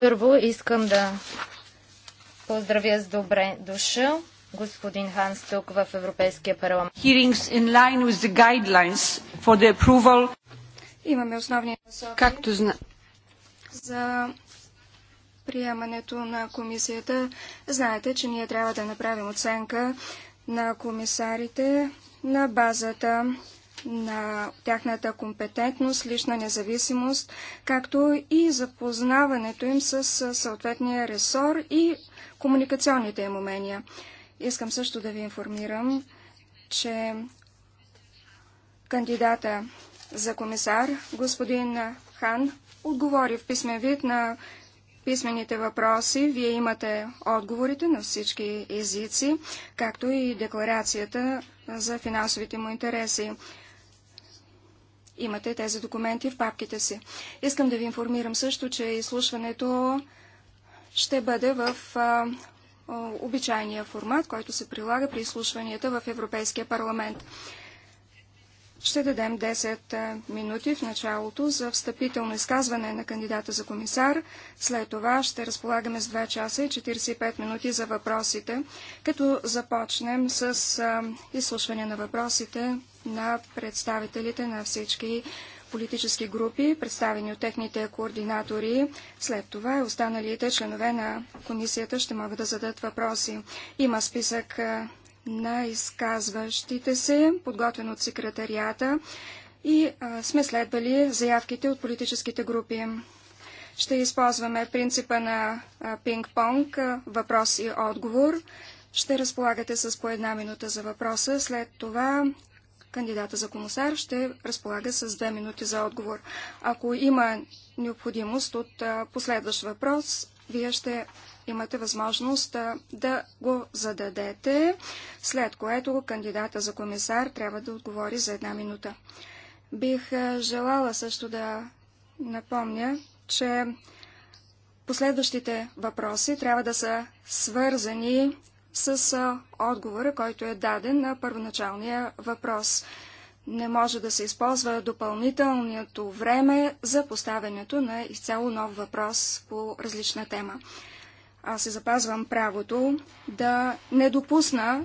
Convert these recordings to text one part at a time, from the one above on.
Първо искам да поздравя с добре душа господин Ханс тук в Европейския парламент. Hearings in line with the guidelines for the approval. Имаме основни насоки. Както зна... За приемането на комисията. Знаете, че ние трябва да направим оценка на комисарите на базата на тяхната компетентност, лична независимост, както и запознаването им с съответния ресор и комуникационните им умения. Искам също да ви информирам, че кандидата за комисар, господин Хан, отговори в писмен вид на писмените въпроси. Вие имате отговорите на всички езици, както и декларацията за финансовите му интереси. Имате тези документи в папките си. Искам да ви информирам също, че изслушването ще бъде в обичайния формат, който се прилага при изслушванията в Европейския парламент. Ще дадем 10 минути в началото за встъпително изказване на кандидата за комисар. След това ще разполагаме с 2 часа и 45 минути за въпросите, като започнем с изслушване на въпросите на представителите на всички политически групи, представени от техните координатори. След това и останалите членове на комисията ще могат да зададат въпроси. Има списък на изказващите се, подготвен от секретарията и а, сме следвали заявките от политическите групи. Ще използваме принципа на пинг-понг, въпрос и отговор. Ще разполагате с по една минута за въпроса, след това кандидата за комисар ще разполага с две минути за отговор. Ако има необходимост от последващ въпрос, вие ще имате възможност да го зададете, след което кандидата за комисар трябва да отговори за една минута. Бих желала също да напомня, че последващите въпроси трябва да са свързани с отговора, който е даден на първоначалния въпрос. Не може да се използва допълнителното време за поставянето на изцяло нов въпрос по различна тема. Аз се запазвам правото да не допусна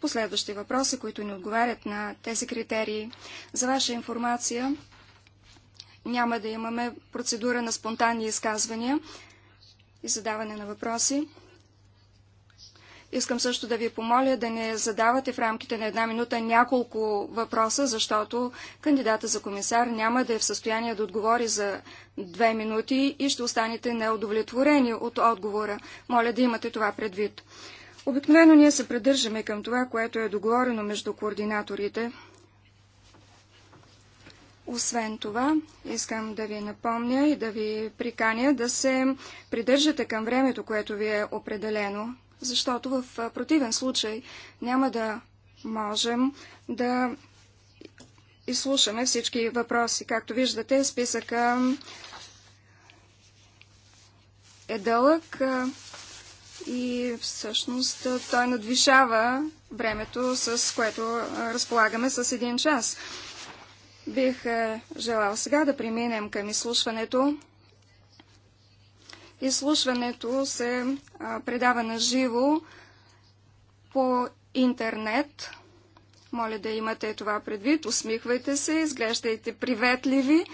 последващи въпроси, които не отговарят на тези критерии. За ваша информация няма да имаме процедура на спонтанни изказвания и задаване на въпроси. Искам също да ви помоля да не задавате в рамките на една минута няколко въпроса, защото кандидата за комисар няма да е в състояние да отговори за две минути и ще останете неудовлетворени от отговора. Моля да имате това предвид. Обикновено ние се придържаме към това, което е договорено между координаторите. Освен това, искам да ви напомня и да ви приканя да се придържате към времето, което ви е определено защото в противен случай няма да можем да изслушаме всички въпроси. Както виждате, списъка е дълъг и всъщност той надвишава времето, с което разполагаме с един час. Бих желал сега да преминем към изслушването Изслушването се предава на живо по интернет. Моля да имате това предвид. Усмихвайте се, изглеждайте приветливи.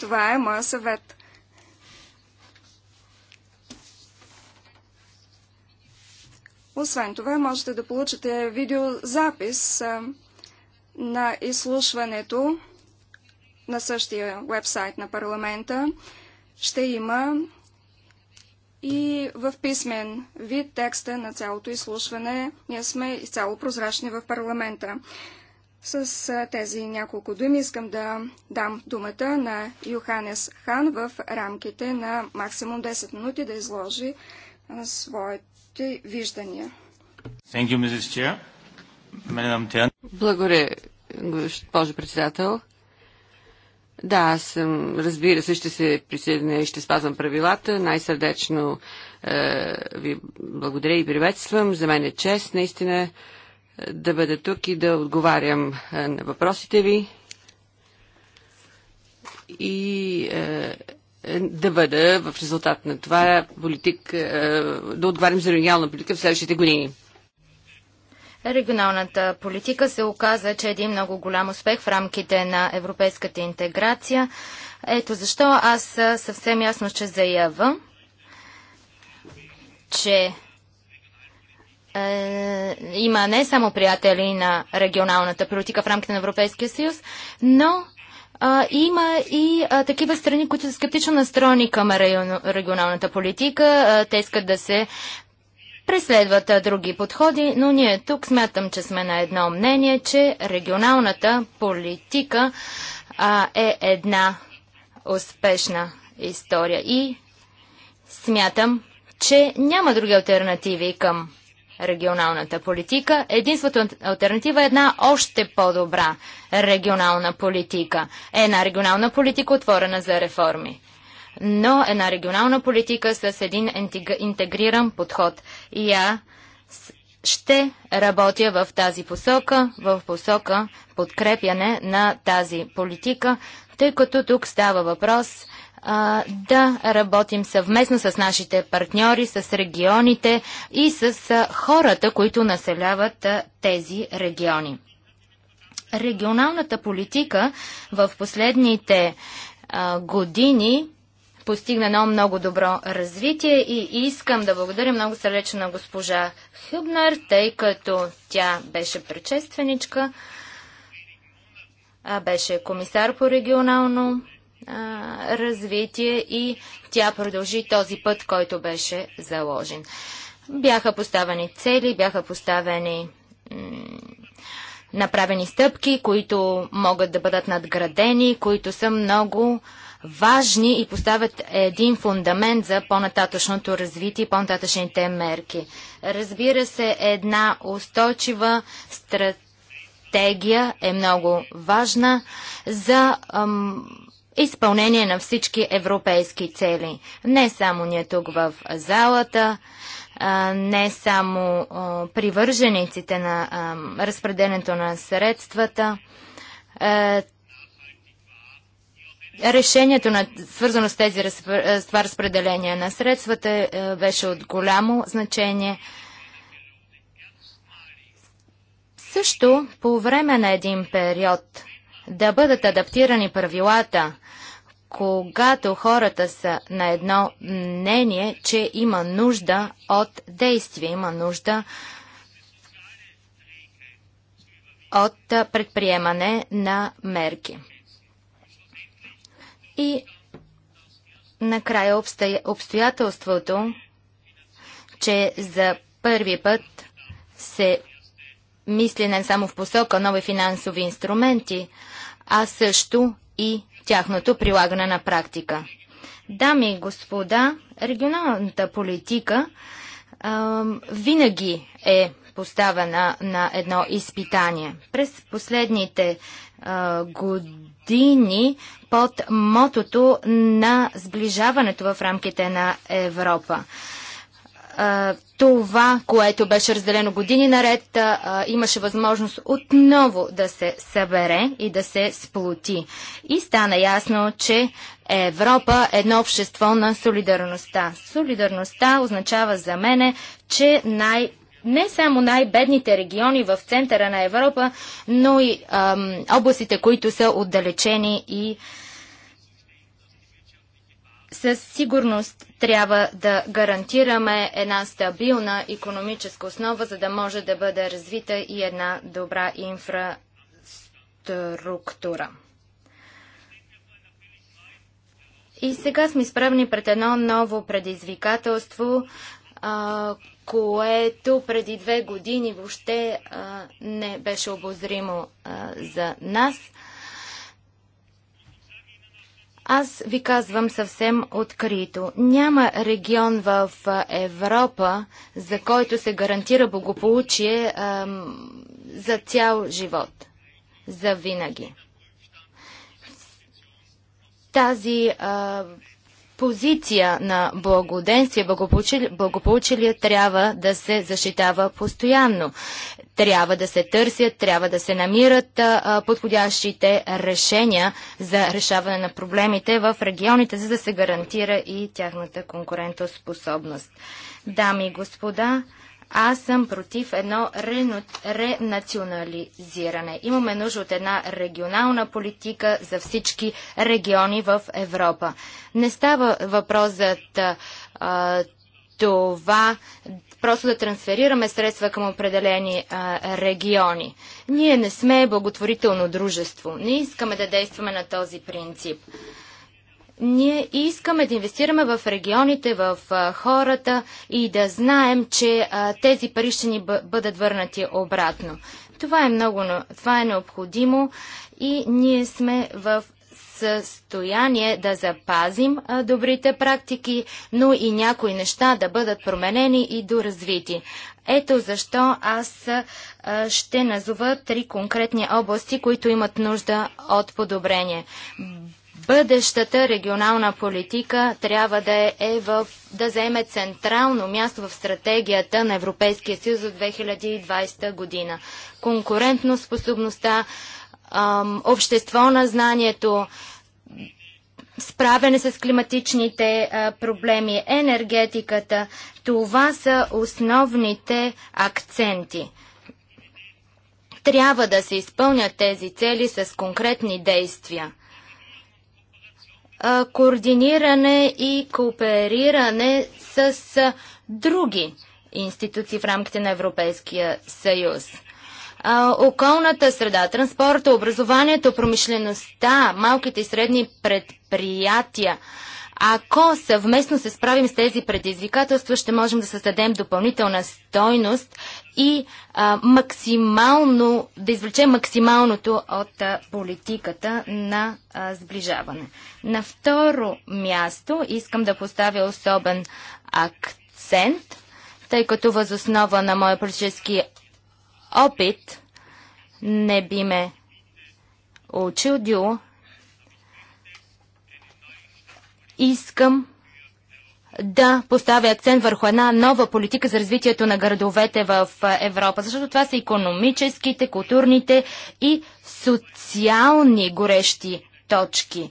Това е моя съвет. Освен това, можете да получите видеозапис на изслушването на същия вебсайт на парламента. Ще има и в писмен вид текста на цялото изслушване. Ние сме изцяло прозрачни в парламента. С тези няколко думи искам да дам думата на Йоханес Хан в рамките на максимум 10 минути да изложи своите виждания. Благодаря, госпожо председател. Да, аз съм, разбира се, ще се присъединя и ще спазвам правилата. Най-сърдечно е, ви благодаря и приветствам. За мен е чест наистина е, да бъда тук и да отговарям е, на въпросите ви и е, е, да бъда в резултат на това политик, е, да отговарям за регионална политика в следващите години. Регионалната политика се оказа, че е един много голям успех в рамките на европейската интеграция. Ето защо аз съвсем ясно ще заява, че е, има не само приятели на регионалната политика в рамките на Европейския съюз, но е, има и е, такива страни, които са скептично настроени към регионалната политика. Е, те искат да се Преследват други подходи, но ние тук смятам, че сме на едно мнение, че регионалната политика а, е една успешна история и смятам, че няма други альтернативи към регионалната политика. Единството альтернатива е една още по-добра регионална политика. Е една регионална политика, отворена за реформи но една регионална политика с един интегриран подход. И я ще работя в тази посока, в посока подкрепяне на тази политика, тъй като тук става въпрос а, да работим съвместно с нашите партньори, с регионите и с хората, които населяват тези региони. Регионалната политика в последните а, години постигна едно много добро развитие и искам да благодаря много сърдечно на госпожа Хюбнер, тъй като тя беше предшественичка, беше комисар по регионално а, развитие и тя продължи този път, който беше заложен. Бяха поставени цели, бяха поставени направени стъпки, които могат да бъдат надградени, които са много важни и поставят един фундамент за по-нататъчното развитие и по-нататъчните мерки. Разбира се, една устойчива стратегия е много важна за ам, изпълнение на всички европейски цели. Не само ние тук в залата, не само привържениците на разпределението на средствата, Решението на, свързано с, тези, с това разпределение на средствата е, беше от голямо значение. Също по време на един период да бъдат адаптирани правилата, когато хората са на едно мнение, че има нужда от действие, има нужда от предприемане на мерки. И накрая обстоятелството, че за първи път се мисли не само в посока нови финансови инструменти, а също и тяхното прилагане на практика. Дами и господа, регионалната политика а, винаги е поставена на едно изпитание. През последните а, години години под мотото на сближаването в рамките на Европа. Това, което беше разделено години наред, имаше възможност отново да се събере и да се сплоти. И стана ясно, че Европа е едно общество на солидарността. Солидарността означава за мене, че най- не само най-бедните региони в центъра на Европа, но и ам, областите, които са отдалечени и със сигурност трябва да гарантираме една стабилна економическа основа, за да може да бъде развита и една добра инфраструктура. И сега сме изправени пред едно ново предизвикателство, а, което преди две години въобще а, не беше обозримо а, за нас. Аз ви казвам съвсем открито. Няма регион в Европа, за който се гарантира благополучие а, за цял живот, за винаги. Тази а, позиция на благоденствие, благополучие, благополучие трябва да се защитава постоянно. Трябва да се търсят, трябва да се намират а, подходящите решения за решаване на проблемите в регионите, за да се гарантира и тяхната конкурентоспособност. Дами и господа, аз съм против едно ренационализиране. Имаме нужда от една регионална политика за всички региони в Европа. Не става въпрос за това просто да трансферираме средства към определени а, региони. Ние не сме благотворително дружество. Не искаме да действаме на този принцип. Ние искаме да инвестираме в регионите, в хората и да знаем, че тези пари ще ни бъдат върнати обратно. Това е много, това е необходимо и ние сме в състояние да запазим добрите практики, но и някои неща да бъдат променени и доразвити. Ето защо аз ще назова три конкретни области, които имат нужда от подобрение бъдещата регионална политика трябва да е, е в, да заеме централно място в стратегията на Европейския съюз от 2020 година. Конкурентно способността, общество на знанието, справяне с климатичните проблеми, енергетиката. Това са основните акценти. Трябва да се изпълнят тези цели с конкретни действия координиране и коопериране с а, други институции в рамките на Европейския съюз. А, околната среда, транспорта, образованието, промишлеността, малките и средни предприятия – ако съвместно се справим с тези предизвикателства, ще можем да създадем допълнителна стойност и а, максимално, да извлечем максималното от а, политиката на а, сближаване. На второ място искам да поставя особен акцент, тъй като възоснова на моя политически опит не би ме учил дюо, Искам да поставя акцент върху една нова политика за развитието на градовете в Европа, защото това са економическите, културните и социални горещи точки.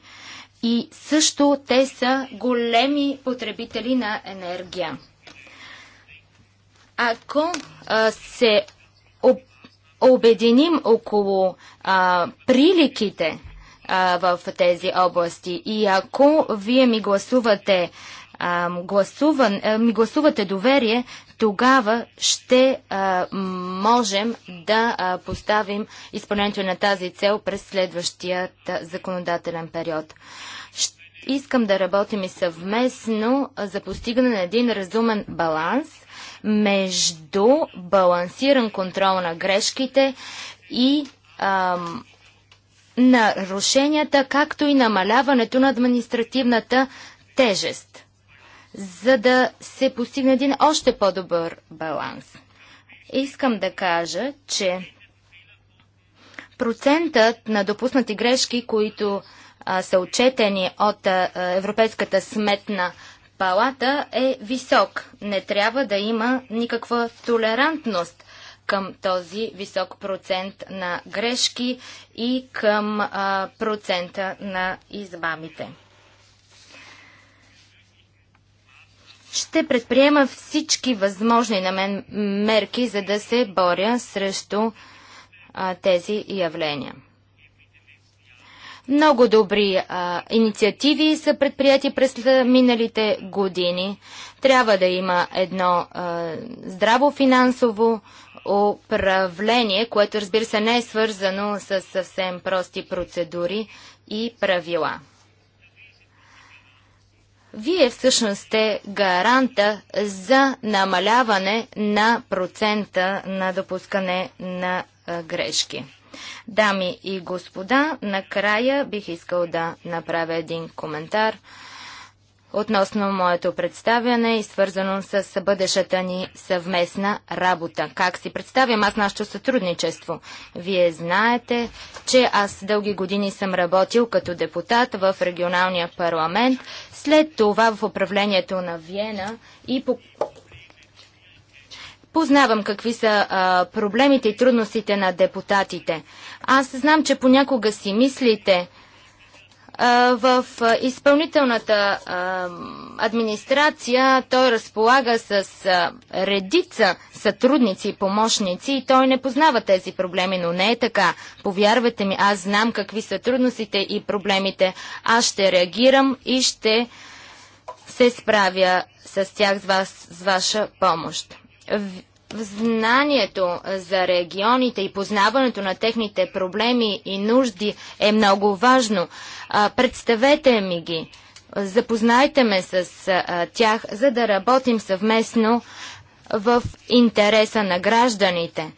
И също те са големи потребители на енергия. Ако а, се об, обединим около а, приликите в тези области. И ако вие ми гласувате, гласуван, ми гласувате доверие, тогава ще можем да поставим изпълнението на тази цел през следващият законодателен период. Искам да работим и съвместно за постигане на един разумен баланс между балансиран контрол на грешките и ам, нарушенията, както и намаляването на административната тежест, за да се постигне един още по-добър баланс. Искам да кажа, че процентът на допуснати грешки, които а, са отчетени от а, Европейската сметна палата е висок. Не трябва да има никаква толерантност към този висок процент на грешки и към а, процента на избамите. Ще предприема всички възможни на мен мерки, за да се боря срещу а, тези явления. Много добри а, инициативи са предприяти през миналите години. Трябва да има едно а, здраво финансово управление, което разбира се не е свързано с съвсем прости процедури и правила. Вие всъщност сте гаранта за намаляване на процента на допускане на грешки. Дами и господа, накрая бих искал да направя един коментар – относно моето представяне и свързано с бъдещата ни съвместна работа. Как си представям аз нашето сътрудничество? Вие знаете, че аз дълги години съм работил като депутат в регионалния парламент, след това в управлението на Виена и по Познавам какви са а, проблемите и трудностите на депутатите. Аз знам, че понякога си мислите, в изпълнителната администрация той разполага с редица сътрудници и помощници и той не познава тези проблеми, но не е така. Повярвайте ми, аз знам какви са трудностите и проблемите. Аз ще реагирам и ще се справя с тях с, вас, с ваша помощ. Знанието за регионите и познаването на техните проблеми и нужди е много важно. Представете ми ги, запознайте ме с тях, за да работим съвместно в интереса на гражданите.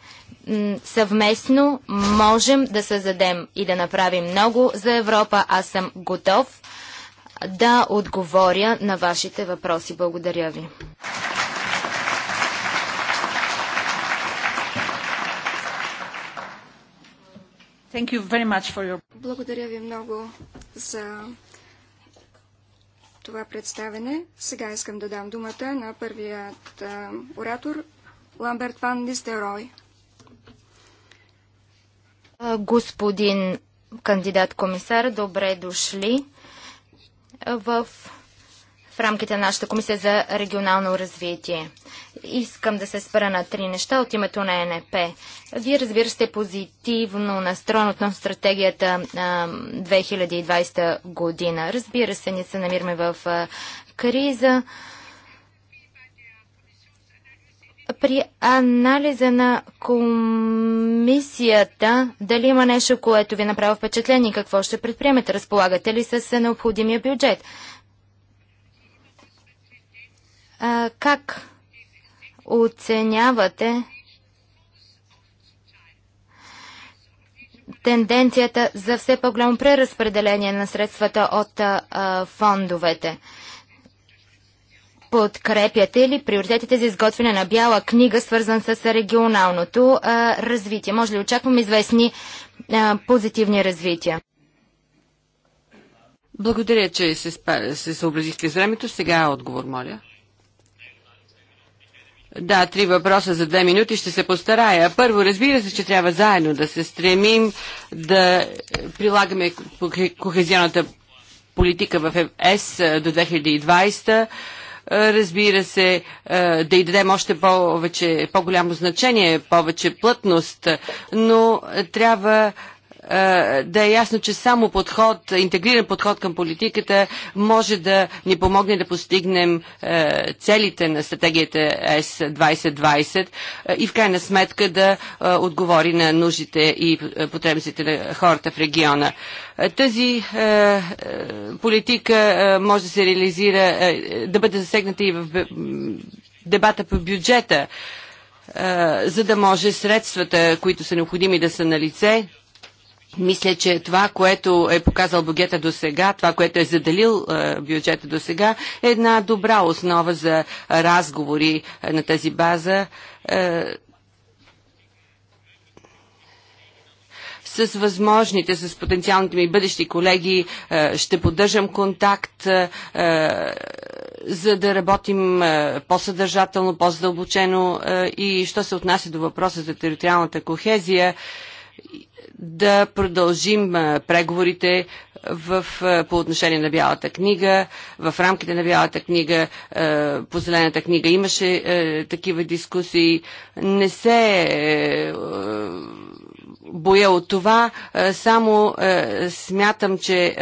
Съвместно можем да създадем и да направим много за Европа. Аз съм готов да отговоря на вашите въпроси. Благодаря ви. Your... Благодаря ви много за това представене. Сега искам да дам думата на първият оратор Ламберт Ван Нистерой. Господин кандидат комисар, добре дошли в в рамките на нашата комисия за регионално развитие. Искам да се спра на три неща от името на ЕНП. Вие, разбира се, позитивно настроен относно стратегията 2020 година. Разбира се, ние се намираме в криза. При анализа на комисията, дали има нещо, което ви направи впечатление, какво ще предприемете? Разполагате ли с необходимия бюджет? А, как оценявате тенденцията за все по-голямо преразпределение на средствата от а, фондовете? Подкрепяте ли приоритетите за изготвяне на бяла книга, свързан с регионалното а, развитие? Може ли очакваме известни а, позитивни развития? Благодаря, че се, се съобразихте с времето. Сега е отговор, моля. Да, три въпроса за две минути ще се постарая. Първо, разбира се, че трябва заедно да се стремим да прилагаме кохезионната политика в ЕС е, до 2020 разбира се, е, да и дадем още повече, по-голямо значение, повече плътност, но трябва е, да е ясно, че само подход, интегриран подход към политиката може да ни помогне да постигнем е, целите на стратегията S2020 е, и в крайна сметка да отговори на нуждите и потребностите на хората в региона. Тази политика може да се реализира, да бъде засегната и в дебата по бюджета, за да може средствата, които са необходими да са на лице, мисля, че това, което е показал бюджета до сега, това, което е заделил е, бюджета до сега, е една добра основа за разговори е, на тази база е, с възможните, с потенциалните ми бъдещи колеги. Ще поддържам контакт, за да работим по-съдържателно, по-задълбочено. И що се отнася до въпроса за териториалната кохезия, да продължим преговорите в, по отношение на Бялата книга, в рамките на Бялата книга, по Зелената книга имаше такива дискусии. Не се е, е, боя от това, само е, смятам, че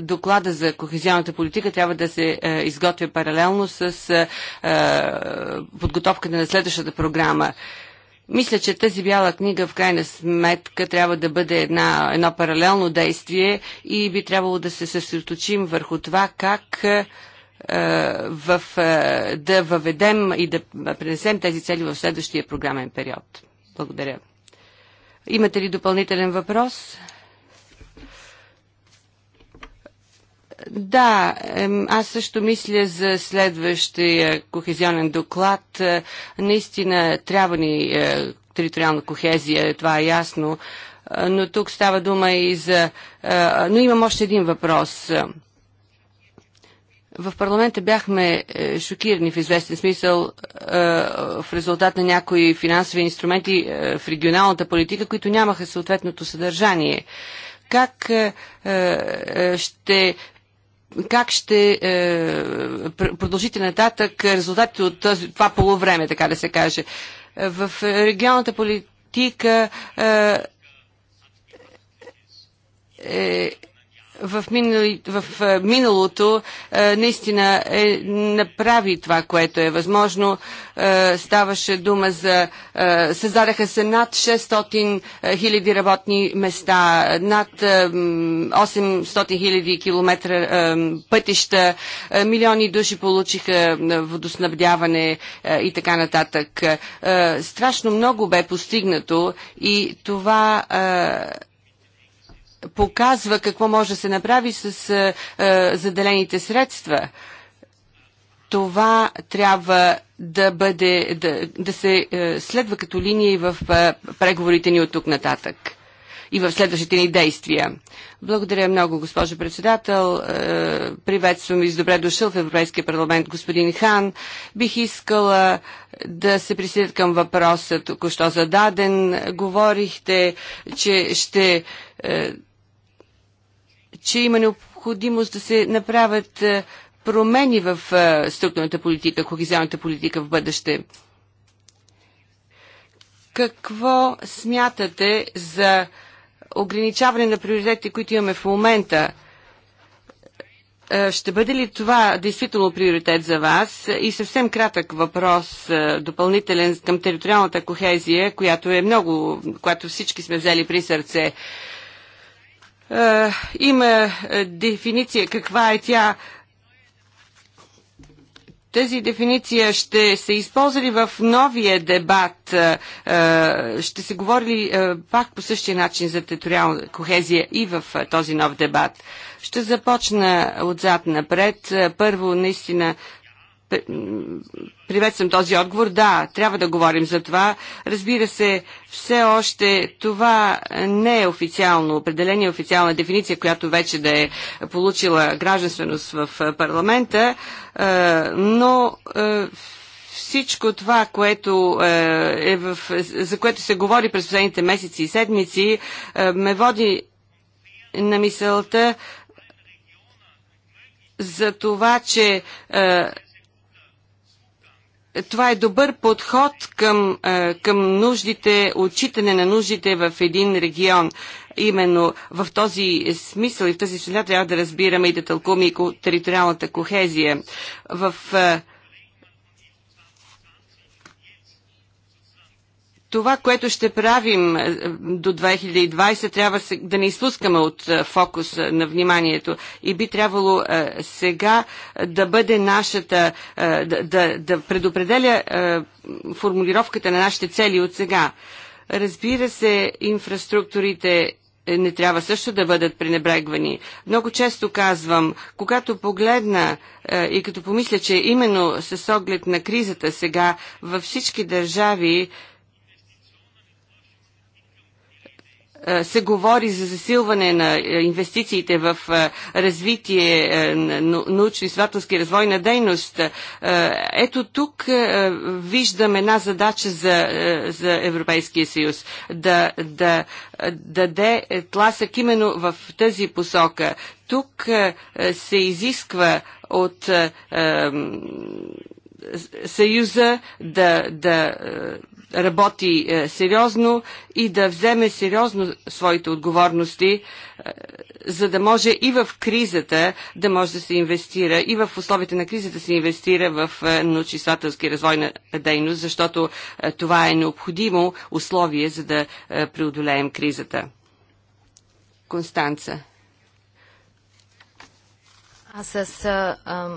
доклада за кохезионната политика трябва да се изготвя паралелно с подготовката на следващата програма. Мисля, че тази бяла книга в крайна сметка трябва да бъде една, едно паралелно действие и би трябвало да се съсредоточим върху това как е, в, е, да въведем и да пренесем тези цели в следващия програмен период. Благодаря. Имате ли допълнителен въпрос? Да, аз също мисля за следващия кохезионен доклад. Е, наистина трябва ни е, териториална кохезия, това е ясно. Е, но тук става дума и за... Но имам още един въпрос. В парламента бяхме шокирани в известен смисъл в резултат на някои финансови инструменти в регионалната политика, които нямаха съответното съдържание как ще как ще е, продължите нататък резултатите от този, това полувреме, така да се каже. В регионалната политика е, е, в, минали, в е, миналото е, наистина е, направи това, което е възможно. Е, ставаше дума за... Създадаха се над 600 хиляди работни места, над 800 000 километра пътища, милиони души получиха водоснабдяване и така нататък. Страшно много бе постигнато и това показва какво може да се направи с е, заделените средства. Това трябва да бъде, да, да се е, следва като линия и в е, преговорите ни от тук нататък и в следващите ни действия. Благодаря много, госпожо председател. Приветствам и с добре дошъл в Европейския парламент господин Хан. Бих искала да се присъединя към въпроса, току-що зададен. Говорихте, че ще че има необходимост да се направят е, промени в е, структурната политика, хоризонталната политика в бъдеще. Какво смятате за ограничаване на приоритетите, които имаме в момента? Е, ще бъде ли това действително приоритет за вас? И съвсем кратък въпрос, допълнителен към териториалната кохезия, която е много, която всички сме взели при сърце. Е, има дефиниция каква е тя. Тази дефиниция ще се използва ли в новия дебат? Е, е, ще се говори ли пак по същия начин за териториална кохезия и в този нов дебат? Ще започна отзад напред. Първо, наистина, Приветствам този отговор. Да, трябва да говорим за това. Разбира се, все още това не е официално определение, официална дефиниция, която вече да е получила гражданственост в парламента, но всичко това, което е в, за което се говори през последните месеци и седмици, ме води на мисълта за това, че това е добър подход към, е, към нуждите, отчитане на нуждите в един регион. Именно в този смисъл и в тази среда трябва да разбираме и да тълкуваме и териториалната кохезия. В е, това, което ще правим е, до 2020, трябва да не изпускаме от е, фокус е, на вниманието и би трябвало сега да бъде нашата, да, да, да предопределя формулировката на нашите цели от сега. Разбира се, инфраструктурите не трябва също да бъдат пренебрегвани. Много често казвам, когато погледна е, и като помисля, че именно с оглед на кризата сега във всички държави Е, се говори за засилване на е, инвестициите в е, развитие на научно-изследователски развой на дейност. Ето тук виждам една задача за, за Европейския съюз. Да, да, да даде тласък именно в тази посока. Тук се изисква от Съюза да, да работи е, сериозно и да вземе сериозно своите отговорности, е, за да може и в кризата да може да се инвестира, и в условията на кризата да се инвестира в е, научно-изследователски развойна дейност, защото е, това е необходимо условие, за да преодолеем кризата. Констанца. Аз с а,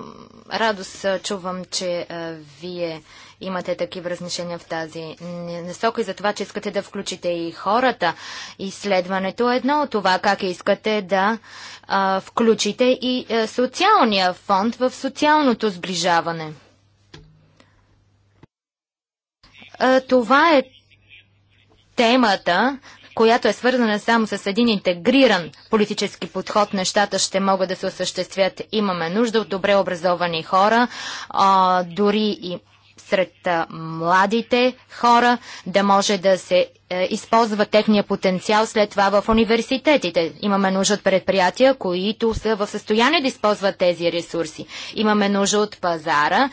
радост чувам, че а, вие имате такива размишления в тази насока и за това, че искате да включите и хората. Изследването е едно от това, как искате да а, включите и а, социалния фонд в социалното сближаване. А, това е темата, която е свързана само с един интегриран политически подход, нещата ще могат да се осъществят. Имаме нужда от добре образовани хора, а, дори и сред младите хора, да може да се е, използва техния потенциал след това в университетите. Имаме нужда от предприятия, които са в състояние да използват тези ресурси. Имаме нужда от пазара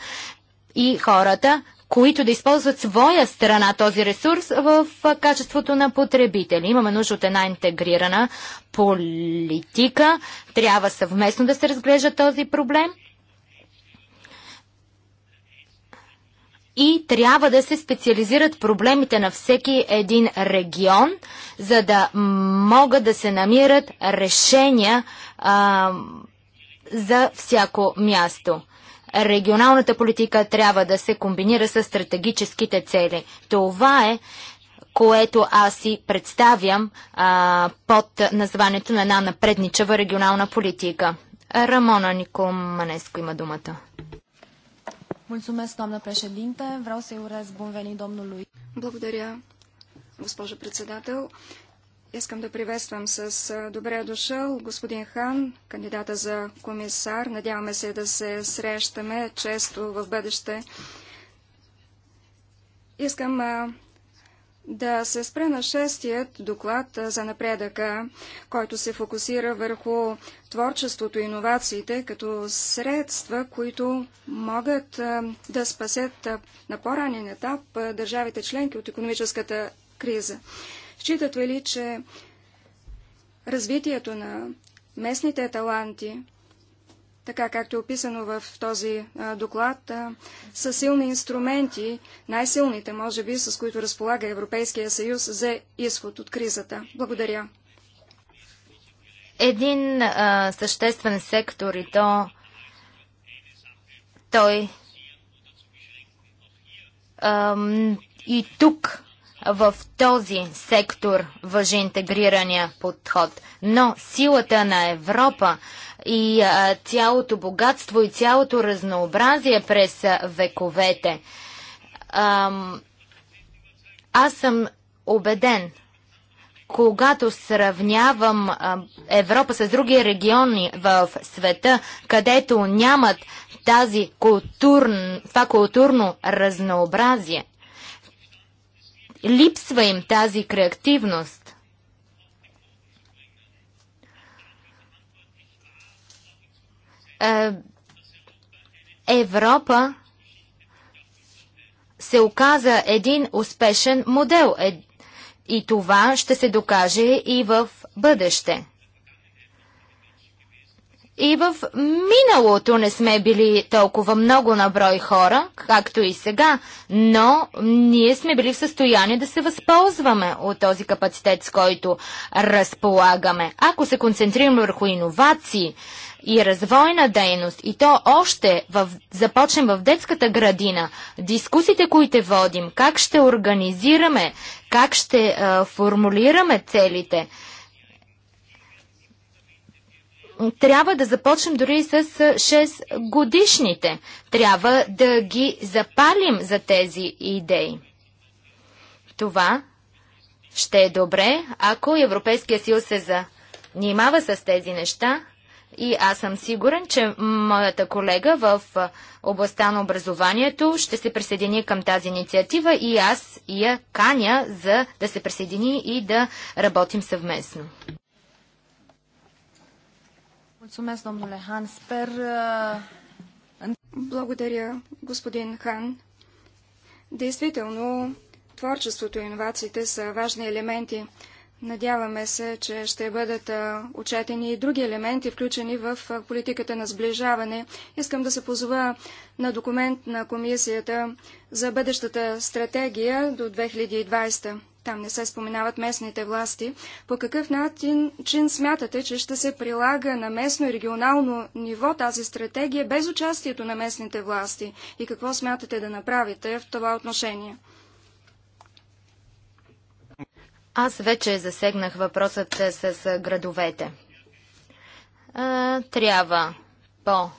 и хората, които да използват своя страна този ресурс в качеството на потребители. Имаме нужда от една интегрирана политика. Трябва съвместно да се разглежда този проблем и трябва да се специализират проблемите на всеки един регион, за да могат да се намират решения а, за всяко място. Регионалната политика трябва да се комбинира с стратегическите цели. Това е което аз си представям а, под названието на една напредничава регионална политика. Рамона Никол Манеско има думата. Mulțumesc, doamnă președinte. Vreau să-i urez bun venit domnului. Благодаря, госпожо председател. Искам да приветствам с добре дошъл господин Хан, кандидата за комисар. Надяваме се да се срещаме често в бъдеще. Искам да се спре на шестият доклад за напредъка, който се фокусира върху творчеството и иновациите като средства, които могат да спасят на по-ранен етап държавите членки от економическата криза. Считате ли, че развитието на местните таланти така както е описано в този а, доклад, а, са силни инструменти, най-силните, може би, с които разполага Европейския съюз за изход от кризата. Благодаря. Един а, съществен сектор и то той а, и тук в този сектор въжи интегрирания подход. Но силата на Европа и цялото богатство и цялото разнообразие през вековете. аз съм убеден, когато сравнявам Европа с други региони в света, където нямат тази културн, това културно разнообразие, Липсва им тази креативност. Е, Европа се оказа един успешен модел е, и това ще се докаже и в бъдеще. И в миналото не сме били толкова много на брой хора, както и сега, но ние сме били в състояние да се възползваме от този капацитет, с който разполагаме. Ако се концентрираме върху иновации и развойна дейност, и то още в, започнем в детската градина, дискусите, които водим, как ще организираме, как ще а, формулираме целите – трябва да започнем дори с 6 годишните. Трябва да ги запалим за тези идеи. Това ще е добре, ако Европейския съюз се занимава с тези неща. И аз съм сигурен, че моята колега в областта на образованието ще се присъедини към тази инициатива и аз я каня за да се присъедини и да работим съвместно. Mulțumesc, domnule Han. Sper... Uh, Благодаря, господин Хан. Действително, творчеството и иновациите са важни елементи. Надяваме се, че ще бъдат отчетени и други елементи, включени в политиката на сближаване. Искам да се позова на документ на комисията за бъдещата стратегия до 2020 там не се споменават местните власти, по какъв начин смятате, че ще се прилага на местно и регионално ниво тази стратегия без участието на местните власти и какво смятате да направите в това отношение? Аз вече засегнах въпросът с градовете. Трябва по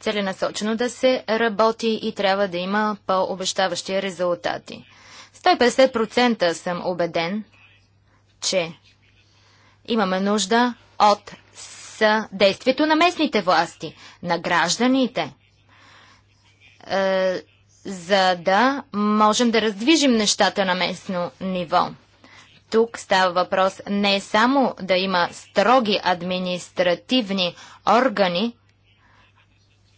целенасочено да се работи и трябва да има по-обещаващи резултати. 150% съм убеден, че имаме нужда от съдействието на местните власти, на гражданите, е, за да можем да раздвижим нещата на местно ниво. Тук става въпрос не само да има строги административни органи,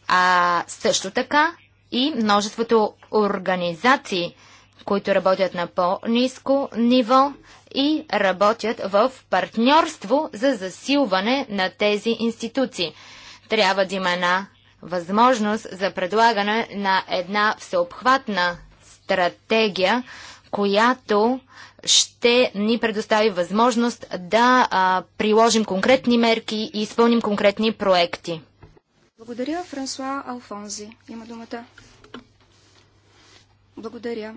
а също така и множеството организации, които работят на по-низко ниво и работят в партньорство за засилване на тези институции. Трябва да има една възможност за предлагане на една всеобхватна стратегия, която ще ни предостави възможност да а, приложим конкретни мерки и изпълним конкретни проекти. Благодаря, Франсуа Алфонзи. Има думата. Благодаря.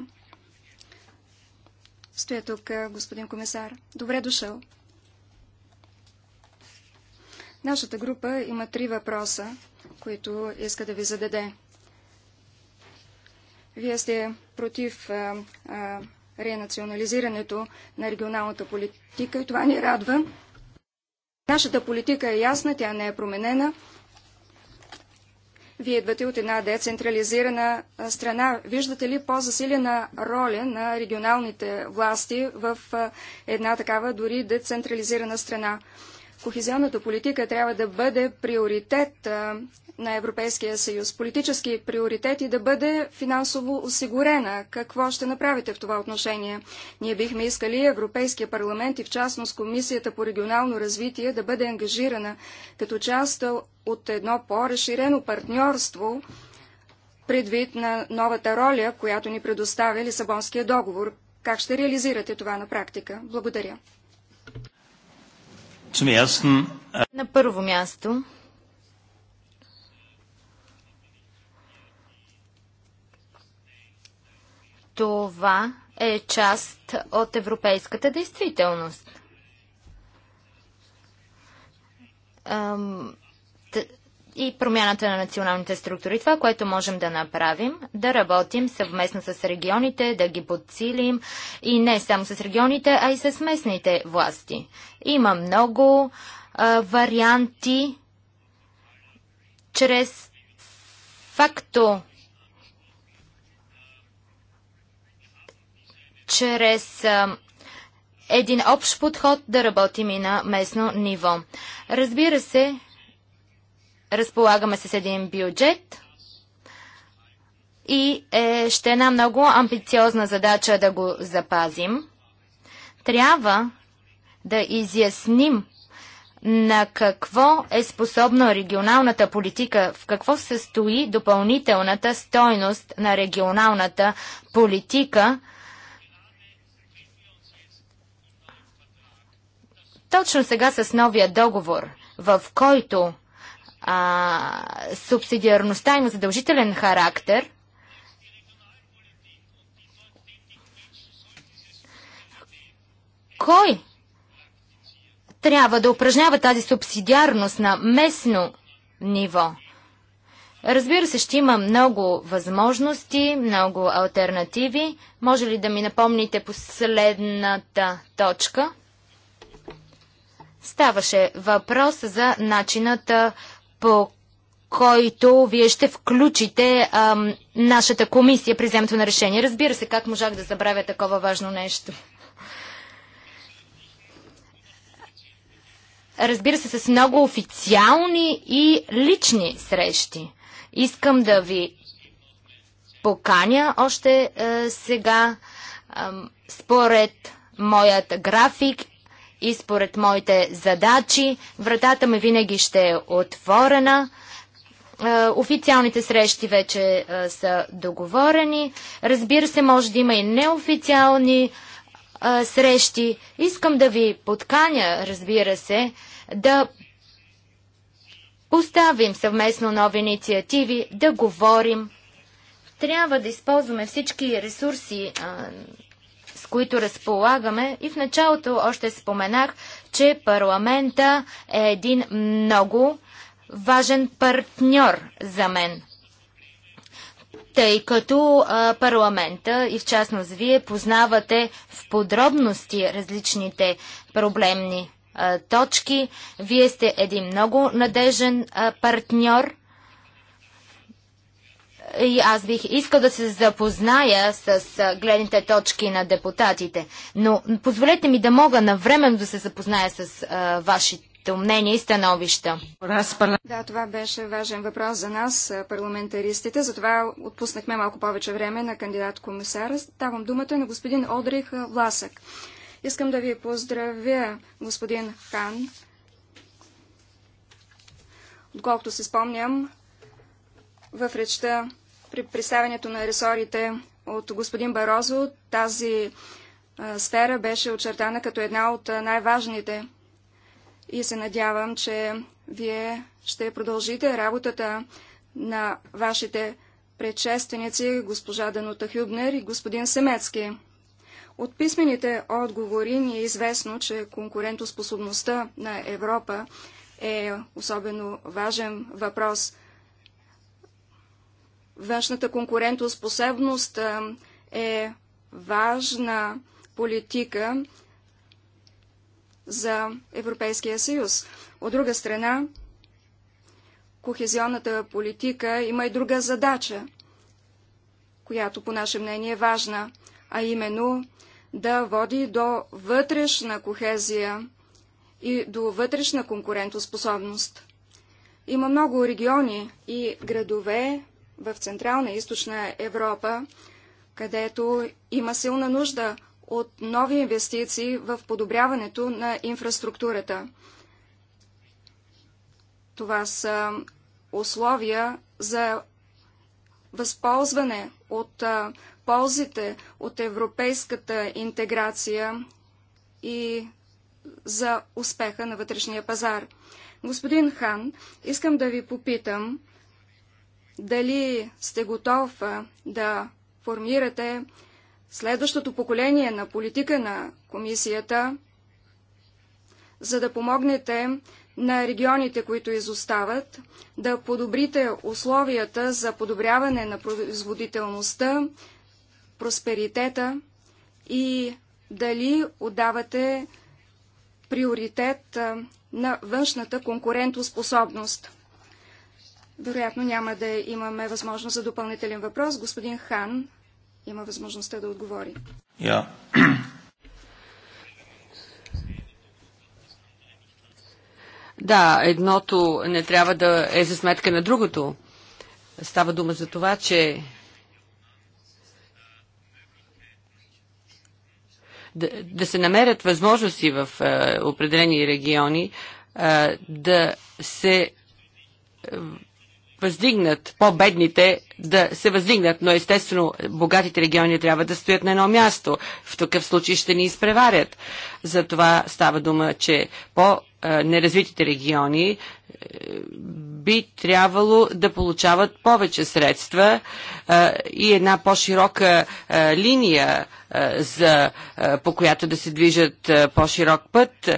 Стоя тук, господин комисар. Добре дошъл. Нашата група има три въпроса, които иска да ви зададе. Вие сте против а, а, ренационализирането на регионалната политика и това ни радва. Нашата политика е ясна, тя не е променена. Вие идвате от една децентрализирана страна. Виждате ли по-засилена роля на регионалните власти в една такава дори децентрализирана страна? Кохезионната политика трябва да бъде приоритет на Европейския съюз. Политически приоритет и да бъде финансово осигурена. Какво ще направите в това отношение? Ние бихме искали Европейския парламент и в частност Комисията по регионално развитие да бъде ангажирана като част от едно по-разширено партньорство предвид на новата роля, която ни предоставя Лисабонския договор. Как ще реализирате това на практика? Благодаря. Äh, На първо място, това е част от европейската действителност и промяната на националните структури. Това, което можем да направим, да работим съвместно с регионите, да ги подсилим и не само с регионите, а и с местните власти. Има много а, варианти чрез факто, чрез а, един общ подход да работим и на местно ниво. Разбира се, разполагаме с един бюджет и е, ще е една много амбициозна задача да го запазим. Трябва да изясним на какво е способна регионалната политика, в какво състои допълнителната стойност на регионалната политика. Точно сега с новия договор, в който а, субсидиарността има задължителен характер. Кой трябва да упражнява тази субсидиарност на местно ниво? Разбира се, ще има много възможности, много альтернативи. Може ли да ми напомните последната точка? Ставаше въпрос за начината по който вие ще включите ам, нашата комисия при вземането на решение. Разбира се, как можах да забравя такова важно нещо. Разбира се, с много официални и лични срещи. Искам да ви поканя още е, сега. Е, според моят график и според моите задачи. Вратата ми винаги ще е отворена. Е, официалните срещи вече е, са договорени. Разбира се, може да има и неофициални е, срещи. Искам да ви подканя, разбира се, да поставим съвместно нови инициативи, да говорим. Трябва да използваме всички ресурси а, които разполагаме. И в началото още споменах, че парламента е един много важен партньор за мен. Тъй като а, парламента и в частност вие познавате в подробности различните проблемни а, точки, вие сте един много надежен а, партньор и аз бих искал да се запозная с гледните точки на депутатите. Но позволете ми да мога навременно да се запозная с а, вашето мнение и становища. Да, това беше важен въпрос за нас, парламентаристите. Затова отпуснахме малко повече време на кандидат комисара. Давам думата на господин Одрих Власък. Искам да ви поздравя, господин Хан. Отколкото се спомням, в речта при представянето на ресорите от господин Барозо тази сфера беше очертана като една от най-важните. И се надявам, че вие ще продължите работата на вашите предшественици, госпожа Данута Хюбнер и господин Семецки. От писмените отговори ни е известно, че конкурентоспособността на Европа е особено важен въпрос – Външната конкурентоспособност е важна политика за Европейския съюз. От друга страна, кохезионната политика има и друга задача, която по наше мнение е важна, а именно да води до вътрешна кохезия и до вътрешна конкурентоспособност. Има много региони и градове, в Централна и Източна Европа, където има силна нужда от нови инвестиции в подобряването на инфраструктурата. Това са условия за възползване от ползите от европейската интеграция и за успеха на вътрешния пазар. Господин Хан, искам да ви попитам дали сте готов да формирате следващото поколение на политика на комисията, за да помогнете на регионите, които изостават, да подобрите условията за подобряване на производителността, просперитета и дали отдавате приоритет на външната конкурентоспособност. Вероятно няма да имаме възможност за допълнителен въпрос. Господин Хан има възможността да отговори. Я. Да, едното не трябва да е за сметка на другото. Става дума за това, че да, да се намерят възможности в е, определени региони е, да се е, въздигнат, по-бедните да се въздигнат, но естествено богатите региони трябва да стоят на едно място. В такъв случай ще ни изпреварят. За това става дума, че по неразвитите региони е, би трябвало да получават повече средства е, и една по-широка е, линия за, по която да се движат по-широк път.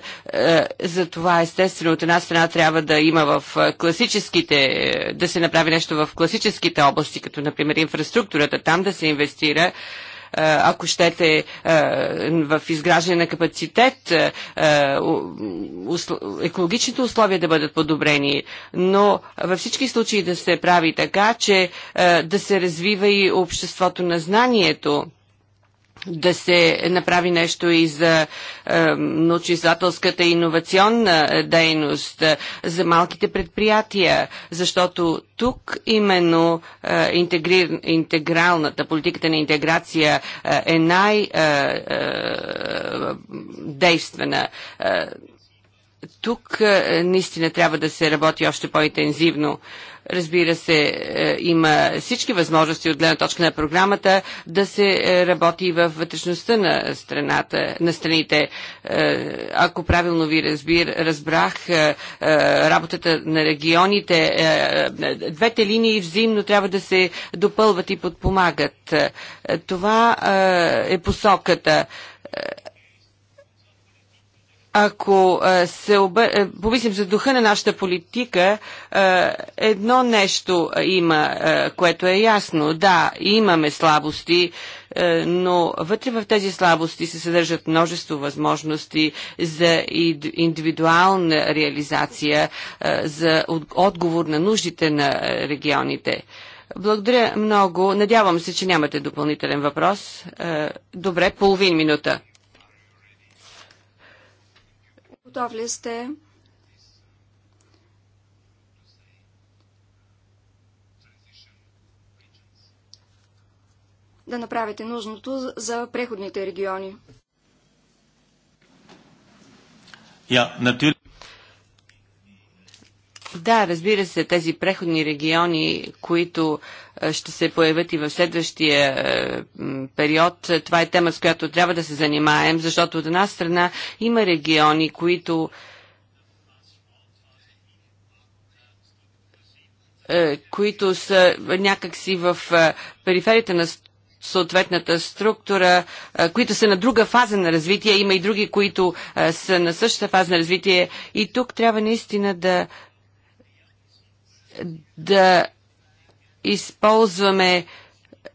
Затова естествено от една страна трябва да има в класическите, да се направи нещо в класическите области, като например инфраструктурата, там да се инвестира е, ако щете, е, в изграждане на капацитет, е, екологичните условия да бъдат подобрени, но във всички случаи да се прави така, че да се развива и обществото на знанието да се направи нещо и за е, научно-изследователската иновационна е, дейност, е, за малките предприятия, защото тук именно е, интегри... интегралната, политиката на интеграция е, най-действена. Е, е, е, тук е, наистина трябва да се работи още по-интензивно. Е, Разбира се, е, има всички възможности от гледна точка на програмата да се е, работи в вътрешността на страната, на страните. Е, ако правилно ви разбир, разбрах, работата на регионите, двете линии взаимно трябва да се допълват и подпомагат. Това е посоката ако е, се обе... Е, помислим за духа на нашата политика, е, едно нещо има, което е ясно. Да, имаме слабости, но вътре в тези слабости се съдържат множество възможности за индивидуална реализация, за отговор на нуждите на регионите. Благодаря много. Надявам се, че нямате допълнителен въпрос. Добре, половин минута готов ли сте да направите нужното за преходните региони? Да, разбира се, тези преходни региони, които ще се появят и в следващия период, това е тема, с която трябва да се занимаем, защото от една страна има региони, които които са някакси в периферията на съответната структура, които са на друга фаза на развитие, има и други, които са на същата фаза на развитие. И тук трябва наистина да да използваме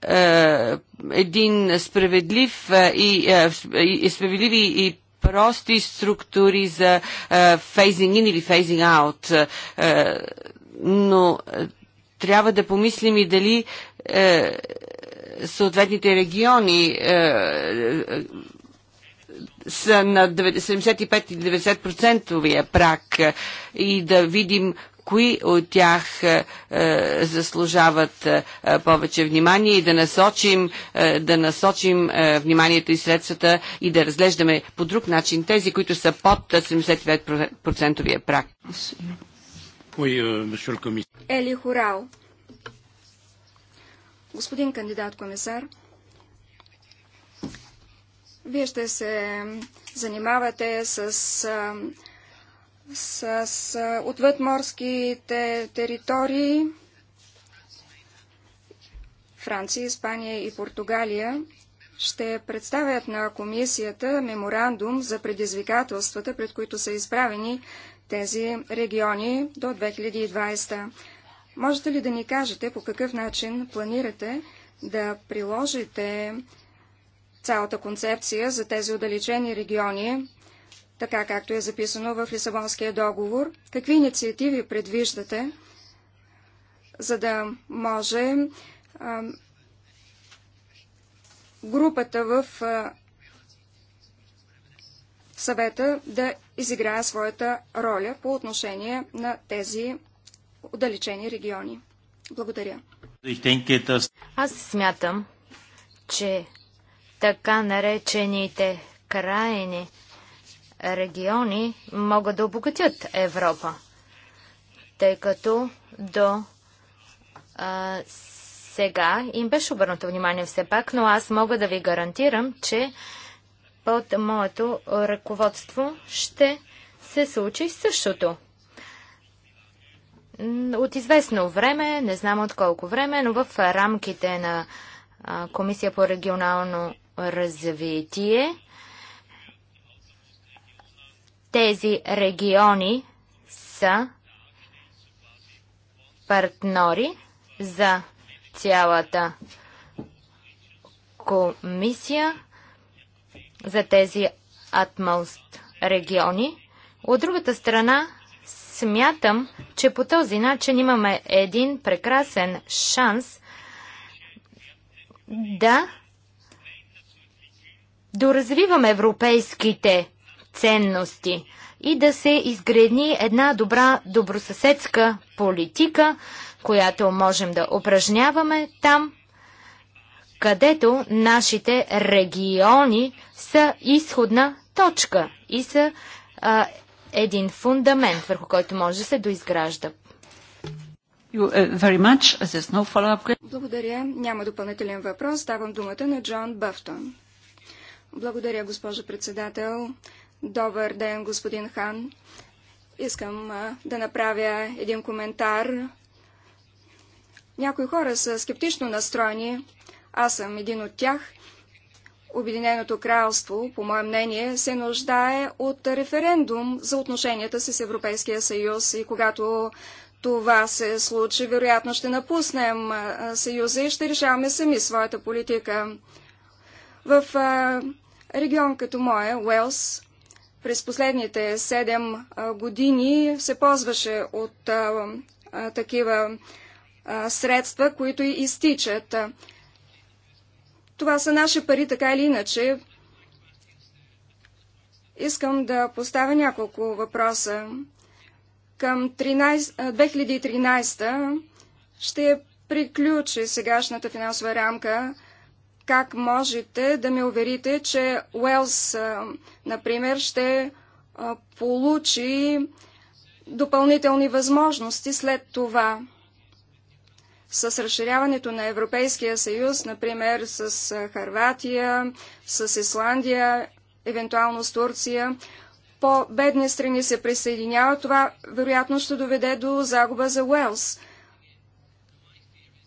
е, един справедлив е, и, е, и справедливи и прости структури за фейзинг ин или фейзинг аут. Но е, трябва да помислим и дали е, съответните региони са на 75 или 90% прак и да видим кои от тях е, е, заслужават е, повече внимание и да насочим, да насочим вниманието и средствата и да разглеждаме по друг начин тези, които са под 75% прак. Euh, Ели Хорао. Господин кандидат комисар, вие ще се занимавате с с, с отвъдморските територии Франция, Испания и Португалия ще представят на комисията меморандум за предизвикателствата, пред които са изправени тези региони до 2020. Можете ли да ни кажете по какъв начин планирате да приложите цялата концепция за тези отдалечени региони така както е записано в Лисабонския договор. Какви инициативи предвиждате, за да може а, групата в а, съвета да изиграе своята роля по отношение на тези отдалечени региони. Благодаря. Аз смятам, че така наречените крайни региони могат да обогатят Европа, тъй като до а, сега им беше обърнато внимание все пак, но аз мога да ви гарантирам, че под моето ръководство ще се случи същото. От известно време, не знам от колко време, но в рамките на Комисия по регионално развитие, тези региони са партньори за цялата комисия за тези атмост региони. От другата страна, смятам, че по този начин имаме един прекрасен шанс да доразвиваме европейските ценности и да се изгредни една добра добросъседска политика, която можем да упражняваме там, където нашите региони са изходна точка и са а, един фундамент, върху който може да се доизгражда. Uh, no Благодаря. Няма допълнителен въпрос. Ставам думата на Джон Бафтон. Благодаря, госпожо председател. Добър ден, господин Хан. Искам да направя един коментар. Някои хора са скептично настроени. Аз съм един от тях. Обединеното кралство, по мое мнение, се нуждае от референдум за отношенията си с Европейския съюз и когато това се случи, вероятно ще напуснем съюза и ще решаваме сами своята политика. В регион като моя, Уелс, през последните 7 години се ползваше от а, а, такива а, средства, които изтичат. Това са наши пари, така или иначе. Искам да поставя няколко въпроса. Към 13, 2013 ще приключи сегашната финансова рамка как можете да ме уверите, че Уелс, например, ще получи допълнителни възможности след това? С разширяването на Европейския съюз, например с Харватия, с Исландия, евентуално с Турция, по-бедни страни се присъединяват, това вероятно ще доведе до загуба за Уелс.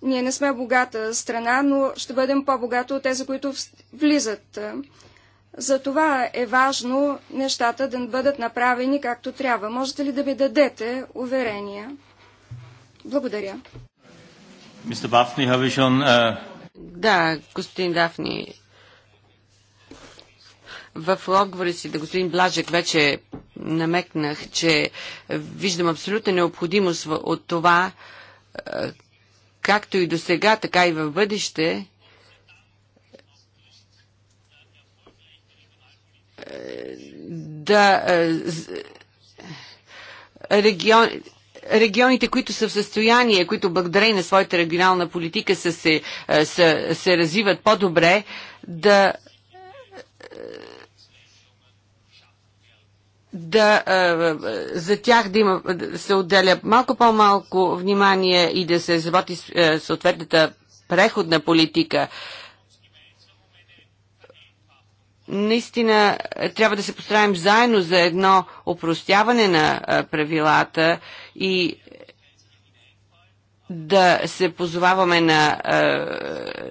Ние не сме богата страна, но ще бъдем по-богата от тези, които влизат. Затова е важно нещата да бъдат направени както трябва. Можете ли да ми дадете уверения? Благодаря. Uh, да, господин Дафни, в отговора си да господин Блажек вече намекнах, че виждам абсолютна необходимост от това както и до сега, така и в бъдеще, да е, регион, регионите, които са в състояние, които благодарение на своята регионална политика са се, е, са, се развиват по-добре, да да, е, е, за тях да, има, да се отделя малко по-малко внимание и да се изработи е, съответната преходна политика. Наистина трябва да се постараем заедно за едно опростяване на правилата и да се позоваваме на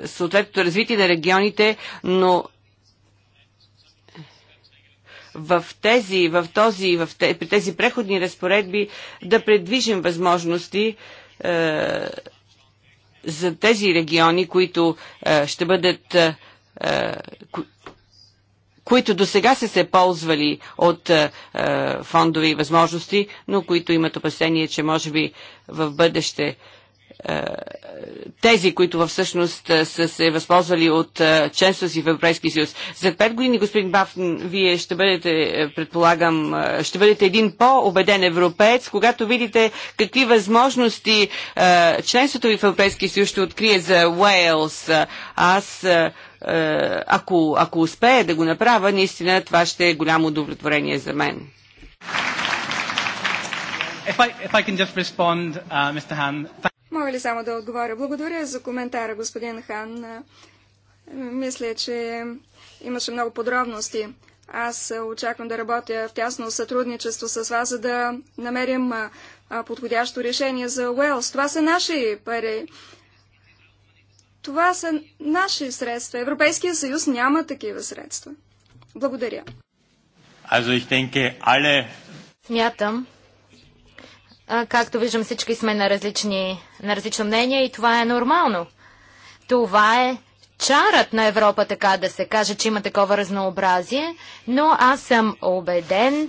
съответното развитие на регионите, но в тези, в този, в те, при тези преходни разпоредби да предвижим възможности е, за тези региони, които е, ще бъдат е, е които до сега са се ползвали от е, е, фондови възможности, но които имат опасение, че може би в бъдеще е, тези, които всъщност е, са се възползвали от е, членство си в Европейски съюз. За пет години, господин Бафн, вие ще бъдете, предполагам, ще бъдете един по обеден европеец, когато видите какви възможности членството ви в Европейски съюз ще открие за Уейлс. Аз ако, ако успея да го направя, наистина това ще е голямо удовлетворение за мен. If I, if I can just respond, uh, Mr. Han, Мога ли само да отговоря? Благодаря за коментара, господин Хан. Мисля, че имаше много подробности. Аз очаквам да работя в тясно сътрудничество с вас, за да намерим подходящо решение за Уелс. Това са наши пари. Това са наши средства. Европейския съюз няма такива средства. Благодаря. Смятам, Както виждам, всички сме на, различни, на различно мнение и това е нормално. Това е чарът на Европа, така да се каже, че има такова разнообразие, но аз съм убеден,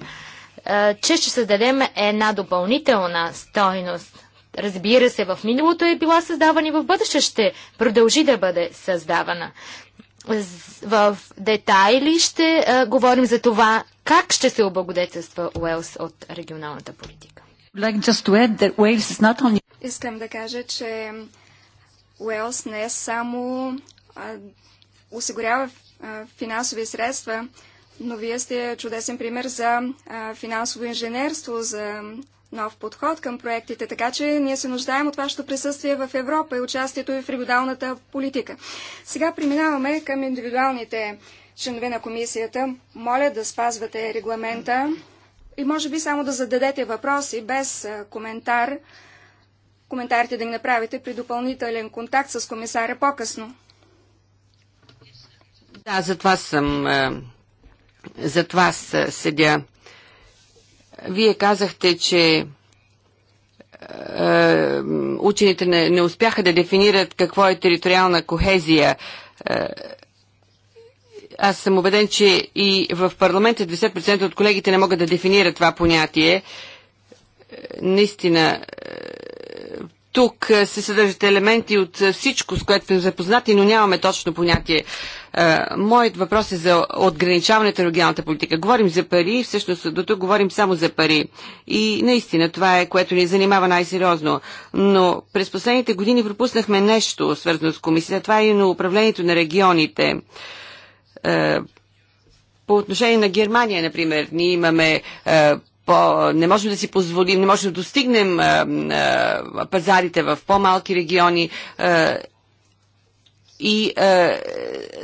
че ще създадем една допълнителна стойност. Разбира се, в миналото е била създавана и в бъдеще ще продължи да бъде създавана. В детайли ще говорим за това как ще се облагодетелства Уелс от регионалната политика. Искам да кажа, че Уелс не е само а, осигурява а, финансови средства, но вие сте чудесен пример за а, финансово инженерство, за нов подход към проектите, така че ние се нуждаем от вашето присъствие в Европа и участието ви в регионалната политика. Сега преминаваме към индивидуалните членове на комисията. Моля да спазвате регламента и може би само да зададете въпроси без коментар. Коментарите да ми направите при допълнителен контакт с комисаря по-късно. Да, затова съм. Затова седя. Вие казахте, че учените не, не успяха да дефинират какво е териториална кохезия аз съм убеден, че и в парламента 20% от колегите не могат да дефинират това понятие. Е, наистина, е, тук се съдържат елементи от всичко, с което сме запознати, но нямаме точно понятие. Е, моят въпрос е за отграничаването на регионалната политика. Говорим за пари, всъщност до тук говорим само за пари. И наистина това е, което ни занимава най-сериозно. Но през последните години пропуснахме нещо, свързано с комисията. Това е и на управлението на регионите. Е, по отношение на Германия, например, ние имаме е, по, не можем да си позволим, не можем да достигнем а, е, а, пазарите в по-малки региони. А, и а,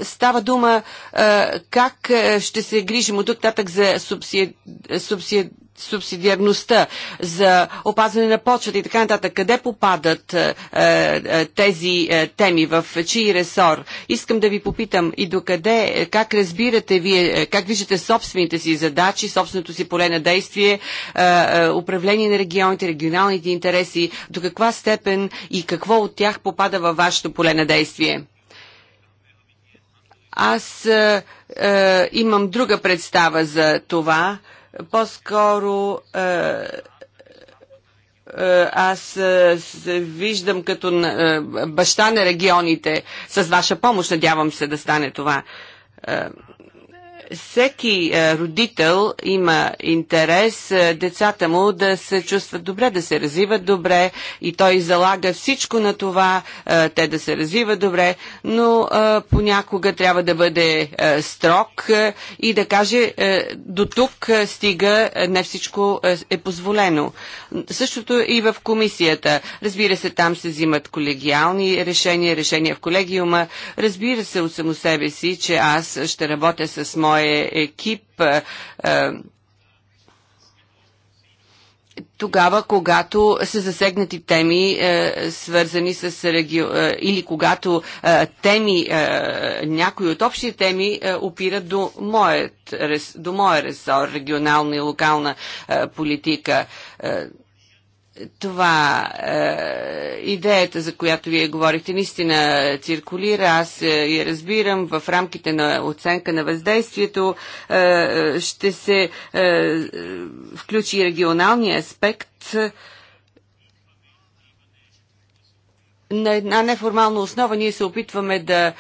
става дума а, как ще се грижим от тук нататък за субсид, субсид, субсидиарността, за опазване на почвата и така нататък. Къде попадат е, е, тези е, теми, в чий ресор? Искам да ви попитам и докъде, е, как разбирате вие, е, как виждате собствените си задачи, собственото си поле на действие, е, управление на регионите, регионалните интереси, до каква степен и какво от тях попада във вашето поле на действие? Аз е, имам друга представа за това. Е, по-скоро е, е, аз е, се виждам като баща на регионите. С ваша помощ надявам се да стане това всеки е, родител има интерес е, децата му да се чувстват добре, да се развиват добре и той залага всичко на това, е, те да се развиват добре, но понякога трябва да бъде строг и да каже до тук стига не всичко е позволено. Същото и в комисията. Разбира се, там се взимат колегиални решения, решения в колегиума. Разбира се от само себе си, че аз ще работя с моя своя екип е, е, тогава, когато са засегнати теми, е, свързани с регио... Е, или когато е, теми, е, някои от общите теми е, опират до, моят, до моя ресор, регионална и локална е, политика. Е, това, е, идеята, за която вие говорихте, наистина циркулира. Аз е, я разбирам в рамките на оценка на въздействието. Е, е ще се е, е включи регионалния аспект. на една неформална основа ние се опитваме да е,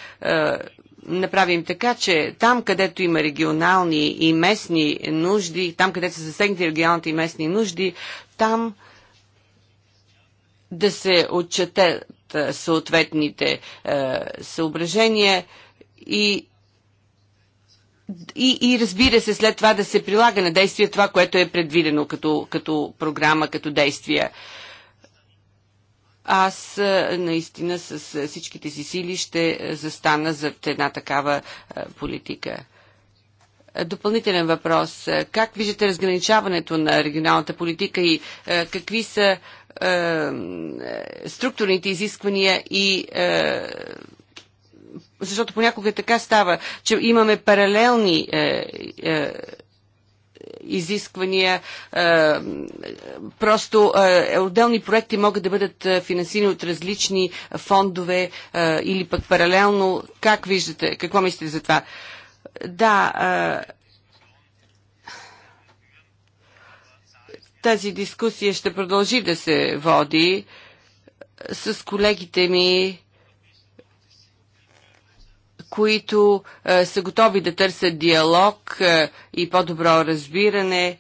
направим така, че там, където има регионални и местни нужди, там, където са засегнати регионалните и местни нужди, там да се отчетат съответните е, съображения и, и, и разбира се след това да се прилага на действие това, което е предвидено като, като програма, като действия. Аз е, наистина с е, всичките си сили ще е, застана за една такава политика. Допълнителен въпрос. Как виждате разграничаването на регионалната политика и какви са е, структурните изисквания и е, защото понякога е така става, че имаме паралелни е, е, изисквания. Е, просто е, отделни проекти могат да бъдат финансирани от различни фондове е, или пък паралелно. Как виждате? Какво мислите за това? Да. Е, Тази дискусия ще продължи да се води с колегите ми, които е, са готови да търсят диалог е, и по-добро разбиране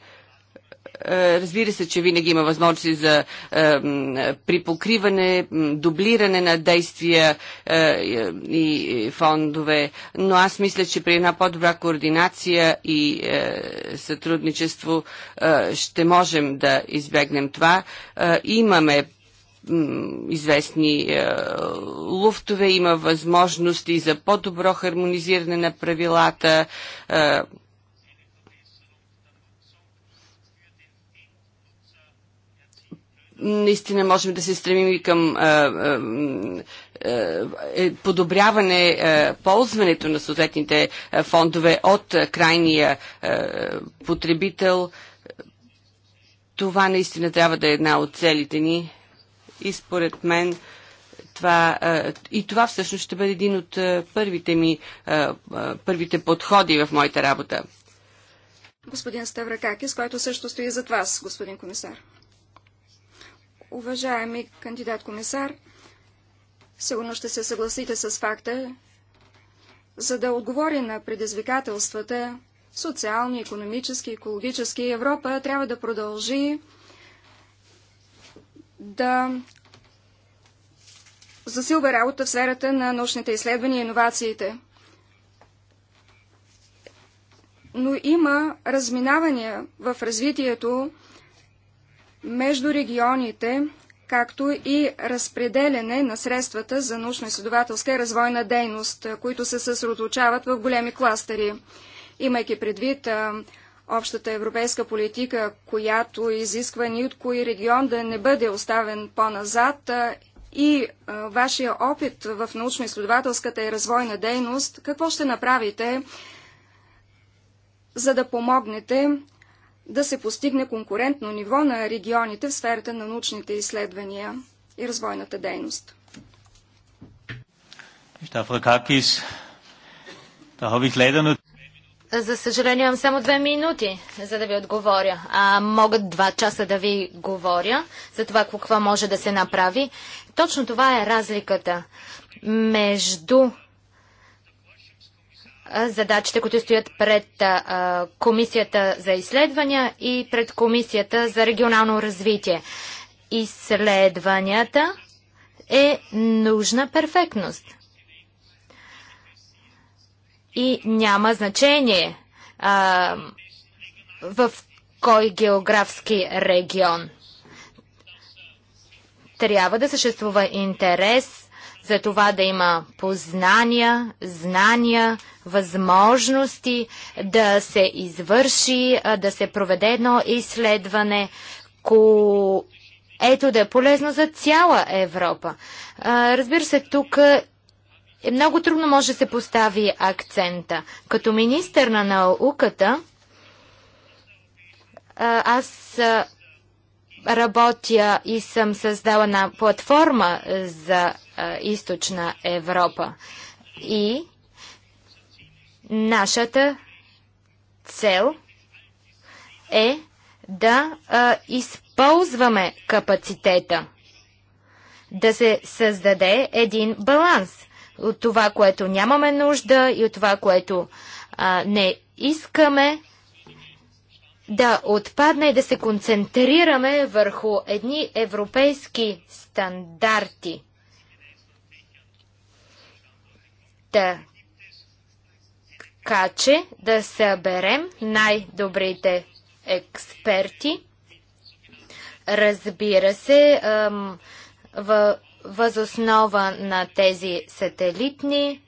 е, разбира се, че винаги има възможности за е, припокриване, дублиране на действия е, и фондове, но аз мисля, че при една по-добра координация и сътрудничество ще можем да избегнем това. Имаме известни луфтове, има възможности за по-добро хармонизиране на правилата. наистина можем да се стремим и към е, подобряване ползването на съответните фондове от крайния потребител. Това наистина трябва да е една от целите ни и според мен това, и това всъщност ще бъде един от първите ми първите подходи в моята работа. Господин Ставракакис, който също стои зад вас, господин комисар. Уважаеми кандидат-комисар, сигурно ще се съгласите с факта, за да отговори на предизвикателствата социални, економически, екологически, Европа трябва да продължи да засилва работа в сферата на научните изследвания и иновациите. Но има разминавания в развитието между регионите, както и разпределяне на средствата за научно-изследователска и развойна дейност, които се съсредоточават в големи кластери. Имайки предвид а, общата европейска политика, която изисква ни от кои регион да не бъде оставен по-назад и а, вашия опит в научно-изследователската и развойна дейност, какво ще направите, за да помогнете да се постигне конкурентно ниво на регионите в сферата на научните изследвания и развойната дейност. За съжаление имам само две минути, за да ви отговоря. А, мога два часа да ви говоря за това какво може да се направи. Точно това е разликата между задачите, които стоят пред Комисията за изследвания и пред Комисията за регионално развитие. Изследванията е нужна перфектност. И няма значение в кой географски регион. Трябва да съществува интерес за това да има познания, знания, възможности да се извърши, да се проведе едно изследване, което да е полезно за цяла Европа. Разбира се, тук е много трудно може да се постави акцента. Като министър на науката, аз работя и съм създала на платформа за източна Европа. И нашата цел е да а, използваме капацитета, да се създаде един баланс от това, което нямаме нужда и от това, което а, не искаме да отпадне и да се концентрираме върху едни европейски стандарти – Така че да съберем най-добрите експерти. Разбира се, възоснова на тези сателитни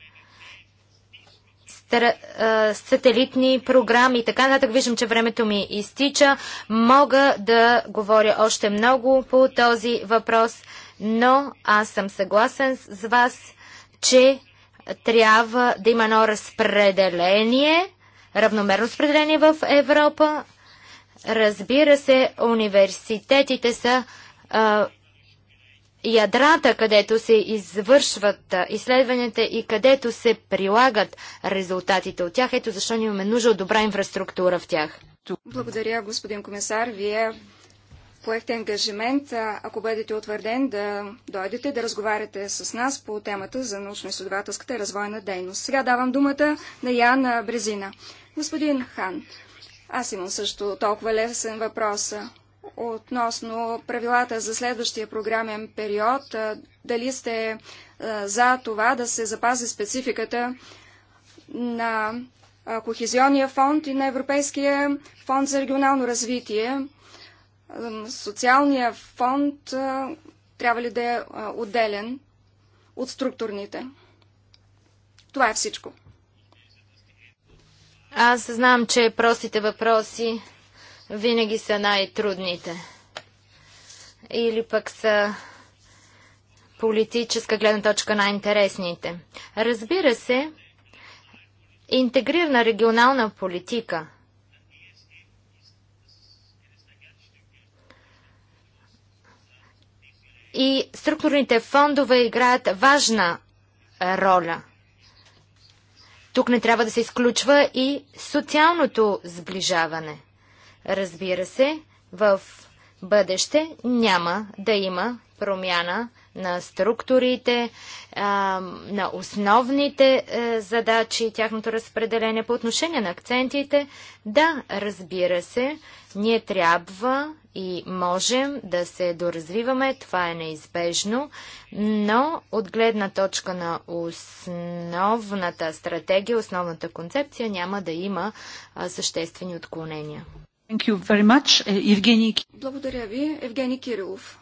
сателитни програми и така нататък. Виждам, че времето ми изтича. Мога да говоря още много по този въпрос, но аз съм съгласен с вас, че трябва да има едно разпределение, равномерно разпределение в Европа. Разбира се, университетите са а, ядрата, където се извършват изследванията и където се прилагат резултатите от тях. Ето защо имаме нужда от добра инфраструктура в тях. Благодаря, господин комисар. Вие поехте ангажимент, ако бъдете утвърден, да дойдете да разговаряте с нас по темата за научно-изследователската и развойна дейност. Сега давам думата на Ян Брезина. Господин Хан, аз имам също толкова лесен въпрос относно правилата за следващия програмен период. Дали сте за това да се запази спецификата на Кохезионния фонд и на Европейския фонд за регионално развитие, социалния фонд трябва ли да е отделен от структурните? Това е всичко. Аз знам, че простите въпроси винаги са най-трудните. Или пък са политическа гледна точка най-интересните. Разбира се, интегрирана регионална политика – И структурните фондове играят важна роля. Тук не трябва да се изключва и социалното сближаване. Разбира се, в бъдеще няма да има промяна на структурите, на основните е, задачи, тяхното разпределение по отношение на акцентите. Да, разбира се, ние трябва и можем да се доразвиваме, това е неизбежно, но от гледна точка на основната стратегия, основната концепция няма да има съществени отклонения. Much, е, Благодаря ви, Евгений Кирилов.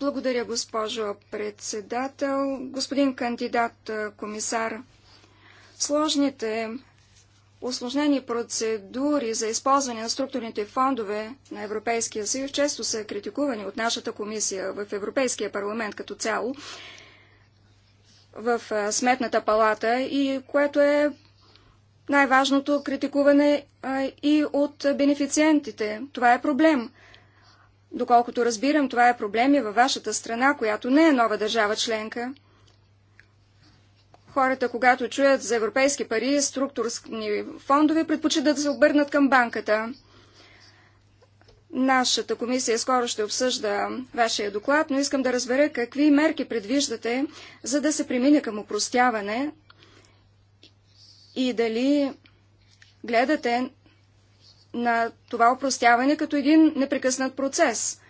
Благодаря, госпожо председател. Господин кандидат е, комисар, сложните Осложнени процедури за използване на структурните фондове на Европейския съюз често са критикувани от нашата комисия в Европейския парламент като цяло в Сметната палата и което е най-важното критикуване и от бенефициентите. Това е проблем. Доколкото разбирам, това е проблем и във вашата страна, която не е нова държава членка. Хората, когато чуят за европейски пари, структурни фондове, предпочитат да се обърнат към банката. Нашата комисия скоро ще обсъжда вашия доклад, но искам да разбера какви мерки предвиждате, за да се премине към упростяване и дали гледате на това упростяване като един непрекъснат процес.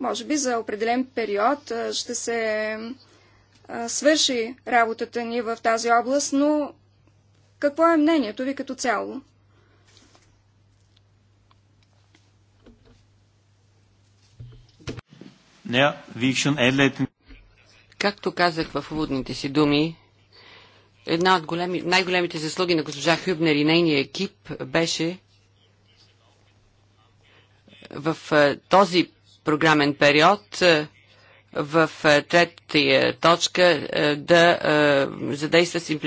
Може би за определен период ще се свърши работата ни в тази област, но какво е мнението ви като цяло? Както казах в уводните си думи, една от големи, най-големите заслуги на госпожа Хюбнер и нейния екип беше в този програмен период в е, третия точка е, да е, задейства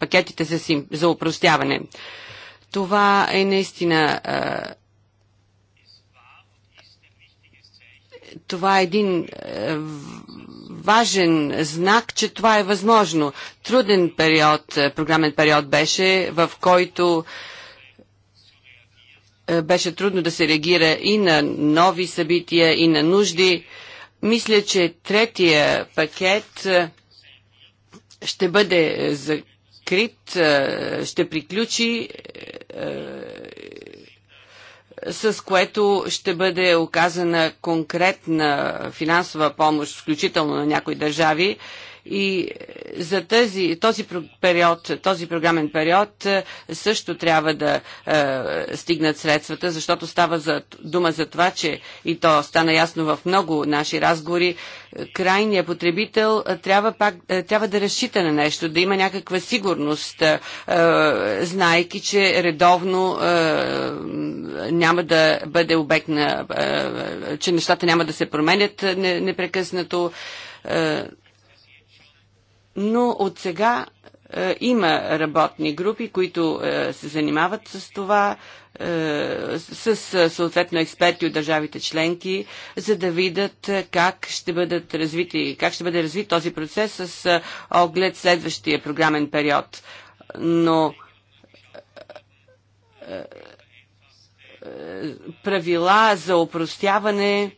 пакетите за упростяване. Това е наистина това е един важен знак, че това е възможно. Труден период, програмен период беше, в който беше трудно да се реагира и на нови събития, и на нужди мисля, че третия пакет е, ще бъде закрит, е, ще приключи е, с което ще бъде оказана конкретна финансова помощ, включително на някои държави, и за тази, този период, този програмен период е, също трябва да е, стигнат средствата, защото става за, дума за това, че и то стана ясно в много наши разговори, е, крайният потребител е, трябва, пак, трябва да разчита на нещо, да има някаква сигурност, е, знайки, че редовно е, няма да бъде обект на, е, че нещата няма да се променят непрекъснато. Е, но от сега е, има работни групи, които е, се занимават с това, е, с е, съответно експерти от държавите членки, за да видят е, как ще бъдат развити, как ще бъде развит този процес с е, оглед следващия програмен период. Но правила за опростяване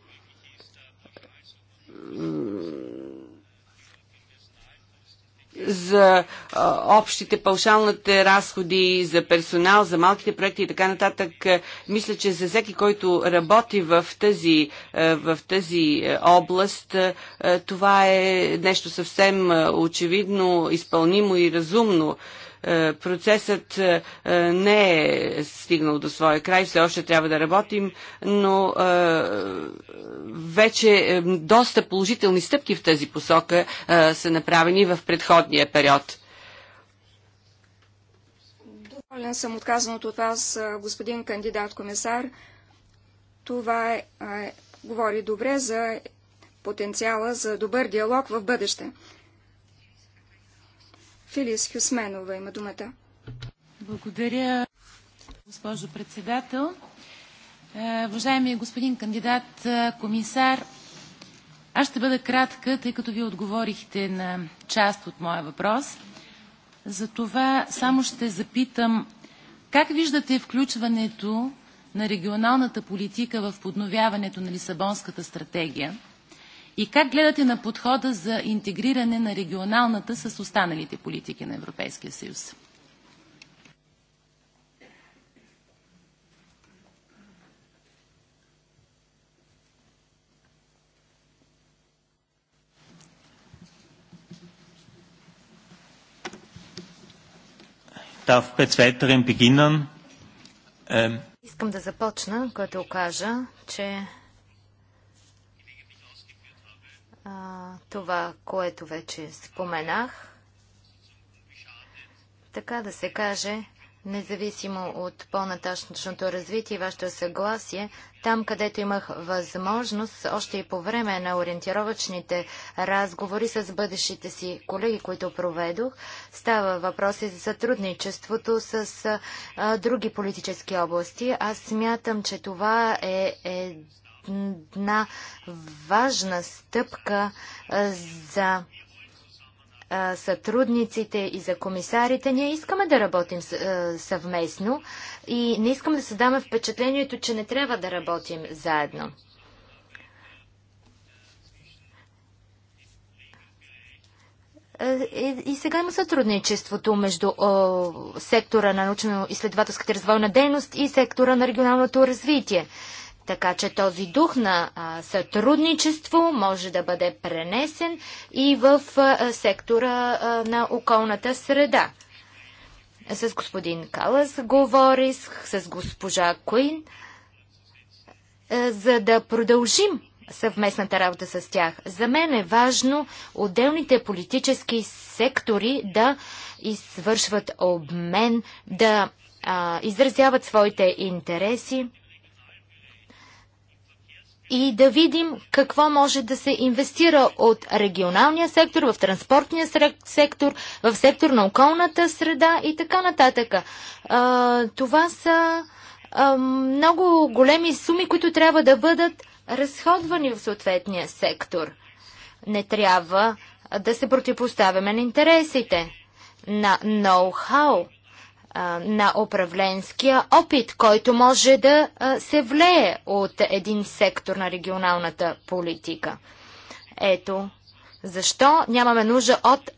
за общите паушалните разходи, за персонал, за малките проекти и така нататък. Мисля, че за всеки, който работи в тази, в тази област, това е нещо съвсем очевидно, изпълнимо и разумно. Е, процесът е, е, не е стигнал до своя край, все още трябва да работим, но вече доста положителни стъпки в тази посока са направени в предходния период. Доволен съм отказаното от вас, господин кандидат-комисар. Това е, е, говори добре за потенциала за добър диалог в бъдеще. Филис Хюсменова има думата. Благодаря, госпожо председател. Е, уважаеми господин кандидат е, комисар, аз ще бъда кратка, тъй като ви отговорихте на част от моя въпрос. Затова само ще запитам как виждате включването на регионалната политика в подновяването на Лисабонската стратегия? И как гледате на подхода за интегриране на регионалната с останалите политики на Европейския съюз? Ähm, Искам да започна, което кажа, че а, това, което вече споменах. Така да се каже, независимо от по наташното развитие и вашето съгласие, там където имах възможност, още и по време на ориентировачните разговори с бъдещите си колеги, които проведох, става въпроси за сътрудничеството с а, други политически области. Аз смятам, че това е, е една важна стъпка за сътрудниците и за комисарите. Ние искаме да работим съвместно и не искам да създаме впечатлението, че не трябва да работим заедно. И сега има сътрудничеството между сектора на научно-изследователската развойна дейност и сектора на регионалното развитие. Така че този дух на а, сътрудничество може да бъде пренесен и в а, сектора а, на околната среда. С господин Калас говорих, с госпожа Куин, за да продължим съвместната работа с тях. За мен е важно отделните политически сектори да извършват обмен, да а, изразяват своите интереси и да видим какво може да се инвестира от регионалния сектор, в транспортния сектор, в сектор на околната среда и така нататък. това са много големи суми, които трябва да бъдат разходвани в съответния сектор. Не трябва да се противопоставяме на интересите, на ноу-хау на управленския опит, който може да се влее от един сектор на регионалната политика. Ето защо нямаме нужда от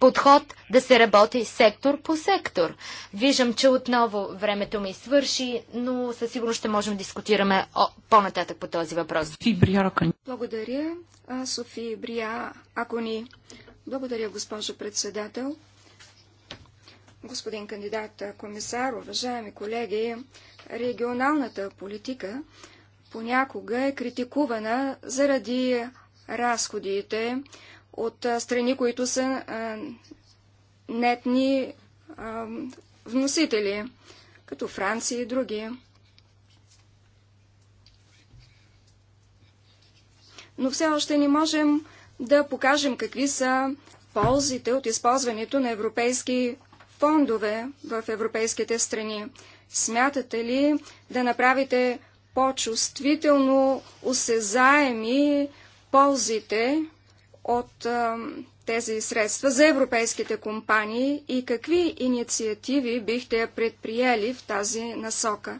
подход да се работи сектор по сектор. Виждам, че отново времето ми свърши, но със сигурност ще можем да дискутираме по-нататък по този въпрос. Благодаря, Софи Брия Акони. Благодаря, госпожо председател господин кандидат комисар, уважаеми колеги, регионалната политика понякога е критикувана заради разходите от страни, които са нетни вносители, като Франция и други. Но все още не можем да покажем какви са ползите от използването на европейски фондове в европейските страни. Смятате ли да направите по-чувствително осезаеми ползите от а, тези средства за европейските компании и какви инициативи бихте предприели в тази насока?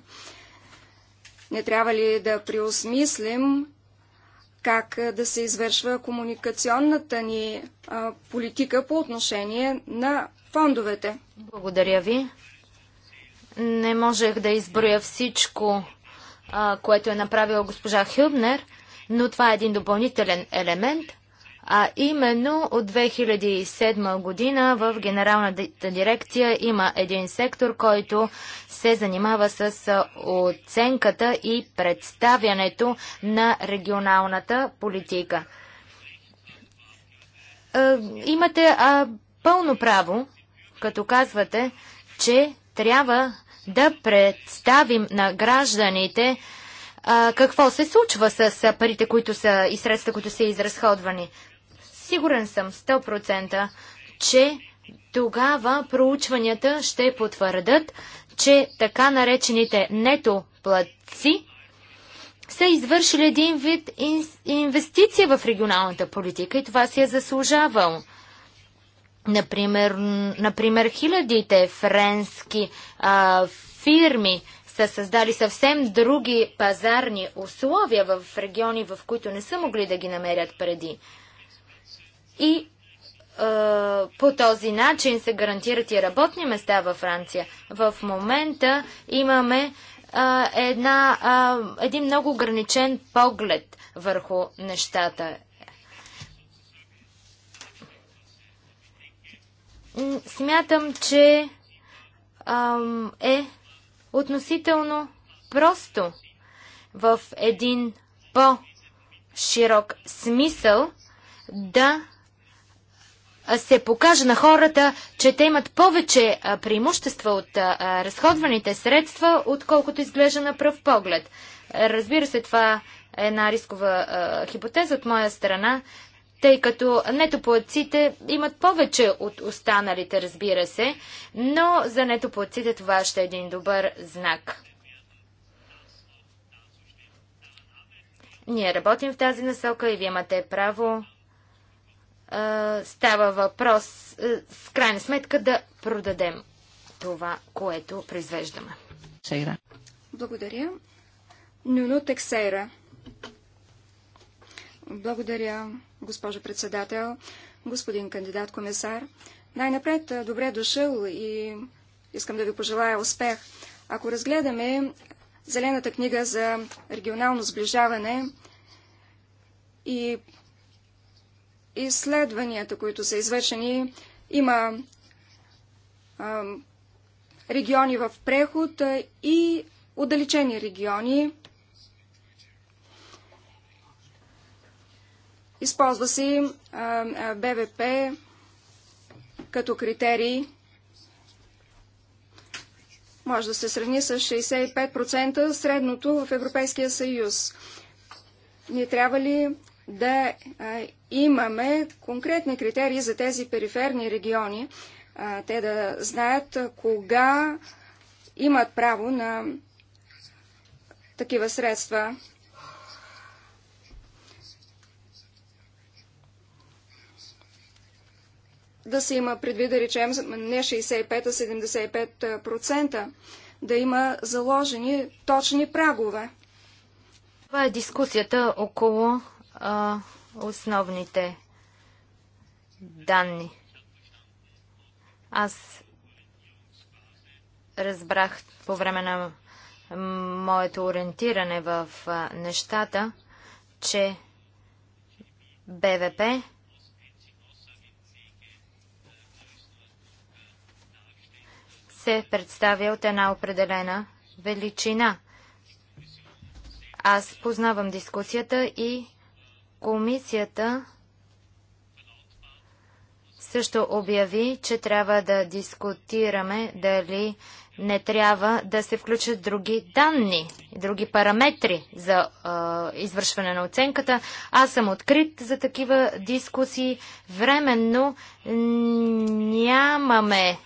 Не трябва ли да преосмислим как да се извършва комуникационната ни а, политика по отношение на фондовете. Благодаря ви. Не можех да изброя всичко, а, което е направила госпожа Хюбнер, но това е един допълнителен елемент – а именно от 2007 година в Генералната дирекция има един сектор, който се занимава с оценката и представянето на регионалната политика. Имате пълно право, като казвате, че трябва да представим на гражданите какво се случва с парите които са, и средства, които са изразходвани. Сигурен съм 100%, че тогава проучванията ще потвърдат, че така наречените нетоплатци са извършили един вид инвестиция в регионалната политика и това си е заслужавал. Например, например хилядите френски а, фирми са създали съвсем други пазарни условия в региони, в които не са могли да ги намерят преди. И по този начин се гарантират и работни места във Франция. В момента имаме е, една, е, един много ограничен поглед върху нещата. Смятам, че е относително просто в един по-широк смисъл да се покаже на хората, че те имат повече преимущества от разходваните средства, отколкото изглежда на пръв поглед. Разбира се, това е една рискова хипотеза от моя страна, тъй като нетоплатците имат повече от останалите, разбира се, но за нетоплатците това ще е един добър знак. Ние работим в тази насока и вие имате право става въпрос с крайна сметка да продадем това, което произвеждаме. Сейра. Благодаря. Нюно Тексейра. Благодаря, госпожо председател, господин кандидат комисар. Най-напред, добре дошъл и искам да ви пожелая успех. Ако разгледаме Зелената книга за регионално сближаване и изследванията, които са извършени, има а, региони в преход и отдалечени региони. Използва се БВП като критерий. Може да се сравни с 65% средното в Европейския съюз. Ние трябва ли да имаме конкретни критерии за тези периферни региони, те да знаят кога имат право на такива средства. Да се има предвид, да речем, не 65, а 75%, да има заложени точни прагове. Това е дискусията около а, основните данни. Аз разбрах по време на моето ориентиране в нещата, че БВП се представя от една определена величина. Аз познавам дискусията и Комисията също обяви, че трябва да дискутираме дали не трябва да се включат други данни, други параметри за е, извършване на оценката. Аз съм открит за такива дискусии. Временно нямаме е,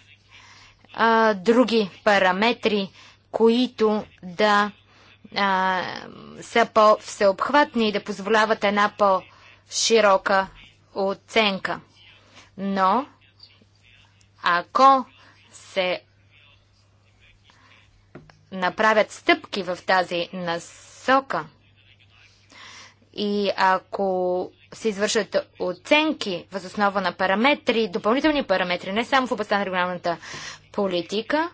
други параметри, които да а, са по-всеобхватни и да позволяват една по-широка оценка. Но ако се направят стъпки в тази насока и ако се извършат оценки въз основа на параметри, допълнителни параметри, не само в областта на регионалната политика,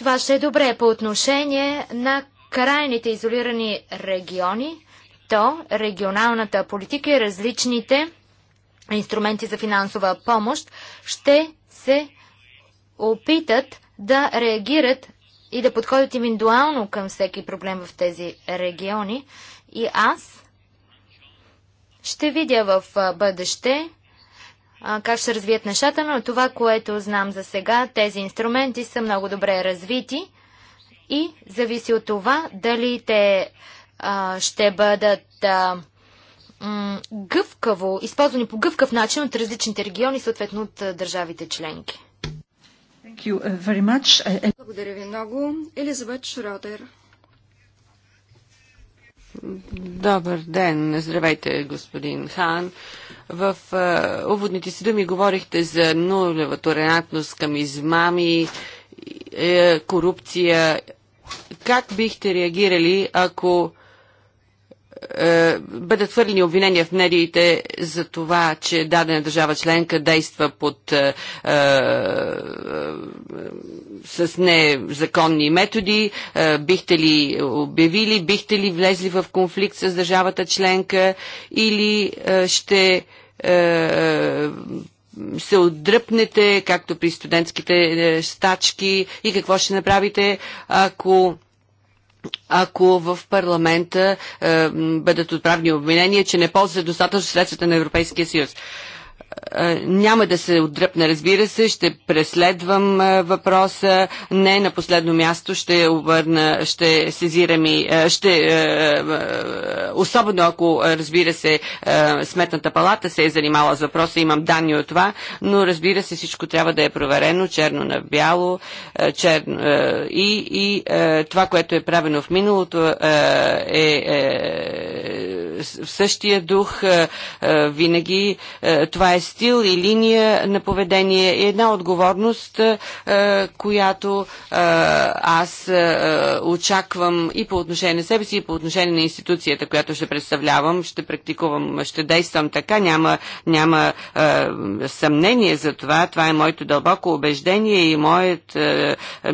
това ще е добре по отношение на крайните изолирани региони, то регионалната политика и различните инструменти за финансова помощ ще се опитат да реагират и да подходят индивидуално към всеки проблем в тези региони. И аз ще видя в бъдеще как ще развият нещата, но това, което знам за сега, тези инструменти са много добре развити и зависи от това дали те а, ще бъдат а, гъвкаво, използвани по гъвкав начин от различните региони, съответно от държавите членки. Uh, uh, Благодаря ви много. Елизабет Шродер. Добър ден! Здравейте, господин Хан. В уводните си думи говорихте за нулева толерантност към измами, е, корупция. Как бихте реагирали, ако е, бъдат хвърлени обвинения в медиите за това, че дадена държава членка действа под е, с незаконни методи, е, бихте ли обявили, бихте ли влезли в конфликт с държавата членка или е, ще е, се отдръпнете, както при студентските стачки и какво ще направите, ако ако в парламента е, бъдат отправни обвинения, че не ползват достатъчно средствата на Европейския съюз. Е, е, няма да се отдръпна, разбира се, ще преследвам е, въпроса. Не на последно място ще обърна, ще сезирам и е, ще, особено ако, разбира се, Сметната палата се е занимала с въпроса, имам данни от това, но разбира се, всичко трябва да е проверено черно на бяло черно, и, и това, което е правено в миналото е, е в същия дух винаги това е стил и линия на поведение и е една отговорност, е, която е, аз очаквам и по отношение на себе си, и по отношение на институцията, която ще представлявам, ще практикувам, ще действам така, няма, няма съмнение за това. Това е моето дълбоко убеждение и моят,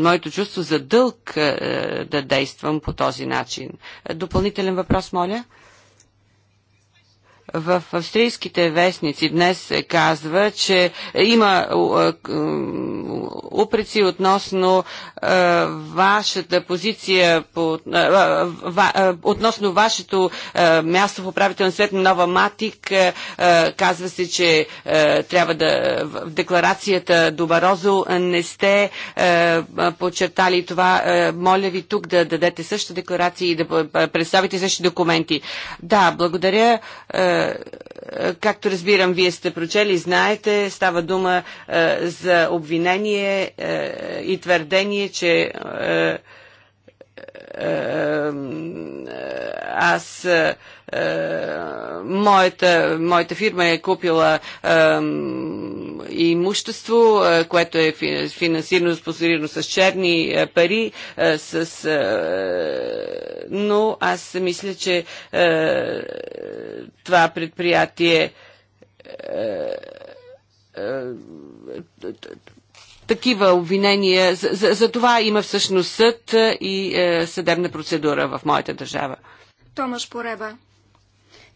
моето чувство за дълг да действам по този начин. Допълнителен въпрос, моля? В австрийските вестници днес се казва, че има е, е, упреци относно е, вашата позиция, по, относно вашето място в управителен свет на Нова Матик. Казва се, че трябва да в декларацията до Барозо не сте подчертали това. Моля ви тук да дадете същата декларация и да представите същите документи. Да, благодаря е, е, както разбирам, вие сте прочели, знаете, става дума е, за обвинение и твърдение, че аз е, моята, моята фирма е купила е, имущество, което е финансирано, спонсорирано с черни е, пари, е, с, е, но аз мисля, че е, това предприятие е, е, такива обвинения. За, за, за това има всъщност съд и е, съдебна процедура в моята държава. Томаш Порева.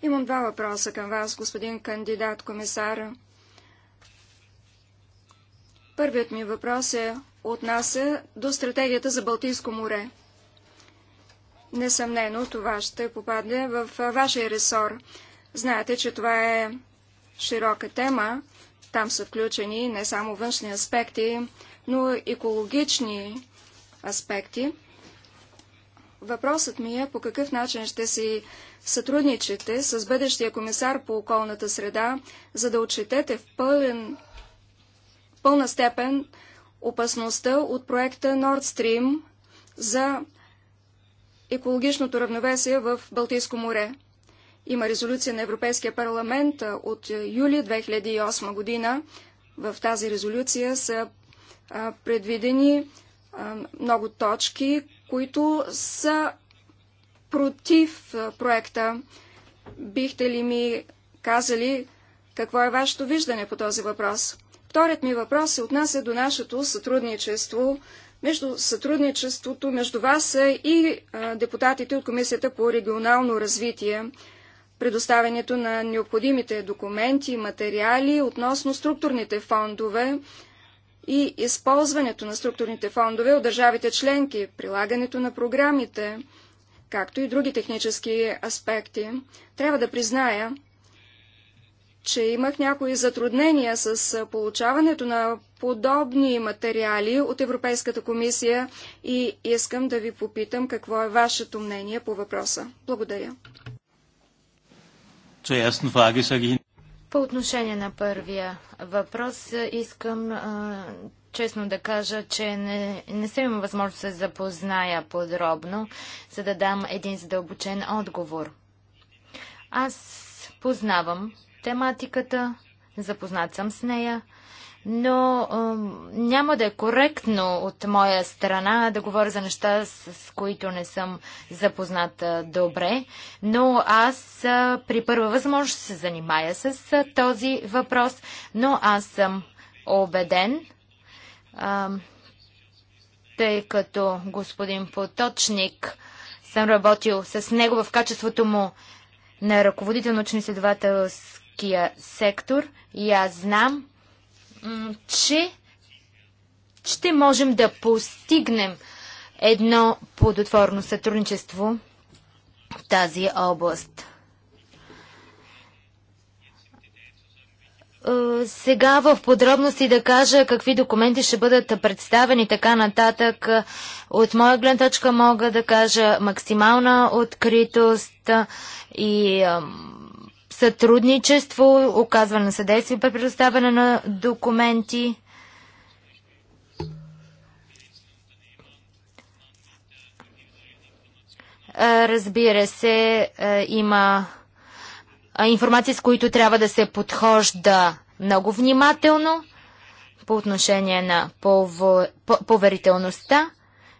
Имам два въпроса към вас, господин кандидат комисар. Първият ми въпрос е отнася до стратегията за Балтийско море. Несъмнено това ще попадне в вашия ресор. Знаете, че това е широка тема. Там са включени не само външни аспекти, но екологични аспекти. Въпросът ми е по какъв начин ще си сътрудничите с бъдещия комисар по околната среда, за да отчетете в пълен, пълна степен опасността от проекта Nord Stream за екологичното равновесие в Балтийско море. Има резолюция на Европейския парламент от юли 2008 година. В тази резолюция са предвидени много точки, които са против проекта. Бихте ли ми казали какво е вашето виждане по този въпрос? Вторият ми въпрос се отнася до нашето сътрудничество, между сътрудничеството между вас и депутатите от Комисията по регионално развитие, предоставянето на необходимите документи материали относно структурните фондове и използването на структурните фондове от държавите членки, прилагането на програмите, както и други технически аспекти. Трябва да призная, че имах някои затруднения с получаването на подобни материали от Европейската комисия и искам да ви попитам какво е вашето мнение по въпроса. Благодаря. По отношение на първия въпрос искам честно да кажа, че не, не съм имам възможност да се запозная подробно, за да дам един задълбочен отговор. Аз познавам тематиката, запознат съм с нея, но е, няма да е коректно от моя страна да говоря за неща, с, с които не съм запозната добре, но аз е, при първа възможност се занимая с е, този въпрос, но аз съм убеден, тъй като господин Поточник съм работил с него в качеството му на ръководител на изследователския сектор и аз знам, че ще можем да постигнем едно плодотворно сътрудничество в тази област. Сега в подробности да кажа какви документи ще бъдат представени така нататък. От моя гледна точка мога да кажа максимална откритост и сътрудничество, оказване на съдействие при предоставяне на документи. Разбира се, има Информация, с които трябва да се подхожда много внимателно по отношение на поверителността,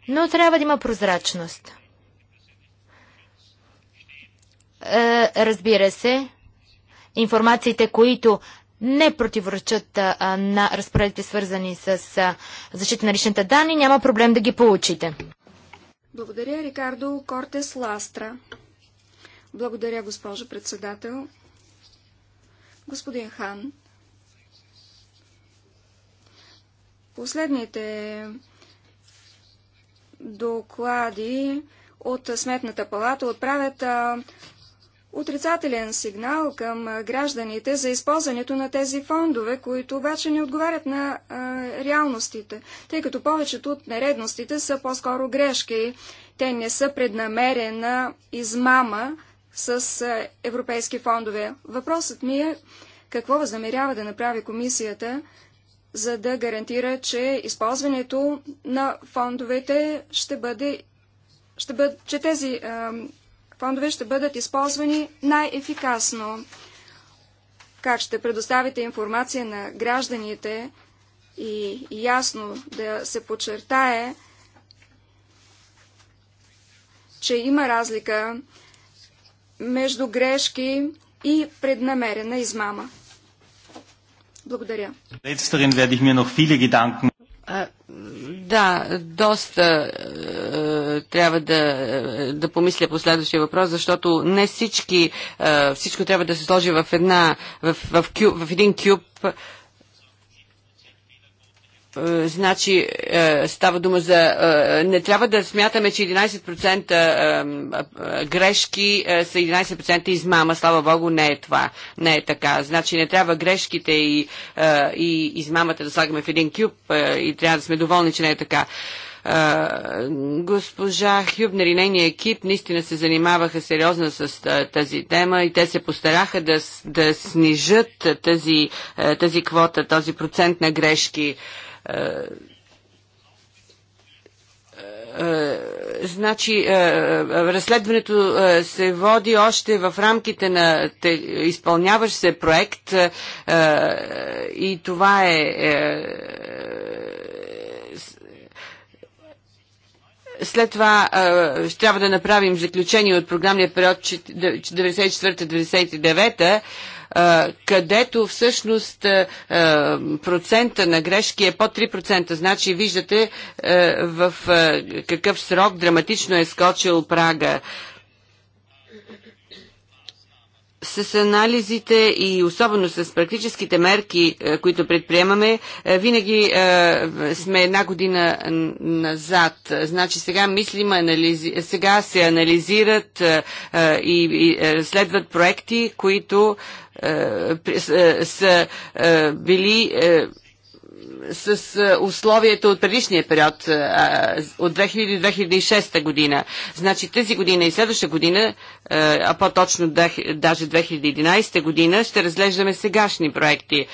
но трябва да има прозрачност. Е, разбира се, информациите, които не противоречат на разпоредите, свързани с защита на личните данни, няма проблем да ги получите. Благодаря, Рикардо Кортес Ластра. Благодаря, госпожо председател. Господин Хан, последните доклади от Сметната палата отправят отрицателен сигнал към гражданите за използването на тези фондове, които обаче не отговарят на реалностите, тъй като повечето от нередностите са по-скоро грешки. Те не са преднамерена измама, с европейски фондове. Въпросът ми е какво възнамерява да направи комисията, за да гарантира, че използването на фондовете ще бъде, ще бъд, че тези а, фондове ще бъдат използвани най-ефикасно. Как ще предоставите информация на гражданите и ясно да се подчертае, че има разлика между грешки и преднамерена измама. Благодаря. да, доста е, трябва да, да помисля по следващия въпрос, защото не всички, е, всичко трябва да се сложи в, една, в, в, кю, в един кюб. Е, е, значи е, става дума за... Е, не трябва да смятаме, че 11% грешки са 11% измама. Слава Богу, не е това. Не е така. Значи не трябва грешките и, и измамата да слагаме в един кюб и трябва да сме доволни, че не е така. Uh, госпожа Хюбнер и нейния екип наистина се занимаваха сериозно с uh, тази тема и те се постараха да, да снижат тази, uh, тази квота, този процент на грешки. Uh, е, е, значи е, разследването се води още в рамките на изпълняващ се проект и това е след това ще трябва да направим заключение от програмния период 94-99 където всъщност процента на грешки е по 3%. Значи виждате в какъв срок драматично е скочил прага с анализите и особено с практическите мерки, е, които предприемаме, е, винаги е, сме една година назад. Значи сега мислим, анализи... сега се анализират и следват проекти, които са били с условията от предишния период, от 2000-2006 година. Значи тази година и следваща година, а по-точно даже 2011 година, ще разглеждаме сегашни проекти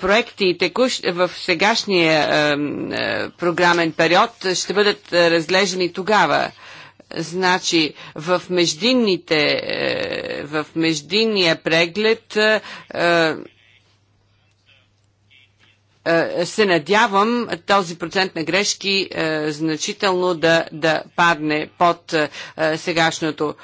проекти текущ, в сегашния програмен период ще бъдат разглеждани тогава. Значи в междинните, в междинния преглед е, се надявам този процент на грешки е, значително да, да падне под е, сегашното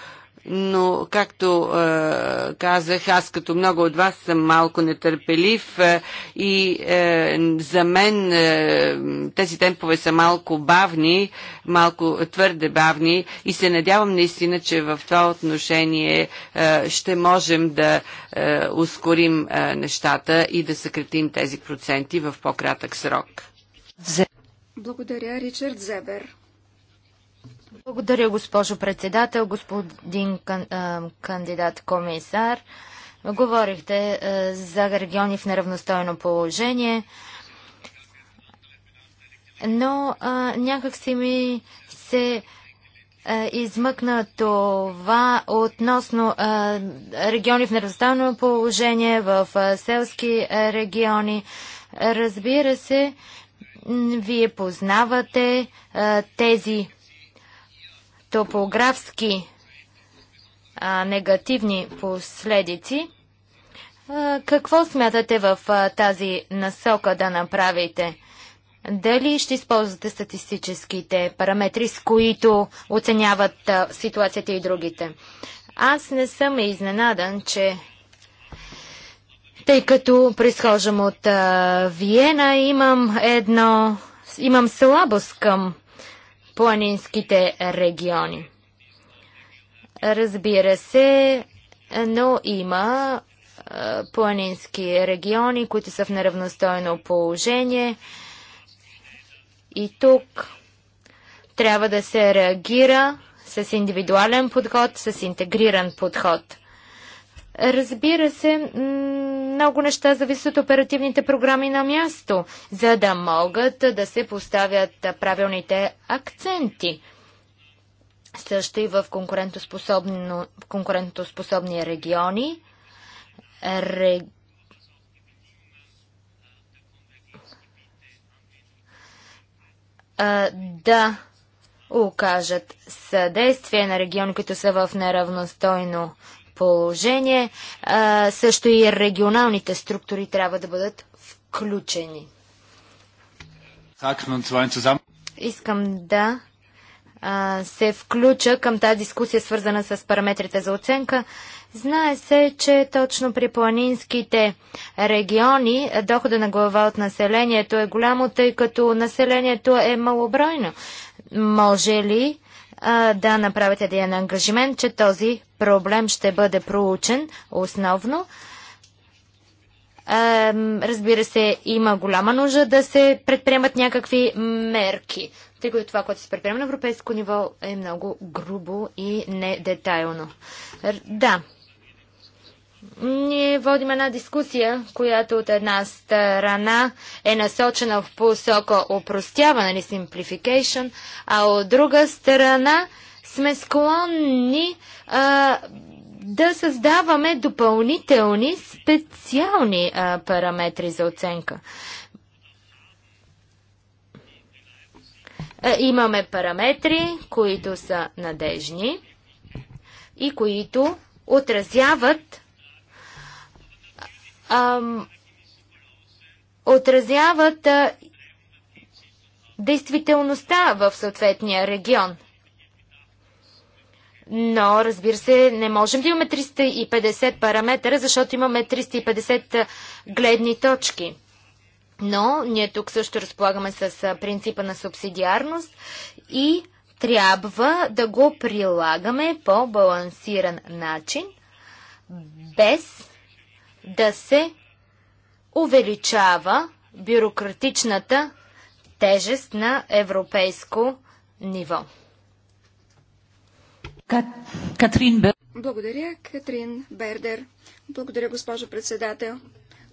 но както е, казах, аз като много от вас съм малко нетърпелив е, и е, за мен е, тези темпове са малко бавни, малко твърде бавни и се надявам наистина, че в това отношение е, ще можем да е, ускорим е, нещата и да съкратим тези проценти в по-кратък срок. Благодаря, Ричард Зебер. Благодаря, госпожо председател, господин кандидат комисар. Говорихте за региони в неравностойно положение, но някак си ми се измъкна това относно региони в неравностойно положение, в селски региони. Разбира се, вие познавате тези топографски а, негативни последици. А, какво смятате в а, тази насока да направите? Дали ще използвате статистическите параметри, с които оценяват а, ситуацията и другите? Аз не съм изненадан, че тъй като присхождам от а, Виена, имам едно, имам слабост към планинските региони. Разбира се, но има планински региони, които са в неравностойно положение. И тук трябва да се реагира с индивидуален подход, с интегриран подход – Разбира се, много неща зависят от оперативните програми на място, за да могат да се поставят правилните акценти. Също и в конкурентоспособни региони. Ре... А, да окажат съдействие на региони, които са в неравностойно положение. А, също и регионалните структури трябва да бъдат включени. Искам да се включа към тази дискусия, свързана с параметрите за оценка. Знае се, че точно при планинските региони дохода на глава от населението е голямо, тъй като населението е малобройно. Може ли а, да направите един ангажимент, че този проблем ще бъде проучен основно. Разбира се, има голяма нужда да се предприемат някакви мерки, тъй като това, което се предприема на европейско ниво е много грубо и недетайлно. Да, ние водим една дискусия, която от една страна е насочена в посока опростяване или simplification, а от друга страна сме склонни а, да създаваме допълнителни специални а, параметри за оценка. А, имаме параметри, които са надежни и които отразяват а, отразяват а, действителността в съответния регион. Но, разбира се, не можем да имаме 350 параметъра, защото имаме 350 гледни точки. Но ние тук също разполагаме с принципа на субсидиарност и трябва да го прилагаме по балансиран начин, без да се увеличава бюрократичната тежест на европейско ниво. Катрин Благодаря, Катрин Бердер. Благодаря, госпожо председател.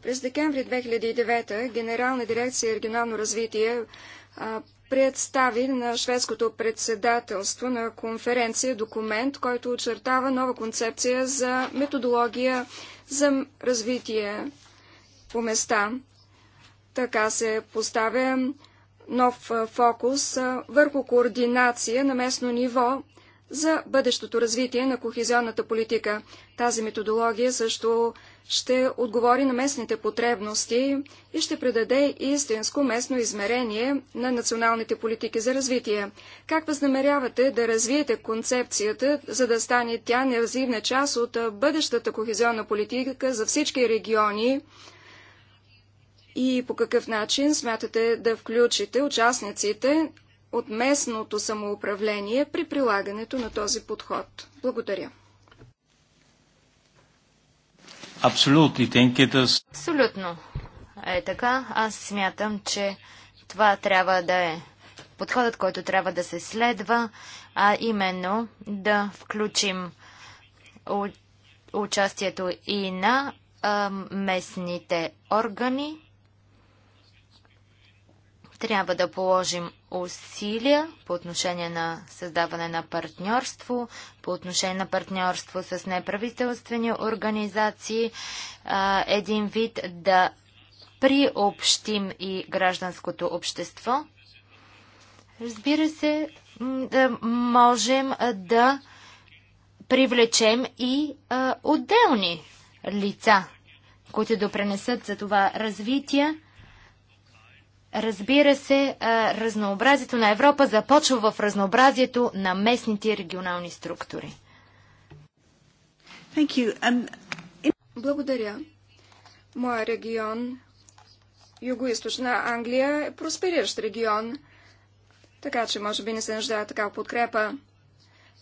През декември 2009 Генерална дирекция регионално развитие а, представи на шведското председателство на конференция документ, който очертава нова концепция за методология за развитие по места. Така се поставя нов фокус върху координация на местно ниво за бъдещото развитие на кохезионната политика. Тази методология също ще отговори на местните потребности и ще предаде истинско местно измерение на националните политики за развитие. Как възнамерявате да развиете концепцията, за да стане тя неразивна част от бъдещата кохезионна политика за всички региони? И по какъв начин смятате да включите участниците от местното самоуправление при прилагането на този подход. Благодаря. Абсолютно. Е така. Аз смятам, че това трябва да е подходът, който трябва да се следва, а именно да включим участието и на а, местните органи. Трябва да положим усилия по отношение на създаване на партньорство, по отношение на партньорство с неправителствени организации, един вид да приобщим и гражданското общество. Разбира се, да можем да привлечем и отделни лица, които допренесат за това развитие Разбира се, разнообразието на Европа започва в разнообразието на местните и регионални структури. Um, Благодаря. Моя регион, Юго-Источна Англия, е проспериращ регион, така че може би не се нуждае така подкрепа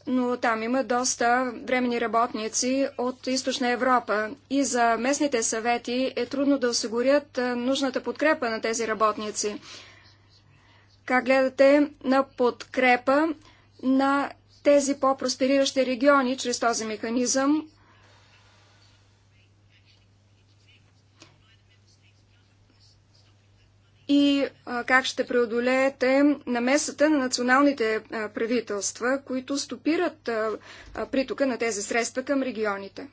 но там има доста времени работници от източна Европа и за местните съвети е трудно да осигурят нужната подкрепа на тези работници. Как гледате на подкрепа на тези по-проспериращи региони чрез този механизъм, и как ще преодолеете намесата на националните правителства, които стопират притока на тези средства към регионите.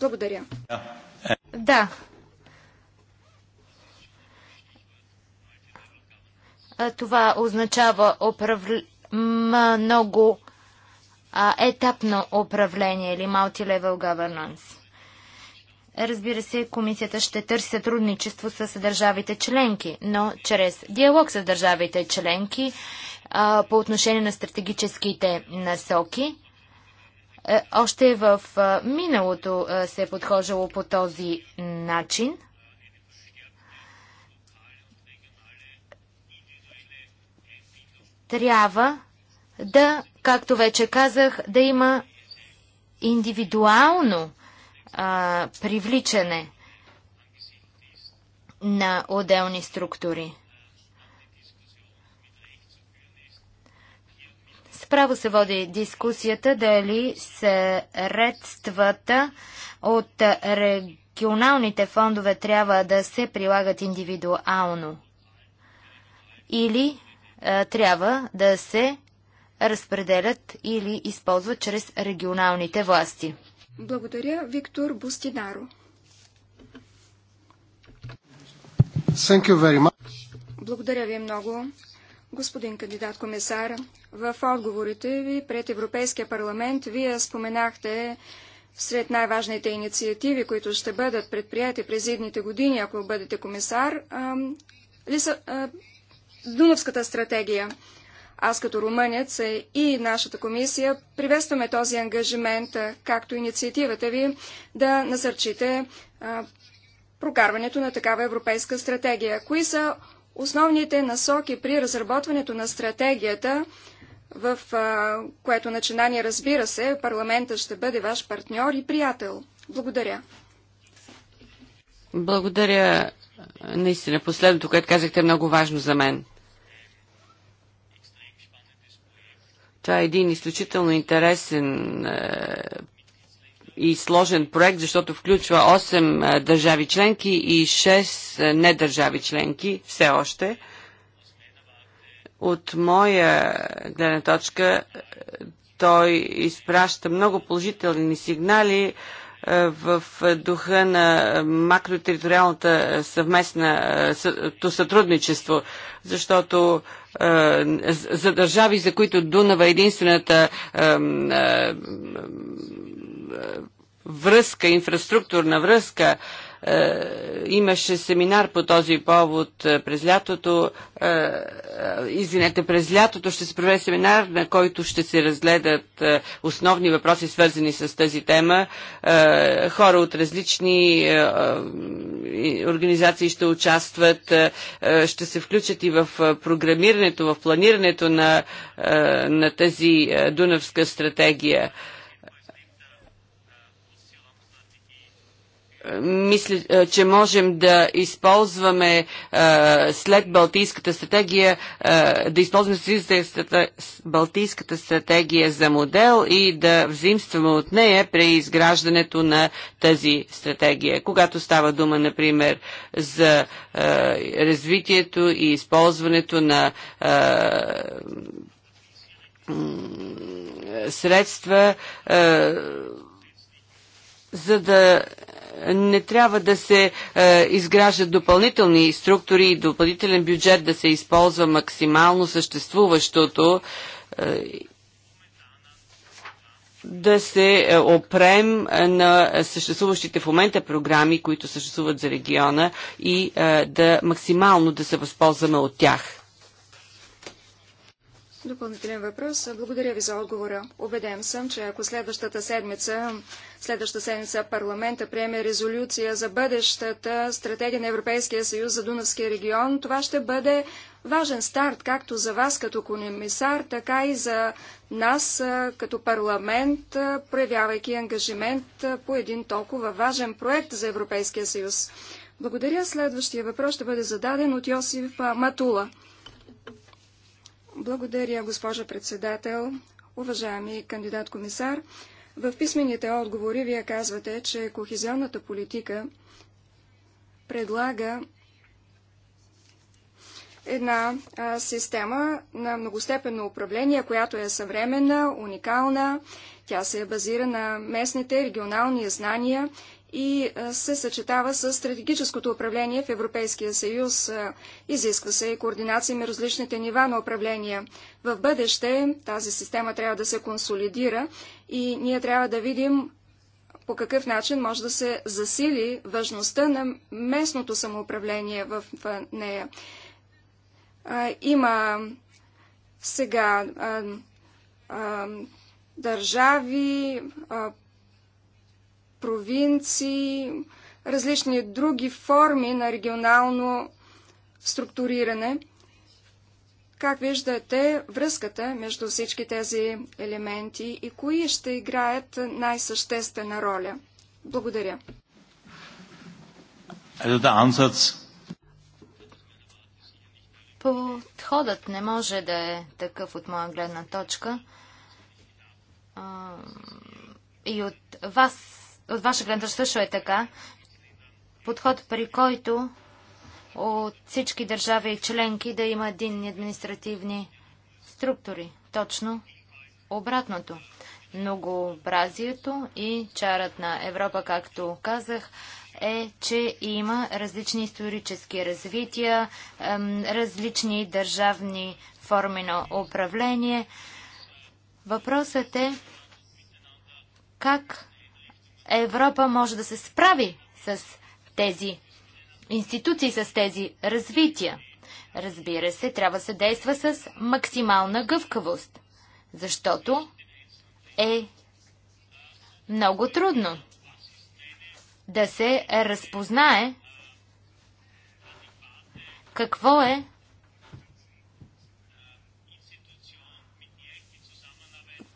Благодаря. Да. Това означава управ... много етапно управление или multi-level governance. Разбира се, комисията ще търси сътрудничество с държавите членки, но чрез диалог с държавите членки а, по отношение на стратегическите насоки. Е, още в миналото се е подхожало по този начин. Трябва да, както вече казах, да има индивидуално а, привличане на отделни структури. Справо се води дискусията дали средствата от регионалните фондове трябва да се прилагат индивидуално или а, трябва да се разпределят или използват чрез регионалните власти. Благодаря, Виктор Бустинаро. Благодаря ви много, господин кандидат комисар. В отговорите ви пред Европейския парламент вие споменахте сред най-важните инициативи, които ще бъдат предприяти през едните години, ако бъдете комисар, Дуновската Дунавската стратегия. Аз като румънец е и нашата комисия приветстваме този ангажимент, както инициативата ви да насърчите прокарването на такава европейска стратегия. Кои са основните насоки при разработването на стратегията, в което начинание, разбира се, парламента ще бъде ваш партньор и приятел? Благодаря. Благодаря. Наистина, последното, което казахте, е много важно за мен. Това е един изключително интересен е, и сложен проект, защото включва 8 е, държави членки и 6 е, недържави членки все още. От моя гледна точка той изпраща много положителни сигнали в духа на макротериториалната съвместна сътрудничество, защото е, за държави, за които Дунава е единствената е, е, връзка, инфраструктурна връзка, е, имаше семинар по този повод е, през лятото. Е, извинете, през лятото ще се проведе семинар, на който ще се разгледат основни въпроси, свързани с тази тема. Хора от различни организации ще участват, ще се включат и в програмирането, в планирането на, на тази Дунавска стратегия. мисля, че можем да използваме след Балтийската стратегия, да използваме Балтийската стратегия за модел и да взимстваме от нея при изграждането на тази стратегия. Когато става дума, например, за развитието и използването на средства, за да не трябва да се е, изграждат допълнителни структури и допълнителен бюджет да се използва максимално съществуващото, е, да се е, опрем е, на съществуващите в момента програми, които съществуват за региона и е, да максимално да се възползваме от тях. Допълнителен въпрос. Благодаря ви за отговора. Обеден съм, че ако следващата седмица, следващата седмица парламента приеме резолюция за бъдещата стратегия на Европейския съюз за Дунавския регион, това ще бъде важен старт, както за вас като комисар, така и за нас като парламент, проявявайки ангажимент по един толкова важен проект за Европейския съюз. Благодаря. Следващия въпрос ще бъде зададен от Йосиф Матула. Благодаря, госпожа председател. Уважаеми кандидат-комисар, в писмените отговори вие казвате, че кохезионната политика предлага една а, система на многостепенно управление, която е съвременна, уникална. Тя се базира на местните регионални знания и се съчетава с стратегическото управление в Европейския съюз. Изисква се и координация на различните нива на управление. В бъдеще тази система трябва да се консолидира и ние трябва да видим по какъв начин може да се засили важността на местното самоуправление в нея. Има сега държави, провинции, различни други форми на регионално структуриране. Как виждате връзката между всички тези елементи и кои ще играят най-съществена роля? Благодаря. Подходът не може да е такъв от моя гледна точка. И от вас от ваша гледна също е така. Подход, при който от всички държави и членки да има единни административни структури. Точно обратното. Многообразието и чарът на Европа, както казах, е, че има различни исторически развития, различни държавни форми на управление. Въпросът е как Европа може да се справи с тези институции, с тези развития. Разбира се, трябва да се действа с максимална гъвкавост, защото е много трудно да се разпознае какво е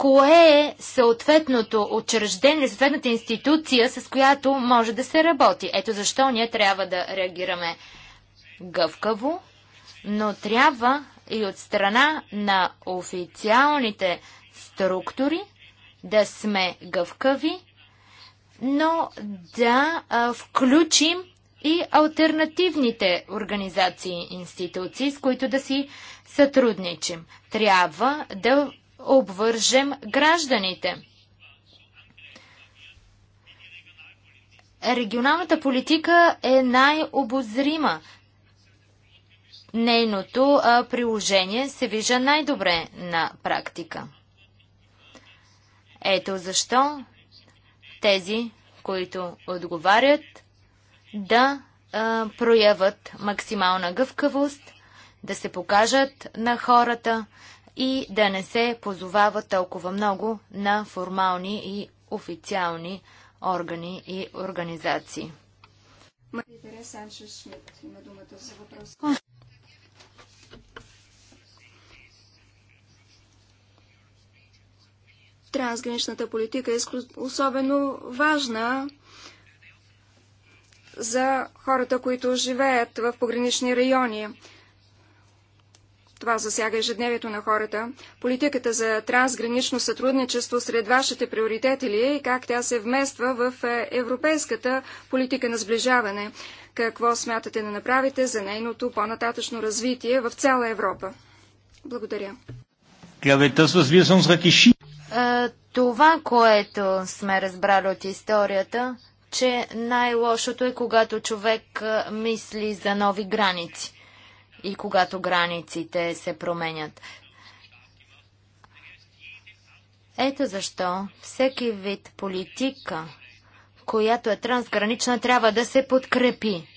кое е съответното учреждение, съответната институция, с която може да се работи. Ето защо ние трябва да реагираме гъвкаво, но трябва и от страна на официалните структури да сме гъвкави, но да а, включим и альтернативните организации и институции, с които да си сътрудничим. Трябва да обвържем гражданите. Регионалната политика е най-обозрима. Нейното приложение се вижда най-добре на практика. Ето защо тези, които отговарят, да прояват максимална гъвкавост, да се покажат на хората, и да не се позовава толкова много на формални и официални органи и организации. трансграничната политика е особено важна за хората, които живеят в погранични райони. Това засяга ежедневието на хората. Политиката за трансгранично сътрудничество сред вашите приоритети ли е и как тя се вмества в е, европейската политика на сближаване? Какво смятате да направите за нейното по-нататъчно развитие в цяла Европа? Благодаря. Е, това, което сме разбрали от историята, че най-лошото е, когато човек е, мисли за нови граници и когато границите се променят. Ето защо всеки вид политика, която е трансгранична, трябва да се подкрепи.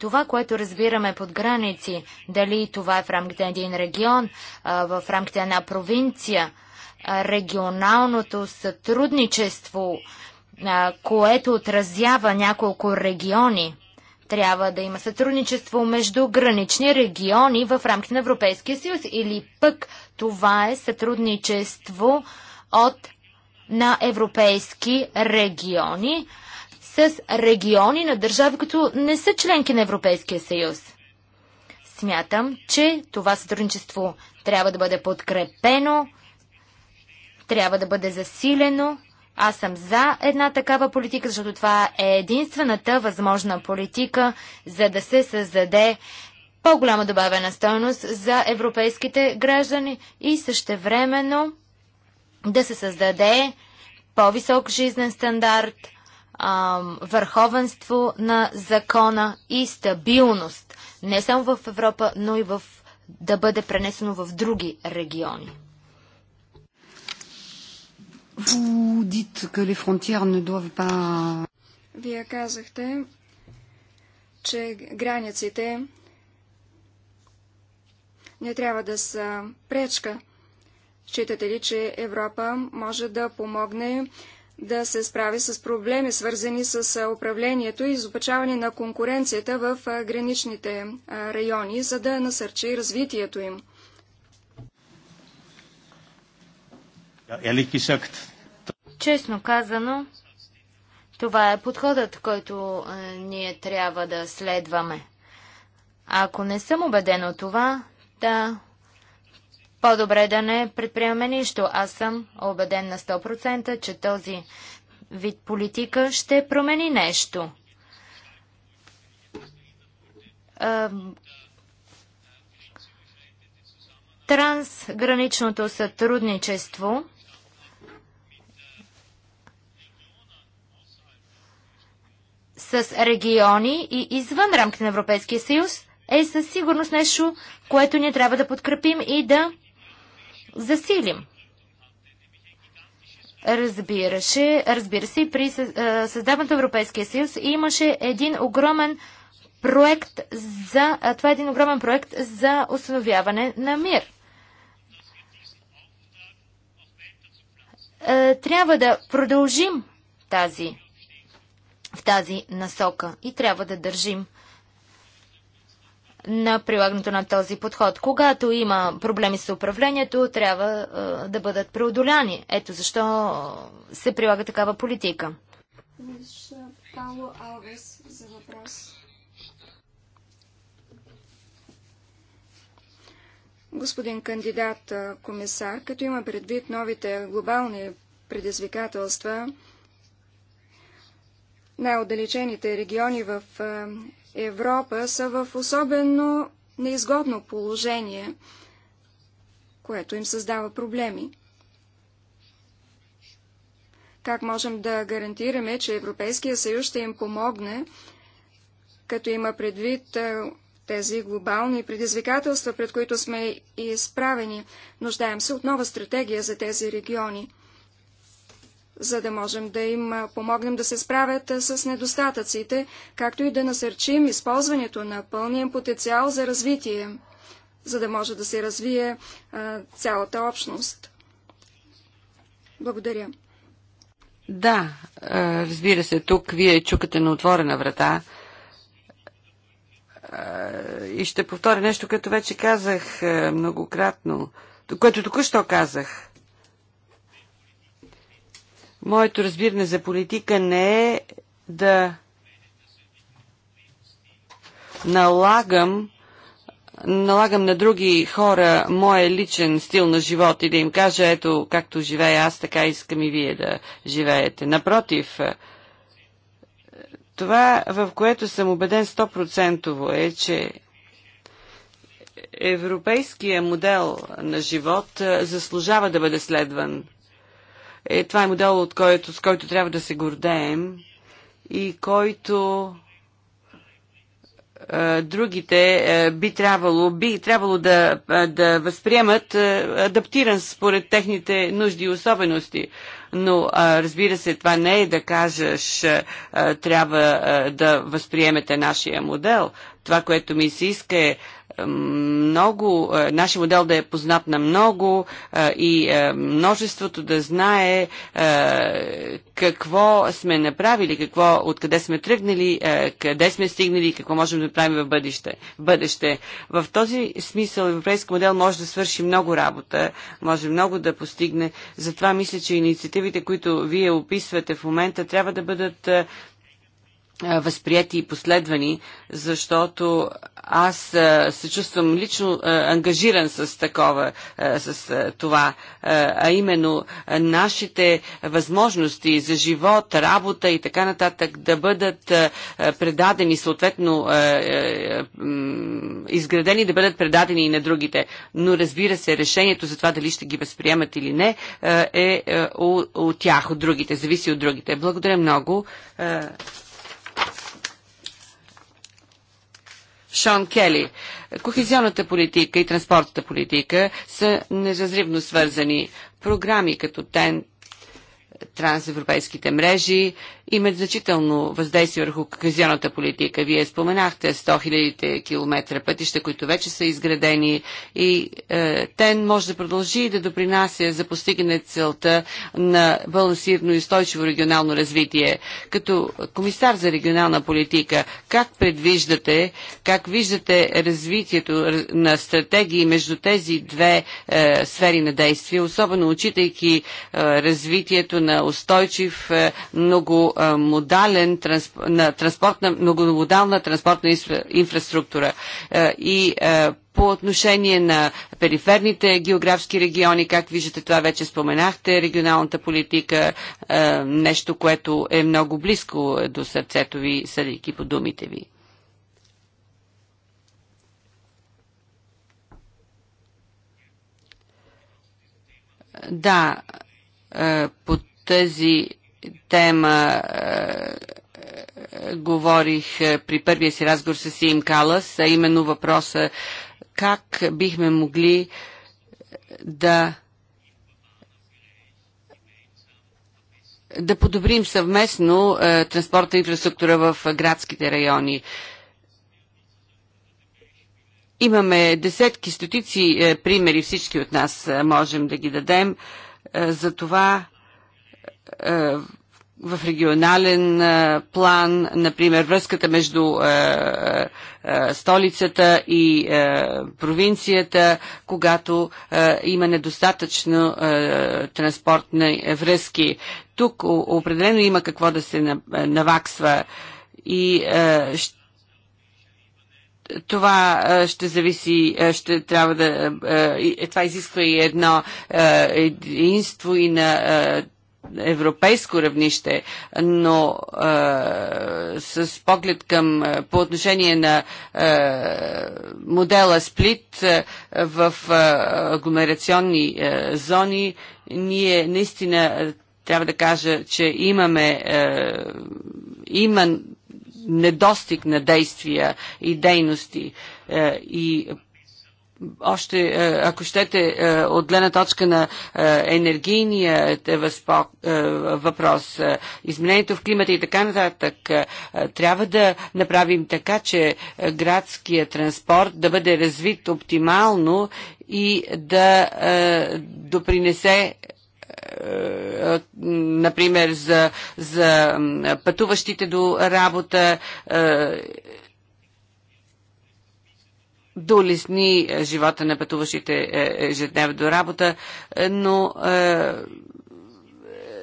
Това, което разбираме под граници, дали това е в рамките на един регион, в рамките на една провинция, регионалното сътрудничество, което отразява няколко региони – трябва да има сътрудничество между гранични региони в рамките на Европейския съюз или пък това е сътрудничество от на европейски региони с региони на държави, които не са членки на Европейския съюз. Смятам, че това сътрудничество трябва да бъде подкрепено, трябва да бъде засилено аз съм за една такава политика, защото това е единствената възможна политика, за да се създаде по-голяма добавена стойност за европейските граждани и същевременно да се създаде по-висок жизнен стандарт, върховенство на закона и стабилност. Не само в Европа, но и в, да бъде пренесено в други региони. Vous dites que les frontières ne doivent pas... Вие казахте, че границите не трябва да са пречка. Считате ли, че Европа може да помогне да се справи с проблеми, свързани с управлението и изопачаване на конкуренцията в граничните райони, за да насърчи развитието им? Ehrlich gesagt, Честно казано, това е подходът, който е, ние трябва да следваме. Ако не съм убеден от това, да, по-добре да не предприемаме нищо. Аз съм убеден на 100%, че този вид политика ще промени нещо. Е, трансграничното сътрудничество с региони и извън рамките на Европейския съюз е със сигурност нещо, което ние трябва да подкрепим и да засилим. Разбираше, разбира се, при създаването на Европейския съюз имаше един огромен проект за, това е един огромен проект за установяване на мир. Трябва да продължим тази в тази насока и трябва да държим на прилагането на този подход. Когато има проблеми с управлението, трябва да бъдат преодоляни. Ето защо се прилага такава политика. Алвес за въпрос. Господин кандидат комисар, като има предвид новите глобални предизвикателства, най-отдалечените региони в Европа са в особено неизгодно положение, което им създава проблеми. Как можем да гарантираме, че Европейския съюз ще им помогне, като има предвид тези глобални предизвикателства, пред които сме изправени? Нуждаем се от нова стратегия за тези региони за да можем да им помогнем да се справят с недостатъците, както и да насърчим използването на пълния потенциал за развитие, за да може да се развие цялата общност. Благодаря. Да, разбира се, тук вие чукате на отворена врата. И ще повторя нещо, което вече казах многократно, което току-що казах Моето разбиране за политика не е да налагам налагам на други хора моя личен стил на живот и да им кажа, ето, както живея аз, така искам и вие да живеете. Напротив, това, в което съм убеден 100% е, че европейския модел на живот заслужава да бъде следван е, това е модел, от който, с който трябва да се гордеем и който е, другите е, би трябвало, би трябвало да, е, да възприемат е, адаптиран според техните нужди и особености. Но е, разбира се, това не е да кажеш трябва да възприемете нашия модел. Това, което ми се иска е много, е, нашия модел да е познат на много е, и е, множеството да знае какво сме направили, какво, откъде сме тръгнали, къде сме стигнали и какво можем да направим в бъдеще. бъдеще. В този смисъл европейски модел може да свърши много работа, може много да постигне. Затова мисля, че инициативите, които вие описвате в момента, трябва да бъдат възприяти и последвани, защото аз се чувствам лично ангажиран с такова, с това, а именно нашите възможности за живот, работа и така нататък да бъдат предадени, съответно изградени, да бъдат предадени и на другите. Но разбира се, решението за това дали ще ги възприемат или не е от е, тях, от другите, зависи от другите. Благодаря много. Шон Кели. Кохезионната политика и транспортната политика са неразривно свързани. Програми като ТЕН, трансевропейските мрежи имат значително въздействие върху казионната политика. Вие споменахте 100 000 километра пътища, които вече са изградени и е, ТЕН може да продължи да допринася за постигане целта на балансирно и устойчиво регионално развитие. Като комисар за регионална политика, как предвиждате, как виждате развитието на стратегии между тези две е, сфери на действие, особено учитайки е, развитието на устойчив, е, много е, многомодален трансп... на транспортна, многомодална транспортна инфраструктура и по отношение на периферните географски региони, как виждате това вече споменахте, регионалната политика, нещо, което е много близко до сърцето ви, съдейки по думите ви. Да, по тази тема е, е, говорих е, при първия си разговор с Сим Калас, а именно въпроса как бихме могли да да подобрим съвместно е, транспортна инфраструктура в градските райони. Имаме десетки, стотици примери, всички от нас можем да ги дадем, за това е, в регионален е, план, например, връзката между е, столицата и провинцията, когато има недостатъчно транспортни връзки. Тук определено има какво да се наваксва и това ще зависи, ще трябва да. Това изисква и едно единство и на европейско равнище, но е, с поглед към по отношение на е, модела сплит е, в е, агломерационни е, зони, ние наистина трябва да кажа, че имаме е, има недостиг на действия и дейности е, и още, е, ако щете, е, от гледна точка на е, енергийния въпрос, изменението в климата и така нататък, трябва да направим така, че градския транспорт да бъде развит оптимално и да допринесе например, за, за пътуващите до работа да улесни е, живота на пътуващите е, е, ежедневно до работа, но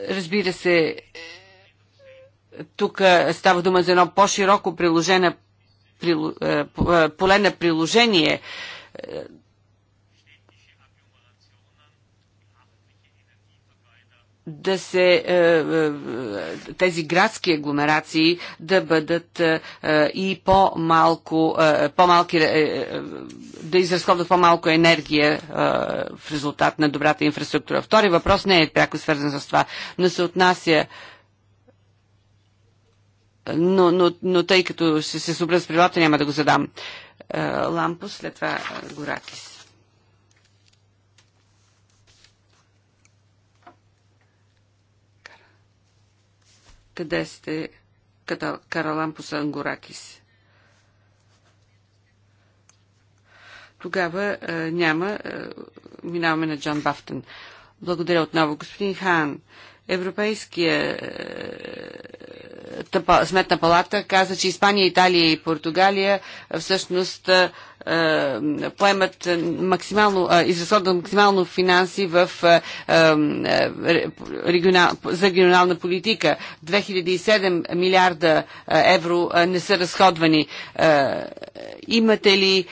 разбира се, тук става дума за едно по-широко приложение поле на приложение да се е, е, тези градски агломерации да бъдат е, и по-малко, по-малки, да изразходват по-малко енергия в резултат на добрата инфраструктура. Втори въпрос не е пряко свързан с това, но се отнася но, но, но тъй като ще се съобразя с природата, няма да го задам. Лампус, след това Горакис. къде сте Каралампос Ангоракис. Тогава а, е, няма. А, е, минаваме на Джон Бафтен. Благодаря отново, господин Хан. Европейския е, Сметна палата каза, че Испания, Италия и Португалия всъщност поемат максимално, изразходват максимално финанси в, регионал, за регионална политика. 2007 милиарда евро не са разходвани. Имате ли,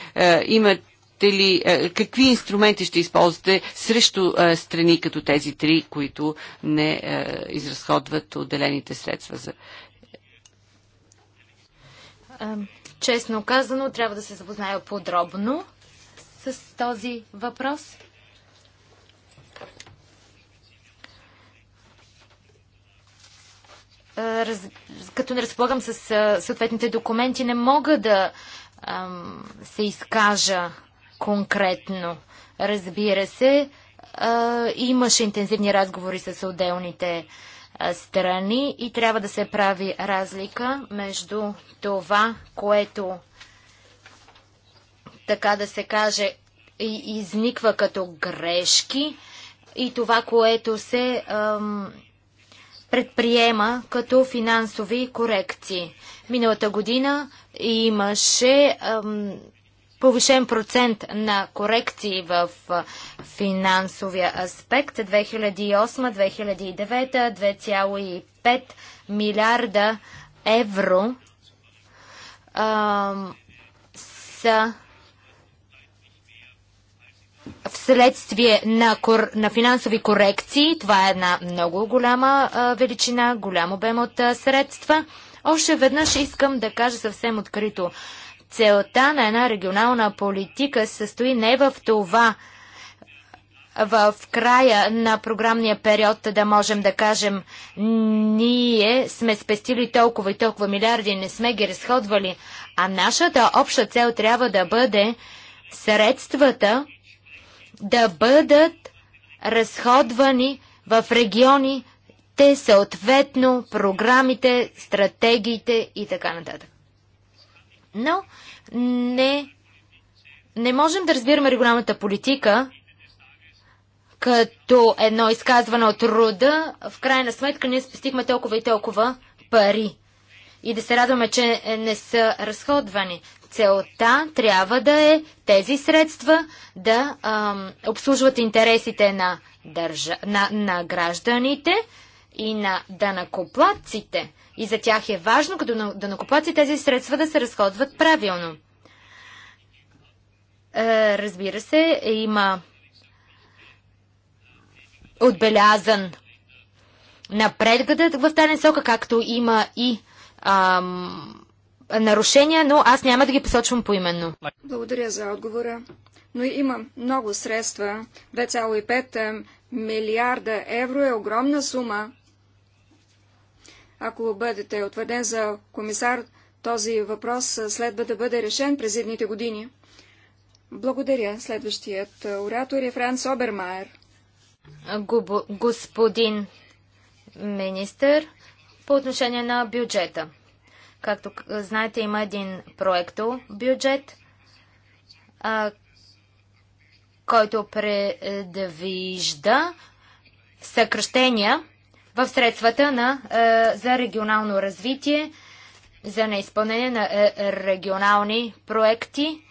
имате ли, какви инструменти ще използвате срещу страни като тези три, които не изразходват отделените средства за Честно казано, трябва да се запозная подробно с този въпрос. Раз, като не разполагам с съответните документи, не мога да ам, се изкажа конкретно. Разбира се, а, имаше интензивни разговори с отделните а, страни и трябва да се прави разлика между това, което така да се каже изниква като грешки и това, което се ам, предприема като финансови корекции. Миналата година имаше ам, повишен процент на корекции в финансовия аспект 2008-2009 2,5 милиарда евро а, са вследствие на, кор... на финансови корекции. Това е една много голяма а, величина, голям обем от а, средства. Още веднъж искам да кажа съвсем открито. Целта на една регионална политика състои не в това в края на програмния период да можем да кажем ние сме спестили толкова и толкова милиарди не сме ги разходвали, а нашата обща цел трябва да бъде средствата да бъдат разходвани в региони, те съответно програмите, стратегиите и така нататък но не, не можем да разбираме регионалната политика като едно изказване от рода. В крайна сметка ние спестихме толкова и толкова пари. И да се радваме, че не са разходвани. Целта трябва да е тези средства да ам, обслужват интересите на, държа, на, на гражданите и на данакоплатците. И за тях е важно, като данокопаци, тези средства да се разходват правилно. Е, разбира се, има отбелязан напредгъдът в тази сока, както има и ам, нарушения, но аз няма да ги посочвам поименно. Благодаря за отговора. Но има много средства. 2,5 милиарда евро е огромна сума. Ако бъдете отведен за комисар, този въпрос следва да бъде решен през едните години. Благодаря. Следващият е, оратор е Франц Обермайер. господин министър, по отношение на бюджета. Както знаете, има един проекто бюджет, а, който предвижда съкръщения в средствата на, е, за регионално развитие, за неизпълнение на е, регионални проекти.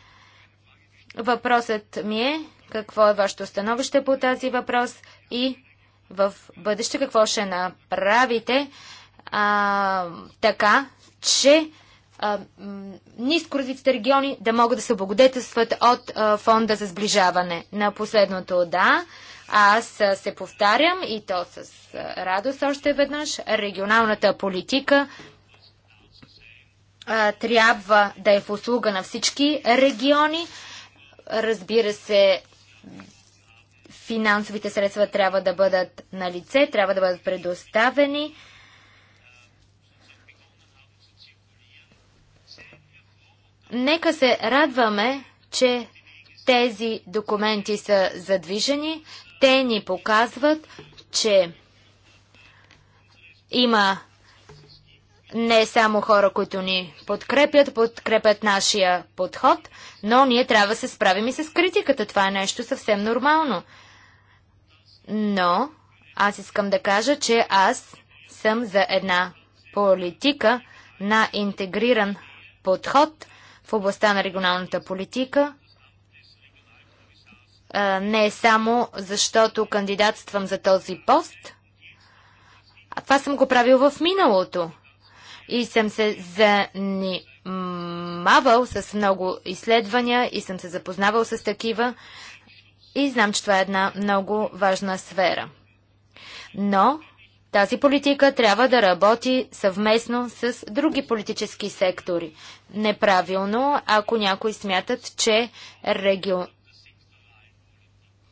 Въпросът ми е какво е вашето становище по тази въпрос и в бъдеще какво ще направите а, така, че нискоразвитите региони да могат да се благодетелстват от а, фонда за сближаване. На последното да, аз се повтарям и то с радост още веднъж. Регионалната политика трябва да е в услуга на всички региони. Разбира се, финансовите средства трябва да бъдат на лице, трябва да бъдат предоставени. Нека се радваме, че тези документи са задвижени. Те ни показват, че има не само хора, които ни подкрепят, подкрепят нашия подход, но ние трябва да се справим и с критиката. Това е нещо съвсем нормално. Но аз искам да кажа, че аз съм за една политика на интегриран подход в областта на регионалната политика – не е само защото кандидатствам за този пост. А това съм го правил в миналото. И съм се занимавал с много изследвания и съм се запознавал с такива. И знам, че това е една много важна сфера. Но тази политика трябва да работи съвместно с други политически сектори. Неправилно, ако някои смятат, че регион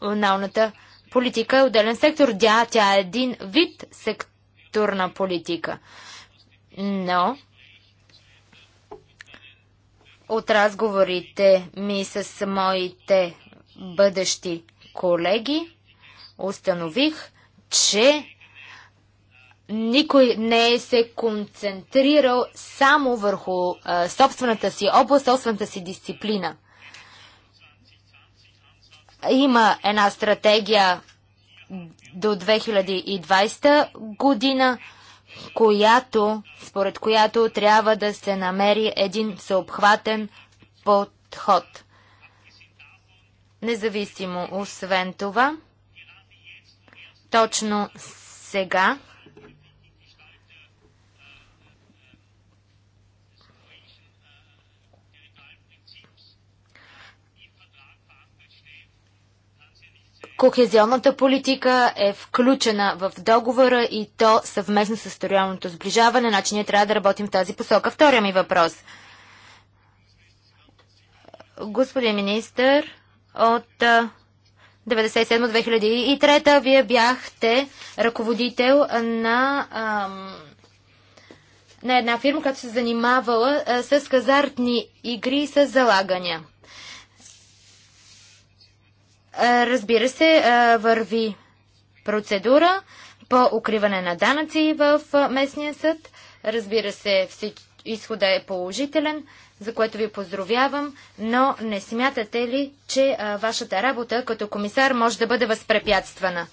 регионалната политика е отделен сектор. Тя, тя е един вид секторна политика. Но от разговорите ми с моите бъдещи колеги установих, че никой не е се концентрирал само върху а, собствената си област, собствената си дисциплина. Има една стратегия до 2020 година, която, според която трябва да се намери един съобхватен подход. Независимо освен това, точно сега Кохезионната политика е включена в договора и то съвместно с териториалното сближаване. Значи ние трябва да работим в тази посока. Втория ми въпрос. Господин министр, от 1997-2003 вие бяхте ръководител на, ам, на една фирма, която се занимавала с казартни игри и с залагания. Е, разбира се, е, върви процедура по укриване на данъци в е, местния съд. Разбира се, всич... изхода е положителен, за което ви поздравявам, но не смятате ли, че вашата работа като комисар може да бъде възпрепятствана?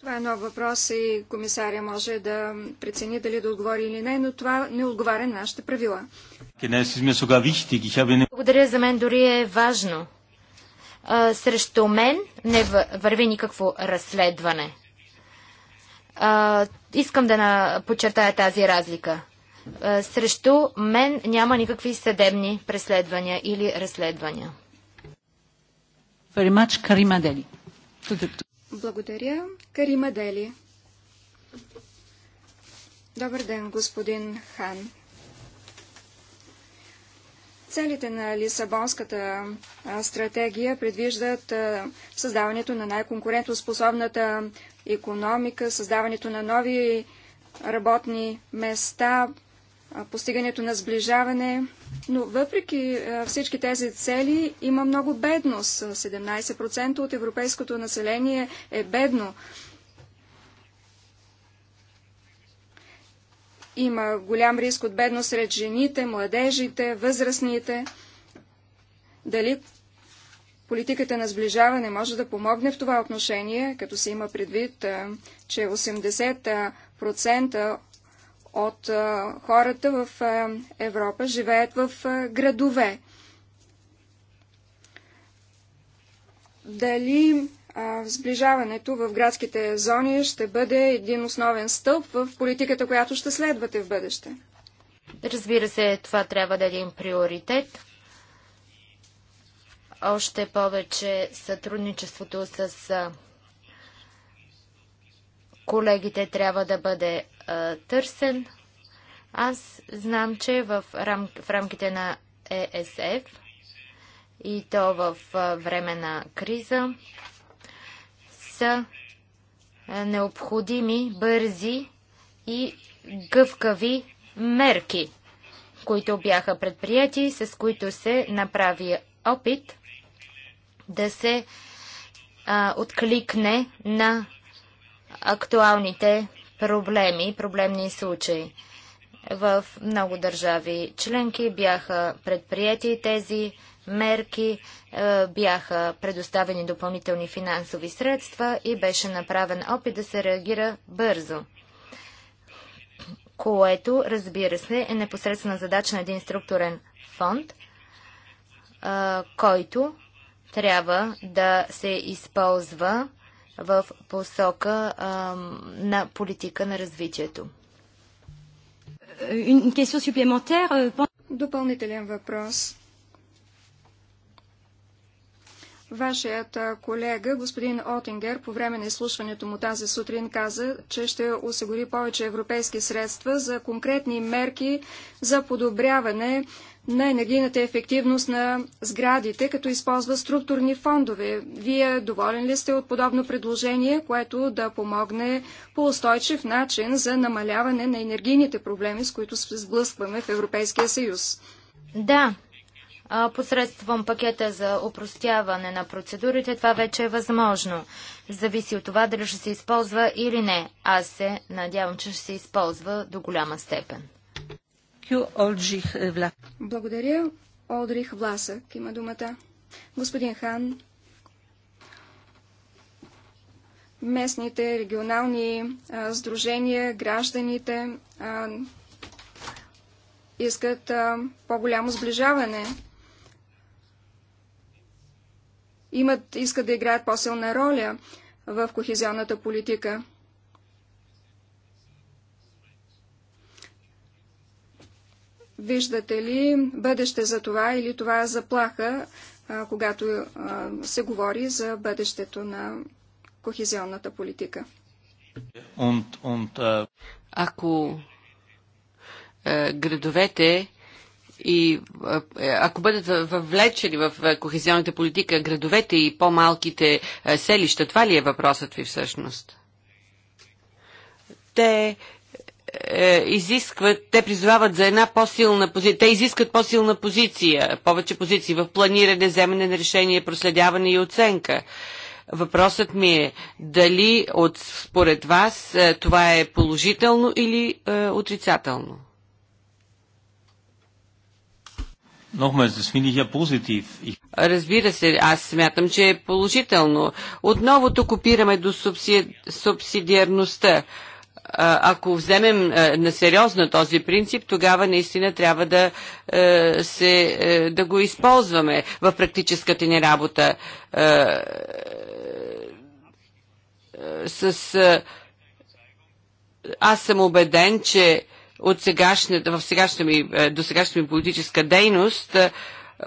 Това е нов въпрос и комисаря може да прецени дали да отговори или не, но това не отговаря на нашите правила. Благодаря, за мен дори е важно. Срещу мен не върви никакво разследване. Искам да подчертая тази разлика. Срещу мен няма никакви съдебни преследвания или разследвания. Благодаря, Карима Дели. Добър ден, господин Хан. Целите на Лисабонската стратегия предвиждат създаването на най-конкурентоспособната економика, създаването на нови работни места, постигането на сближаване. Но въпреки всички тези цели има много бедност. 17% от европейското население е бедно. Има голям риск от бедност сред жените, младежите, възрастните. Дали Политиката на сближаване може да помогне в това отношение, като се има предвид, че 80% от хората в Европа живеят в градове. Дали сближаването в градските зони ще бъде един основен стълб в политиката, която ще следвате в бъдеще. Разбира се, това трябва да е един приоритет. Още повече сътрудничеството с колегите трябва да бъде търсен. Аз знам, че в, рам, в рамките на ЕСФ и то в време на криза са е, необходими бързи и гъвкави мерки, които бяха предприяти, с които се направи опит да се а, откликне на актуалните проблеми, проблемни случаи. В много държави членки бяха предприяти тези мерки, е, бяха предоставени допълнителни финансови средства и беше направен опит да се реагира бързо което, разбира се, е непосредствена задача на един структурен фонд, е, който трябва да се използва в посока е, на политика на развитието. Euh, Допълнителен въпрос. Вашият колега, господин Отингер, по време на изслушването му тази сутрин каза, че ще осигури повече европейски средства за конкретни мерки за подобряване на енергийната ефективност на сградите, като използва структурни фондове. Вие доволен ли сте от подобно предложение, което да помогне по устойчив начин за намаляване на енергийните проблеми, с които се сблъскваме в Европейския съюз? Да, посредством пакета за упростяване на процедурите, това вече е възможно. Зависи от това дали ще се използва или не. Аз се надявам, че ще се използва до голяма степен. Благодаря. Олдрих Власък има думата. Господин Хан, местните регионални а, сдружения, гражданите а, искат а, по-голямо сближаване имат, искат да играят по-силна роля в кохезионната политика. Виждате ли бъдеще за това или това е заплаха, а, когато а, се говори за бъдещето на кохезионната политика? Ако градовете и е, ако бъдат въвлечени в е, кохезионната политика градовете и по-малките е, селища, това ли е въпросът ви всъщност? Те изискват, те призовават за една по-силна позиция, те изискват по-силна позиция, повече позиции в планиране, вземане на решение, проследяване и оценка. Въпросът ми е дали от, според вас това е положително или е, отрицателно? Разбира се, аз смятам, че е положително. Отново тук опираме до субсидиарността. Ако вземем на сериозно този принцип, тогава наистина трябва да, се, да го използваме в практическата ни работа. С... Аз съм убеден, че от сегашната, в сегашната ми, е, до сегашната ми политическа дейност, е,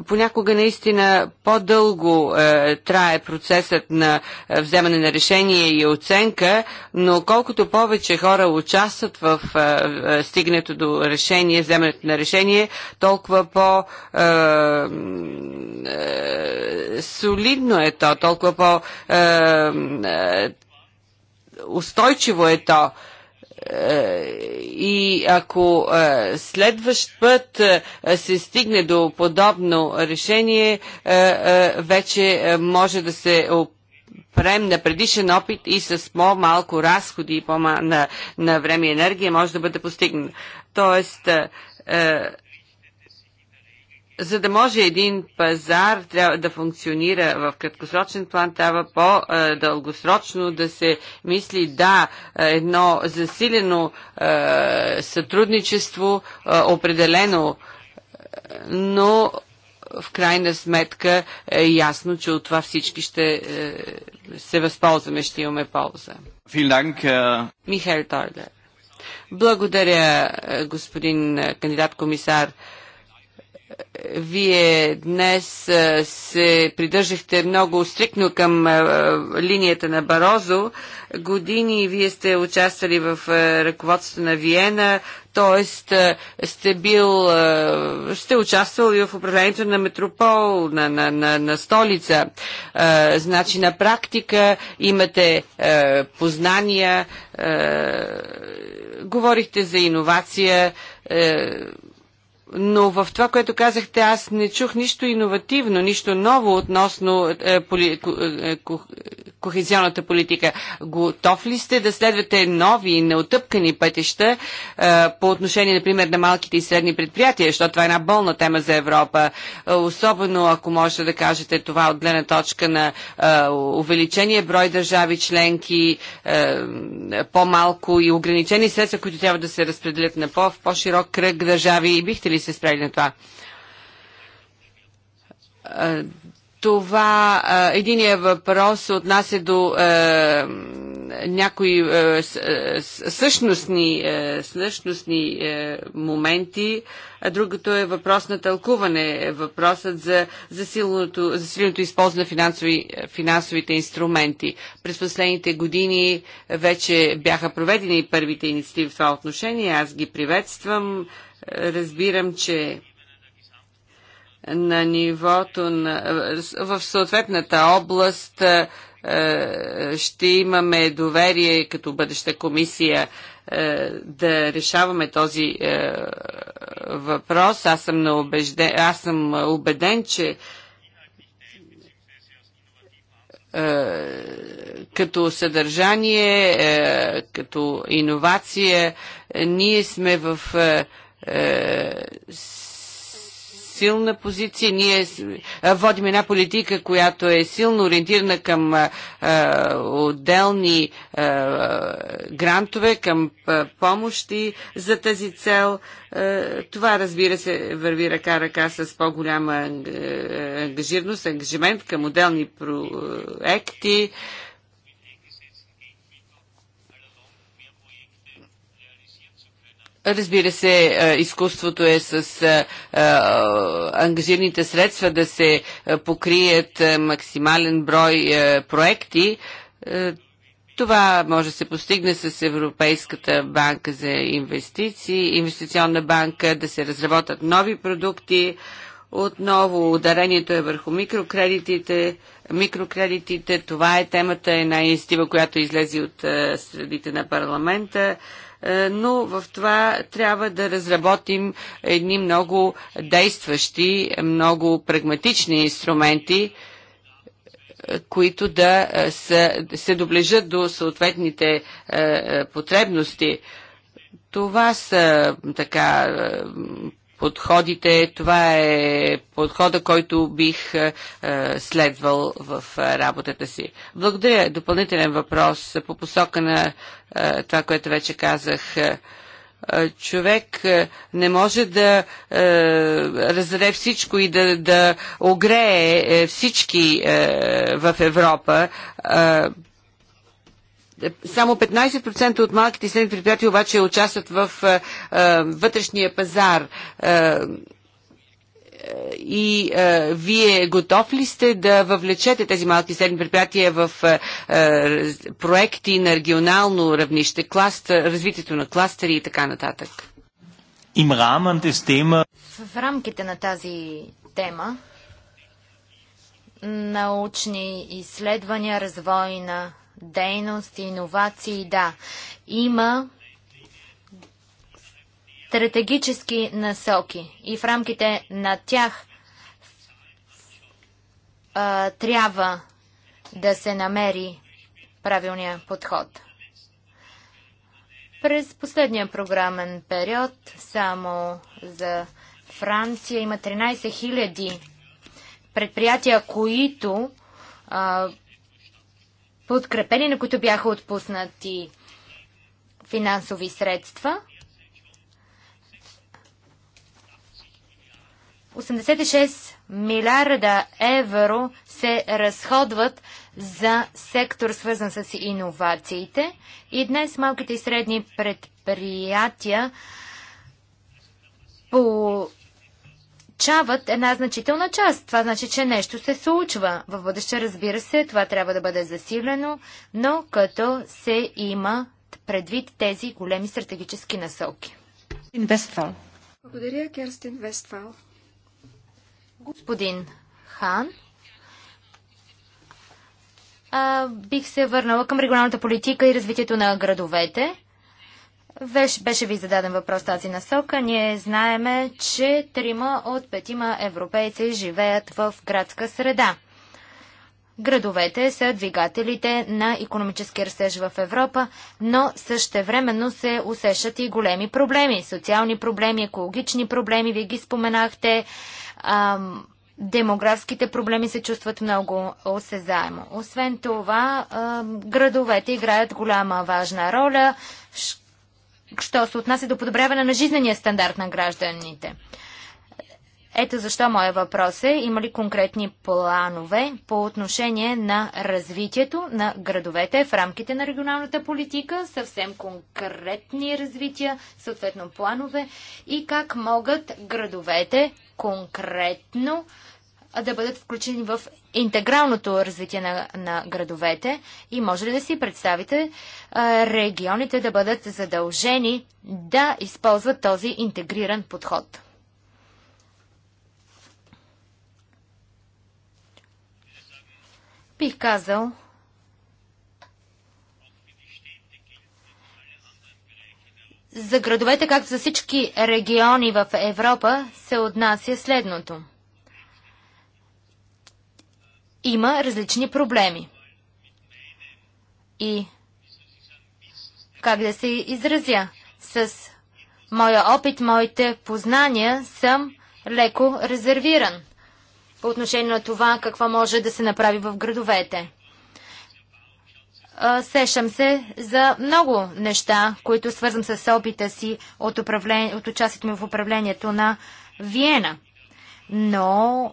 понякога наистина по-дълго е, трае процесът на е, вземане на решение и оценка, но колкото повече хора участват в е, стигането до решение, вземането на решение, толкова по е, е, солидно е то, толкова по е, е, устойчиво е то. Е, е, и ако е, следващ път е, се стигне до подобно решение, вече може да се прем на предишен опит и с по-малко разходи и по на, на време и енергия може да бъде постигнат. Тоест, за да може един пазар трябва да функционира в краткосрочен план, трябва по-дългосрочно да се мисли да е, едно засилено е, сътрудничество е, определено, но в крайна сметка е ясно, че от това всички ще се възползваме, ще имаме полза. Михаил Тойлер. Благодаря, господин кандидат комисар. Вие днес се придържахте много стрикно към линията на Барозо. Години вие сте участвали в ръководството на Виена, т.е. сте бил, сте участвал и в управлението на метропол, на, на, на, на столица. Значи на практика имате познания, говорихте за иновация, но в това, което казахте, аз не чух нищо иновативно, нищо ново относно е, поли, е, кохезионната политика. Готов ли сте да следвате нови, неотъпкани пътища е, по отношение, например, на малките и средни предприятия, защото това е една болна тема за Европа, е, особено ако можете да кажете това от гледна точка на е, увеличение брой държави членки, по-малко и ограничени средства, които трябва да се разпределят на по- в по-широк кръг държави. И Бихте ли се справили на това? това единият единия въпрос се отнася до е, някои е, същностни, е, същностни е, моменти, а другото е въпрос на тълкуване, въпросът за за силното използване на финансови, финансовите инструменти. През последните години вече бяха проведени първите инициативи в това отношение, аз ги приветствам. Разбирам, че на нивото на, в съответната област е, ще имаме доверие като бъдеща комисия е, да решаваме този е, въпрос. Аз съм, убежден, аз съм убеден, че като съдържание, като иновация, ние сме в силна позиция. Ние водим една политика, която е силно ориентирана към а, отделни а, грантове, към а, помощи за тази цел. Това, разбира се, върви ръка-ръка с по-голяма ангажирност, ангажимент към отделни проекти. А, Разбира се, е, изкуството е с е, е, ангажираните средства да се покрият максимален брой проекти. Това може да се постигне с Европейската банка за инвестиции, инвестиционна банка, да се разработят нови продукти. Отново ударението е върху микрокредитите. Микрокредитите, това е темата, една инициатива, която излезе от средите на парламента. Е, но в това трябва да разработим едни много действащи, много прагматични инструменти, е, които да се, се доближат до съответните е, потребности. Това са така подходите. Това е подхода, който бих е, е следвал в е, работата си. Благодаря. Допълнителен въпрос по посока на е, това, което вече казах. Е, човек не може да е, всичко и да, да огрее всички е, в Европа. Е, само 15% от малките и средни предприятия обаче участват в вътрешния пазар и вие готов ли сте да въвлечете тези малки и средни предприятия в проекти на регионално равнище, кластър, развитието на кластери и така нататък? Им рамен В рамките на тази тема научни изследвания, развой на дейност, иновации, да. Има стратегически насоки и в рамките на тях а, трябва да се намери правилния подход. През последния програмен период, само за Франция, има 13 000 предприятия, които а, подкрепени, на които бяха отпуснати финансови средства. 86 милиарда евро се разходват за сектор свързан с иновациите и днес малките и средни предприятия по получават една значителна част. Това значи, че нещо се случва. В бъдеще, разбира се, това трябва да бъде засилено, но като се има предвид тези големи стратегически насоки. Инвестфал. Благодаря, Керстин Вестфал. Господин Хан, а, бих се върнала към регионалната политика и развитието на градовете. Веш, беше ви зададен въпрос тази насока. Ние знаеме, че трима от петима европейци живеят в градска среда. Градовете са двигателите на економически растеж в Европа, но същевременно се усещат и големи проблеми. Социални проблеми, екологични проблеми, вие ги споменахте. Ам, демографските проблеми се чувстват много осезаемо. Освен това, ам, градовете играят голяма важна роля що се отнася до подобряване на жизнения стандарт на гражданите. Ето защо моя въпрос е, има ли конкретни планове по отношение на развитието на градовете в рамките на регионалната политика, съвсем конкретни развития, съответно планове и как могат градовете конкретно да бъдат включени в интегралното развитие на, на градовете и може ли да си представите а, регионите да бъдат задължени да използват този интегриран подход? Бих казал, за градовете, както за всички региони в Европа, се отнася следното – има различни проблеми. И как да се изразя? С моя опит, моите познания съм леко резервиран по отношение на това какво може да се направи в градовете. Сещам се за много неща, които свързвам с опита си от, управление, от участието ми в управлението на Виена. Но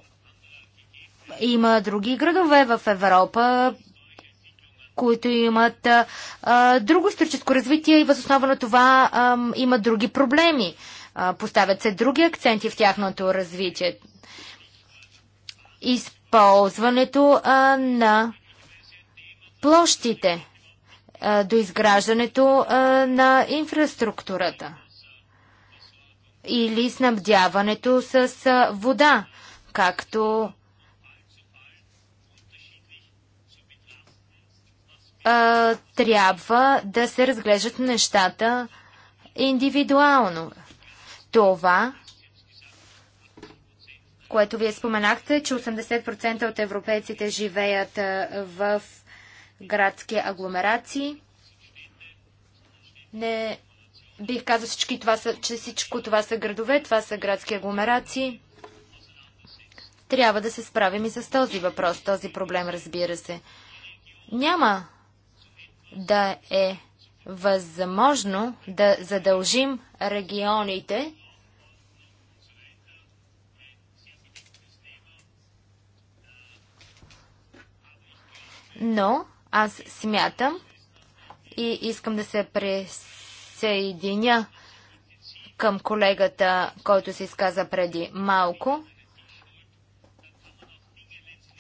има други градове в Европа, които имат а, друго историческо развитие и възоснова на това а, имат други проблеми. А, поставят се други акценти в тяхното развитие. Използването а, на площите а, до изграждането а, на инфраструктурата или снабдяването с а, вода, както а, трябва да се разглеждат нещата индивидуално. Това, което вие споменахте, че 80% от европейците живеят в градски агломерации. Не бих казал, всички това са, че всичко това са градове, това са градски агломерации. Трябва да се справим и с този въпрос, този проблем, разбира се. Няма да е възможно да задължим регионите Но аз смятам и искам да се присъединя към колегата, който се изказа преди малко,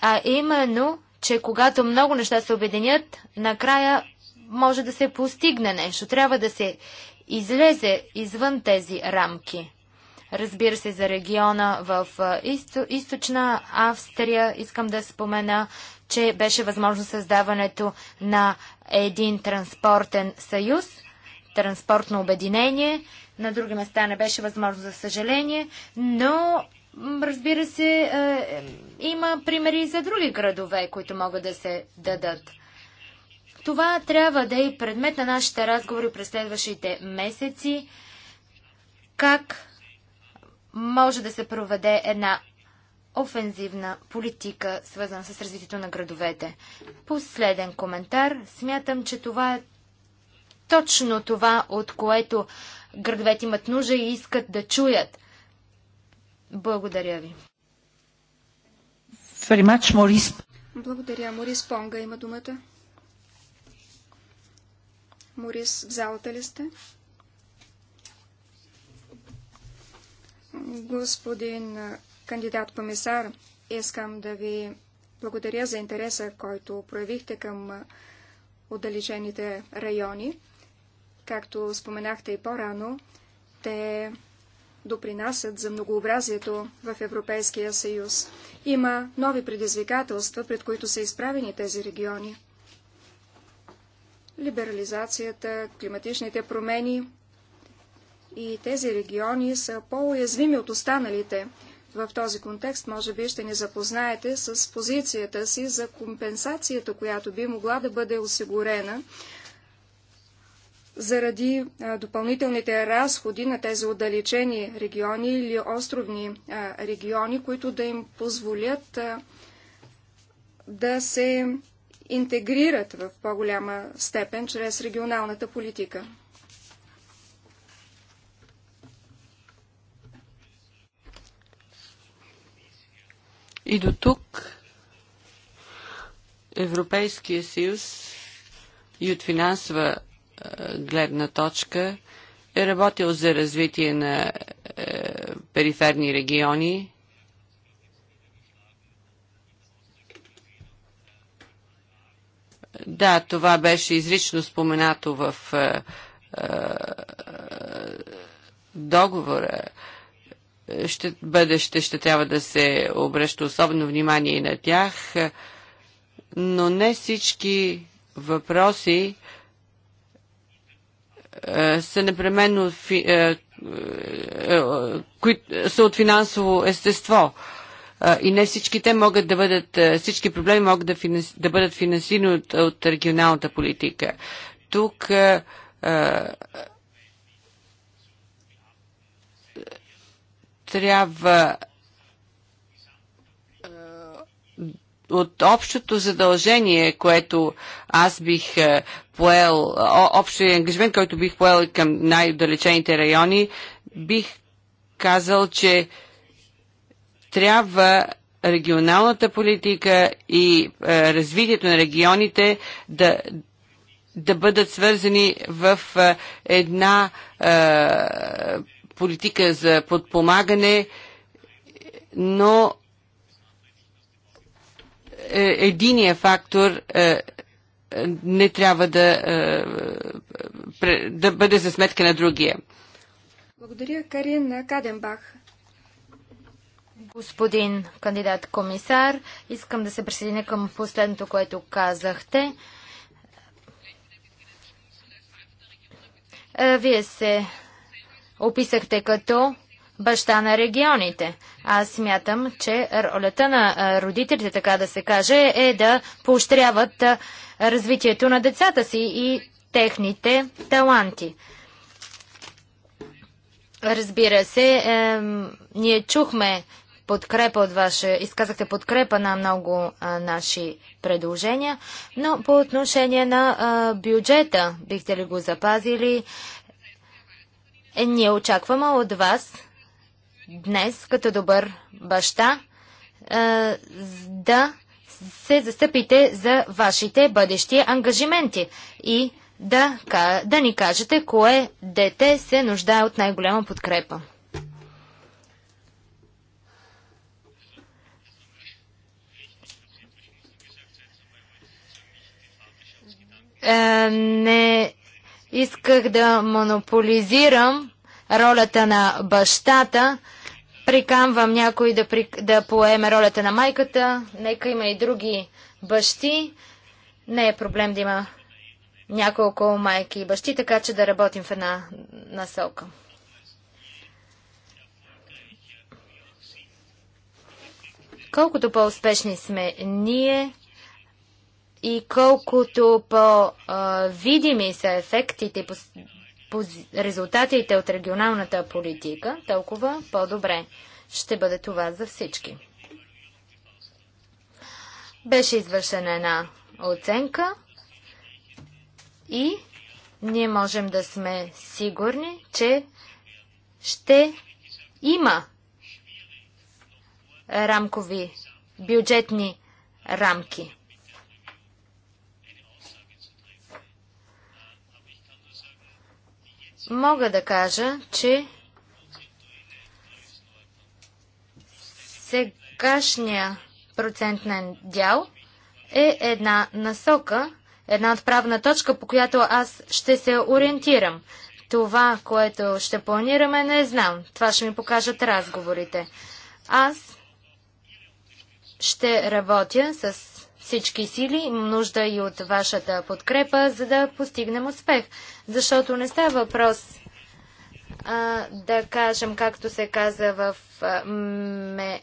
а именно, че когато много неща се обединят, накрая може да се постигне нещо. Трябва да се излезе извън тези рамки. Разбира се, за региона в Исто, източна Австрия искам да спомена, че беше възможно създаването на един транспортен съюз, транспортно обединение. На други места не беше възможно, за съжаление, но разбира се, е, има примери и за други градове, които могат да се дадат. Това трябва да е предмет на нашите разговори през следващите месеци. Как може да се проведе една офензивна политика, свързана с развитието на градовете. Последен коментар. Смятам, че това е точно това, от което градовете имат нужда и искат да чуят. Благодаря ви. Благодаря, Морис Понга има думата. Морис, в залата ли сте? Господин кандидат-комисар, искам да ви благодаря за интереса, който проявихте към отдалечените райони. Както споменахте и по-рано, те допринасят за многообразието в Европейския съюз. Има нови предизвикателства, пред които са изправени тези региони либерализацията, климатичните промени. И тези региони са по-уязвими от останалите. В този контекст, може би, ще ни запознаете с позицията си за компенсацията, която би могла да бъде осигурена заради допълнителните разходи на тези отдалечени региони или островни региони, които да им позволят да се интегрират в по-голяма степен чрез регионалната политика. И до тук Европейския съюз и от финансова гледна точка е работил за развитие на е, периферни региони, Да, това беше изрично споменато в е, е, договора. Ще, бъдеще ще трябва да се обръща особено внимание и на тях, но не всички въпроси е, са непременно, кои, са от финансово естество и не всички те могат да бъдат, всички проблеми могат да, финанс, да бъдат финансирани от, от регионалната политика. Тук а, трябва от общото задължение, което аз бих поел, общия ангажимент, който бих поел към най-далечените райони, бих казал, че а, трябва регионалната политика и а, е, развитието на регионите да, да бъдат свързани в а, е, една а, е, политика за подпомагане, но единия фактор а, не трябва да, е, да бъде за сметка на другия. Благодаря, Карин Каденбах. Господин кандидат комисар, искам да се присъединя към последното, което казахте. Е, вие се описахте като баща на регионите. Аз смятам, че ролята на е, родителите, така да се каже, е да поощряват е, развитието на децата си и техните таланти. Разбира се, е, ние чухме подкрепа от ваше, изказахте подкрепа на много а, наши предложения, но по отношение на а, бюджета, бихте ли го запазили? Е, ние очакваме от вас днес, като добър баща, а, да се застъпите за вашите бъдещи ангажименти и да, да ни кажете кое дете се нуждае от най-голяма подкрепа. Е, не исках да монополизирам ролята на бащата. Прикамвам някой да, при... да поеме ролята на майката. Нека има и други бащи. Не е проблем да има няколко майки и бащи, така че да работим в една насока. Колкото по-успешни сме ние, и колкото по-видими са ефектите, по, по резултатите от регионалната политика, толкова по-добре ще бъде това за всички. Беше извършена една оценка и ние можем да сме сигурни, че ще има рамкови бюджетни рамки. мога да кажа, че сегашния процентен дял е една насока, една отправна точка, по която аз ще се ориентирам. Това, което ще планираме, не знам. Това ще ми покажат разговорите. Аз ще работя с всички сили. Имам нужда и от вашата подкрепа, за да постигнем успех. Защото не става въпрос а, да кажем, както се каза в, а, ме,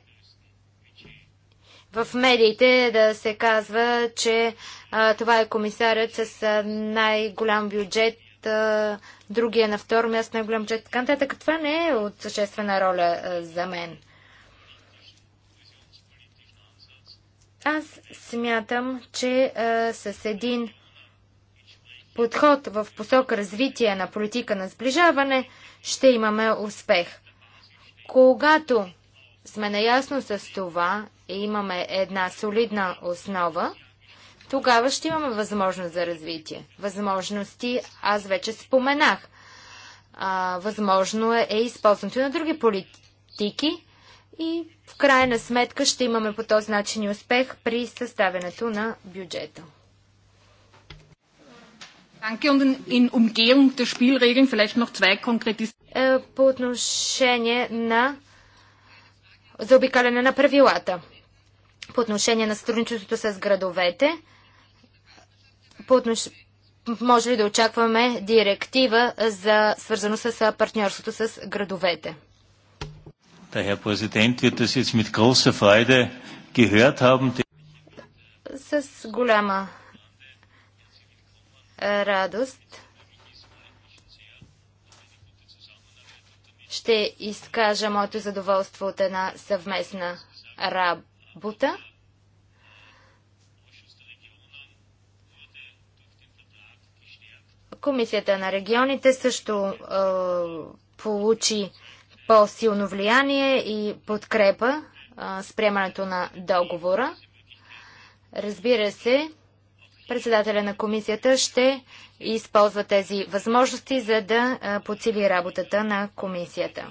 в медиите, да се казва, че а, това е комисарят с най-голям бюджет другия на второ място, най-голям бюджет, така така Това не е от съществена роля а, за мен. Аз смятам, че а, с един подход в посока развитие на политика на сближаване ще имаме успех. Когато сме наясно с това и имаме една солидна основа, тогава ще имаме възможност за развитие. Възможности аз вече споменах. А, възможно е, е използването на други политики, и в крайна сметка ще имаме по този начин и успех при съставянето на бюджета. Е, по отношение на заобикаляне на правилата, по отношение на сътрудничеството с градовете, по отнош... може ли да очакваме директива за свързано с партньорството с градовете? Der Herr Präsident wird das jetzt mit großer Freude gehört haben. С голяма е, радост ще изкажа моето задоволство от една съвместна работа. Комисията на регионите също е, получи по-силно влияние и подкрепа с приемането на договора. Разбира се, председателя на комисията ще използва тези възможности, за да подсили работата на комисията.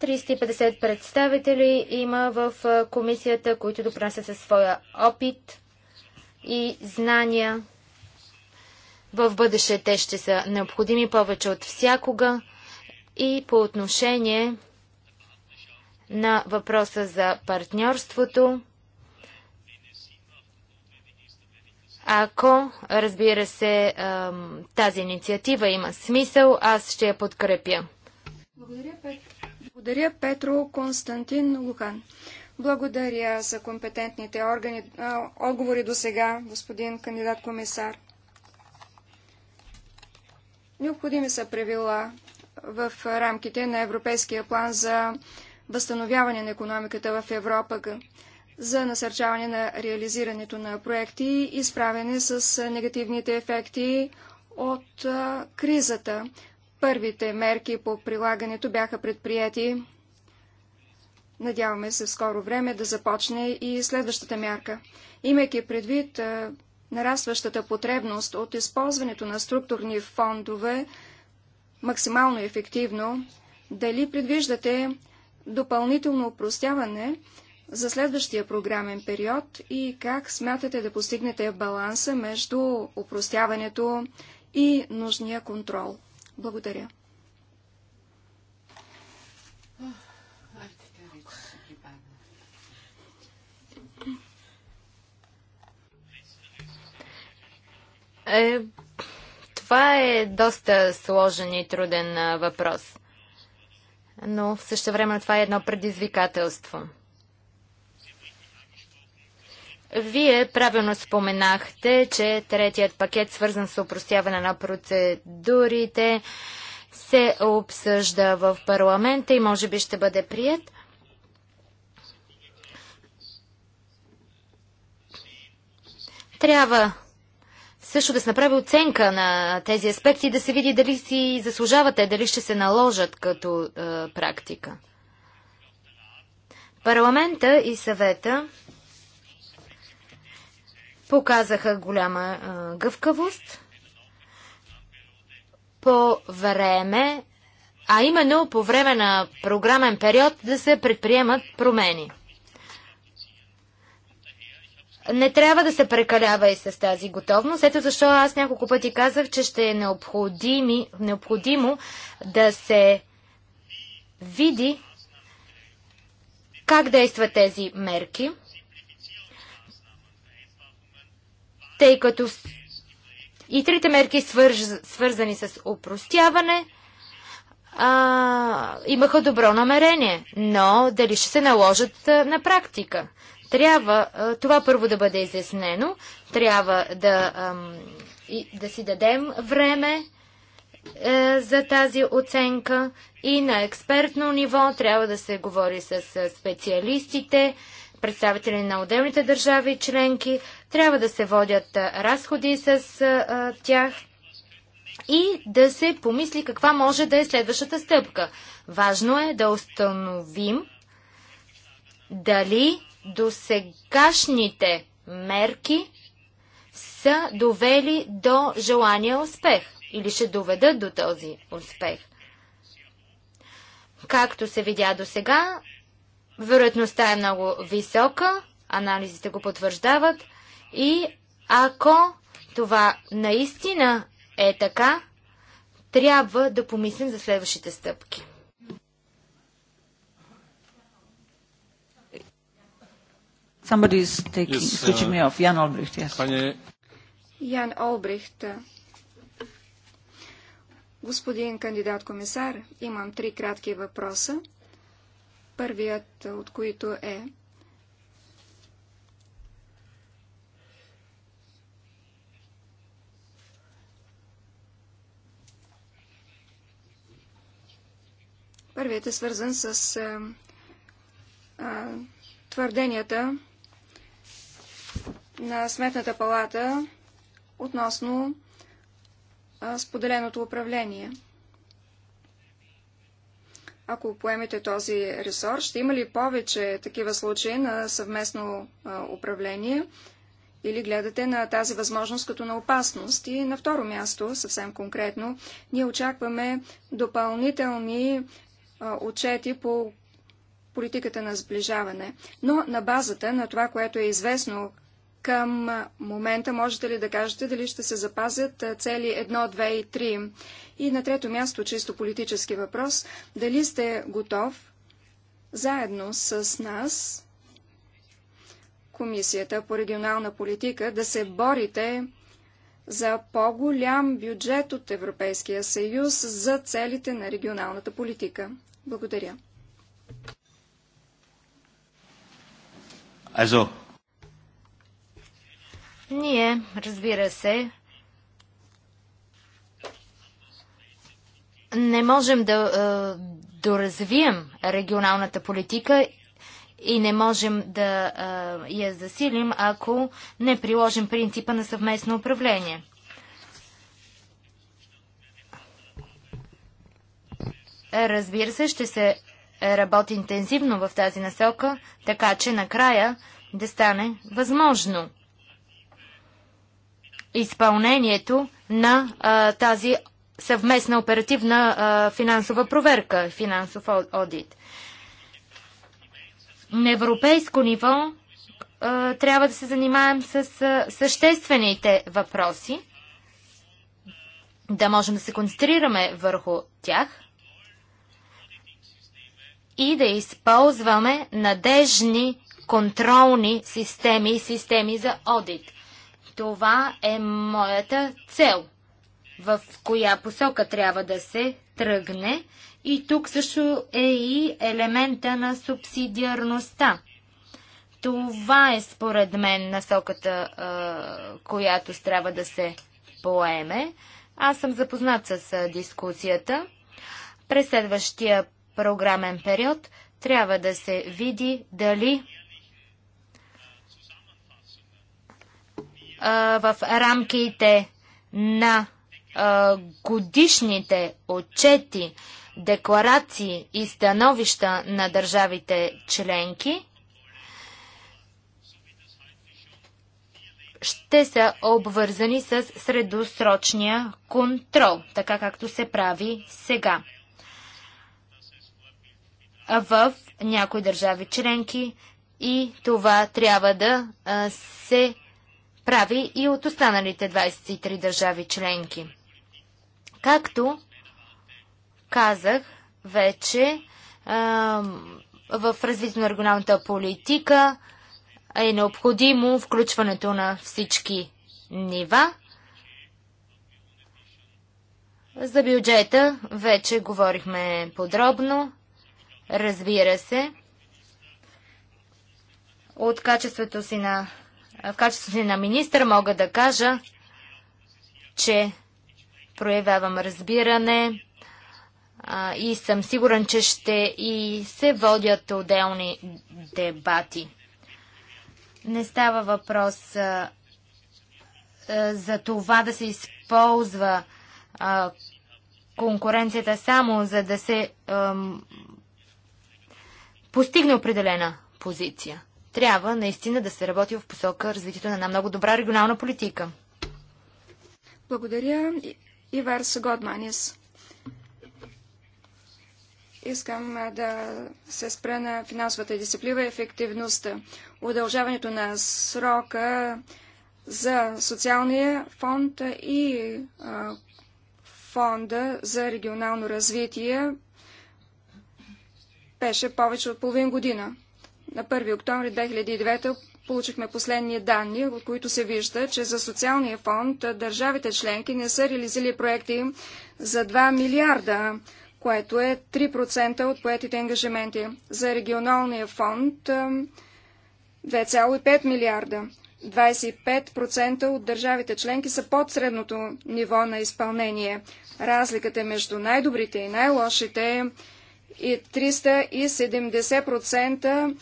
350 представители има в комисията, които допринасят със своя опит и знания. В бъдеще те ще са необходими повече от всякога и по отношение на въпроса за партньорството. Ако, разбира се, тази инициатива има смисъл, аз ще я подкрепя. Благодаря, Петро. Благодаря Петро Константин Лухан. Благодаря за компетентните органи, отговори до сега, господин кандидат комисар. Необходими са правила в рамките на Европейския план за възстановяване на економиката в Европа за насърчаване на реализирането на проекти и справяне с негативните ефекти от кризата. Първите мерки по прилагането бяха предприяти. Надяваме се в скоро време да започне и следващата мярка. Имайки предвид нарастващата потребност от използването на структурни фондове максимално ефективно, дали предвиждате допълнително упростяване за следващия програмен период и как смятате да постигнете баланса между упростяването и нужния контрол? Благодаря. Е, това е доста сложен и труден въпрос. Но в също време това е едно предизвикателство. Вие правилно споменахте, че третият пакет, свързан с упростяване на процедурите, се обсъжда в парламента и може би ще бъде прият. Трябва също да се направи оценка на тези аспекти и да се види дали си заслужавате, дали ще се наложат като а, е, практика. Парламента и съвета показаха голяма а, е, гъвкавост по време, а именно по време на програмен период да се предприемат промени не трябва да се прекалява и с тази готовност. Ето защо аз няколко пъти казах, че ще е необходимо да се види как действат тези мерки, тъй като и трите мерки, свърз, свързани с упростяване, а, имаха добро намерение, но дали ще се наложат на практика? Трябва това първо да бъде изяснено, трябва да, да си дадем време е, за тази оценка и на експертно ниво трябва да се говори с специалистите, представители на отделните държави и членки, трябва да се водят разходи с тях и да се помисли каква може да е следващата стъпка. Важно е да установим дали досегашните мерки са довели до желания успех или ще доведат до този успех. Както се видя до сега, вероятността е много висока, анализите го потвърждават и ако това наистина е така, трябва да помислим за следващите стъпки. Somebody is taking, yes, switching uh, me off. Jan Olbricht, yes. Panie... Ян Олбрихт. Господин кандидат комисар, имам три кратки въпроса. Първият от които е Първият е свързан с а, а, твърденията на Сметната палата относно споделеното управление. Ако поемете този ресор, ще има ли повече такива случаи на съвместно управление или гледате на тази възможност като на опасност? И на второ място, съвсем конкретно, ние очакваме допълнителни отчети по политиката на сближаване, но на базата на това, което е известно към момента можете ли да кажете дали ще се запазят цели 1, 2 и 3? И на трето място, чисто политически въпрос, дали сте готов заедно с нас, Комисията по регионална политика, да се борите за по-голям бюджет от Европейския съюз за целите на регионалната политика? Благодаря. Also, ние, разбира се, не можем да е, доразвием регионалната политика и не можем да е, я засилим, ако не приложим принципа на съвместно управление. Разбира се, ще се работи интензивно в тази насока, така че накрая да стане възможно изпълнението на а, тази съвместна оперативна а, финансова проверка, финансов одит. На европейско ниво а, трябва да се занимаем с а, съществените въпроси, да можем да се концентрираме върху тях и да използваме надежни контролни системи и системи за одит – това е моята цел, в коя посока трябва да се тръгне. И тук също е и елемента на субсидиарността. Това е според мен насоката, която трябва да се поеме. Аз съм запознат с дискусията. През следващия програмен период трябва да се види дали в рамките на годишните отчети, декларации и становища на държавите членки ще са обвързани с средосрочния контрол, така както се прави сега. В някои държави членки и това трябва да се прави и от останалите 23 държави членки. Както казах вече, в развитието на регионалната политика е необходимо включването на всички нива. За бюджета вече говорихме подробно. Разбира се, от качеството си на в качеството си на министър мога да кажа, че проявявам разбиране и съм сигурен, че ще и се водят отделни дебати. Не става въпрос за това да се използва конкуренцията само за да се постигне определена позиция трябва наистина да се работи в посока развитието на една много добра регионална политика. Благодаря, Иварс Годманис. Искам да се спра на финансовата дисциплина и ефективността. Удължаването на срока за социалния фонд и фонда за регионално развитие беше повече от половин година. На 1 октомври 2009 получихме последни данни, от които се вижда, че за социалния фонд държавите членки не са реализили проекти за 2 милиарда, което е 3% от поетите ангажименти. За регионалния фонд 2,5 милиарда. 25% от държавите членки са под средното ниво на изпълнение. Разликата е между най-добрите и най-лошите е 370%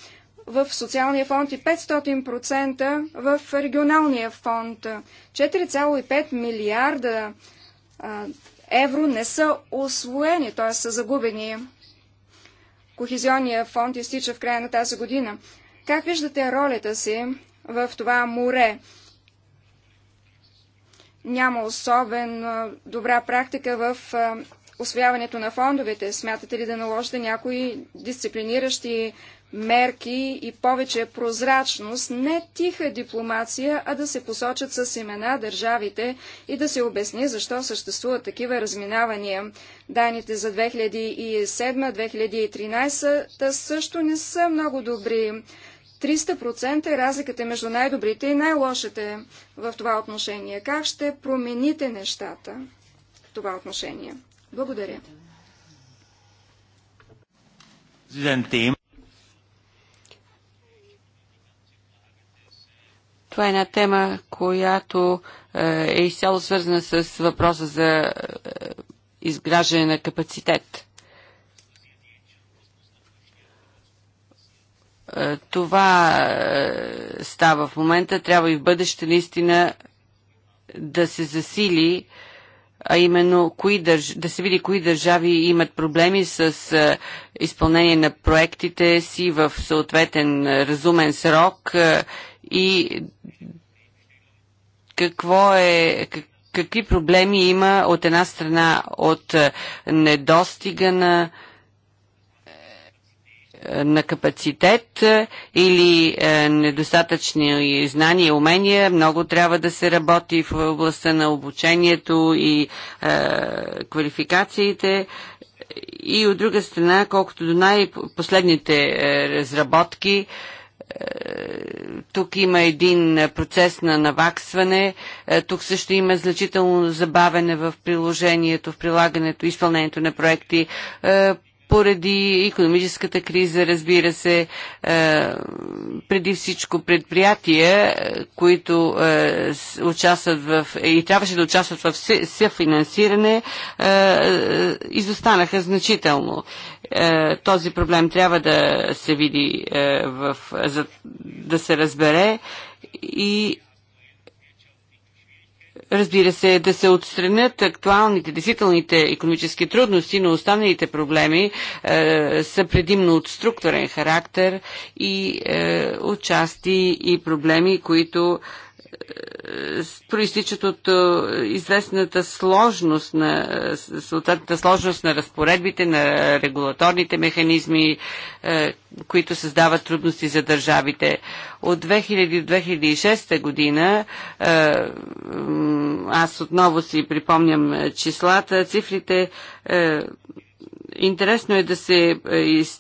в социалния фонд и 500% в регионалния фонд. 4,5 милиарда евро не са освоени, т.е. са загубени. Кохезионния фонд изтича в края на тази година. Как виждате ролята си в това море? Няма особено добра практика в освояването на фондовете. Смятате ли да наложите някои дисциплиниращи мерки и повече прозрачност, не тиха дипломация, а да се посочат с имена държавите и да се обясни защо съществуват такива разминавания. Даните за 2007-2013 също не са много добри. 300% е разликата между най-добрите и най-лошите в това отношение. Как ще промените нещата в това отношение? Благодаря. Това е една тема, която е, е изцяло свързана с въпроса за е, изграждане на капацитет. Е, това става в момента. Трябва и в бъдеще наистина да се засили, а именно кои държ... да се види кои държави имат проблеми с изпълнение на проектите си в съответен разумен срок и какво е, какви проблеми има от една страна от е, недостига на е, на капацитет е, или недостатъчни знания и умения. Много трябва да се работи в областта на обучението и е, квалификациите. И от друга страна, колкото до най-последните разработки, е, тук има един процес на наваксване. Е, тук също има значително забавене в приложението, в прилагането, изпълнението на проекти. Е, поради економическата криза, разбира се, е, преди всичко предприятия, е, които е, участват в и трябваше да участват в съфинансиране, изостанаха значително. Този проблем трябва да се види, в, да се разбере и Разбира се, да се отстранят актуалните, действителните економически трудности, но останалите проблеми е, са предимно от структурен характер и е, отчасти и проблеми, които е, е, проистичат от е, известната сложност на е, съответната сложност на разпоредбите, на регулаторните механизми, които създават трудности за държавите. От 2000 до 2006 година аз отново си припомням числата, цифрите Интересно е да се,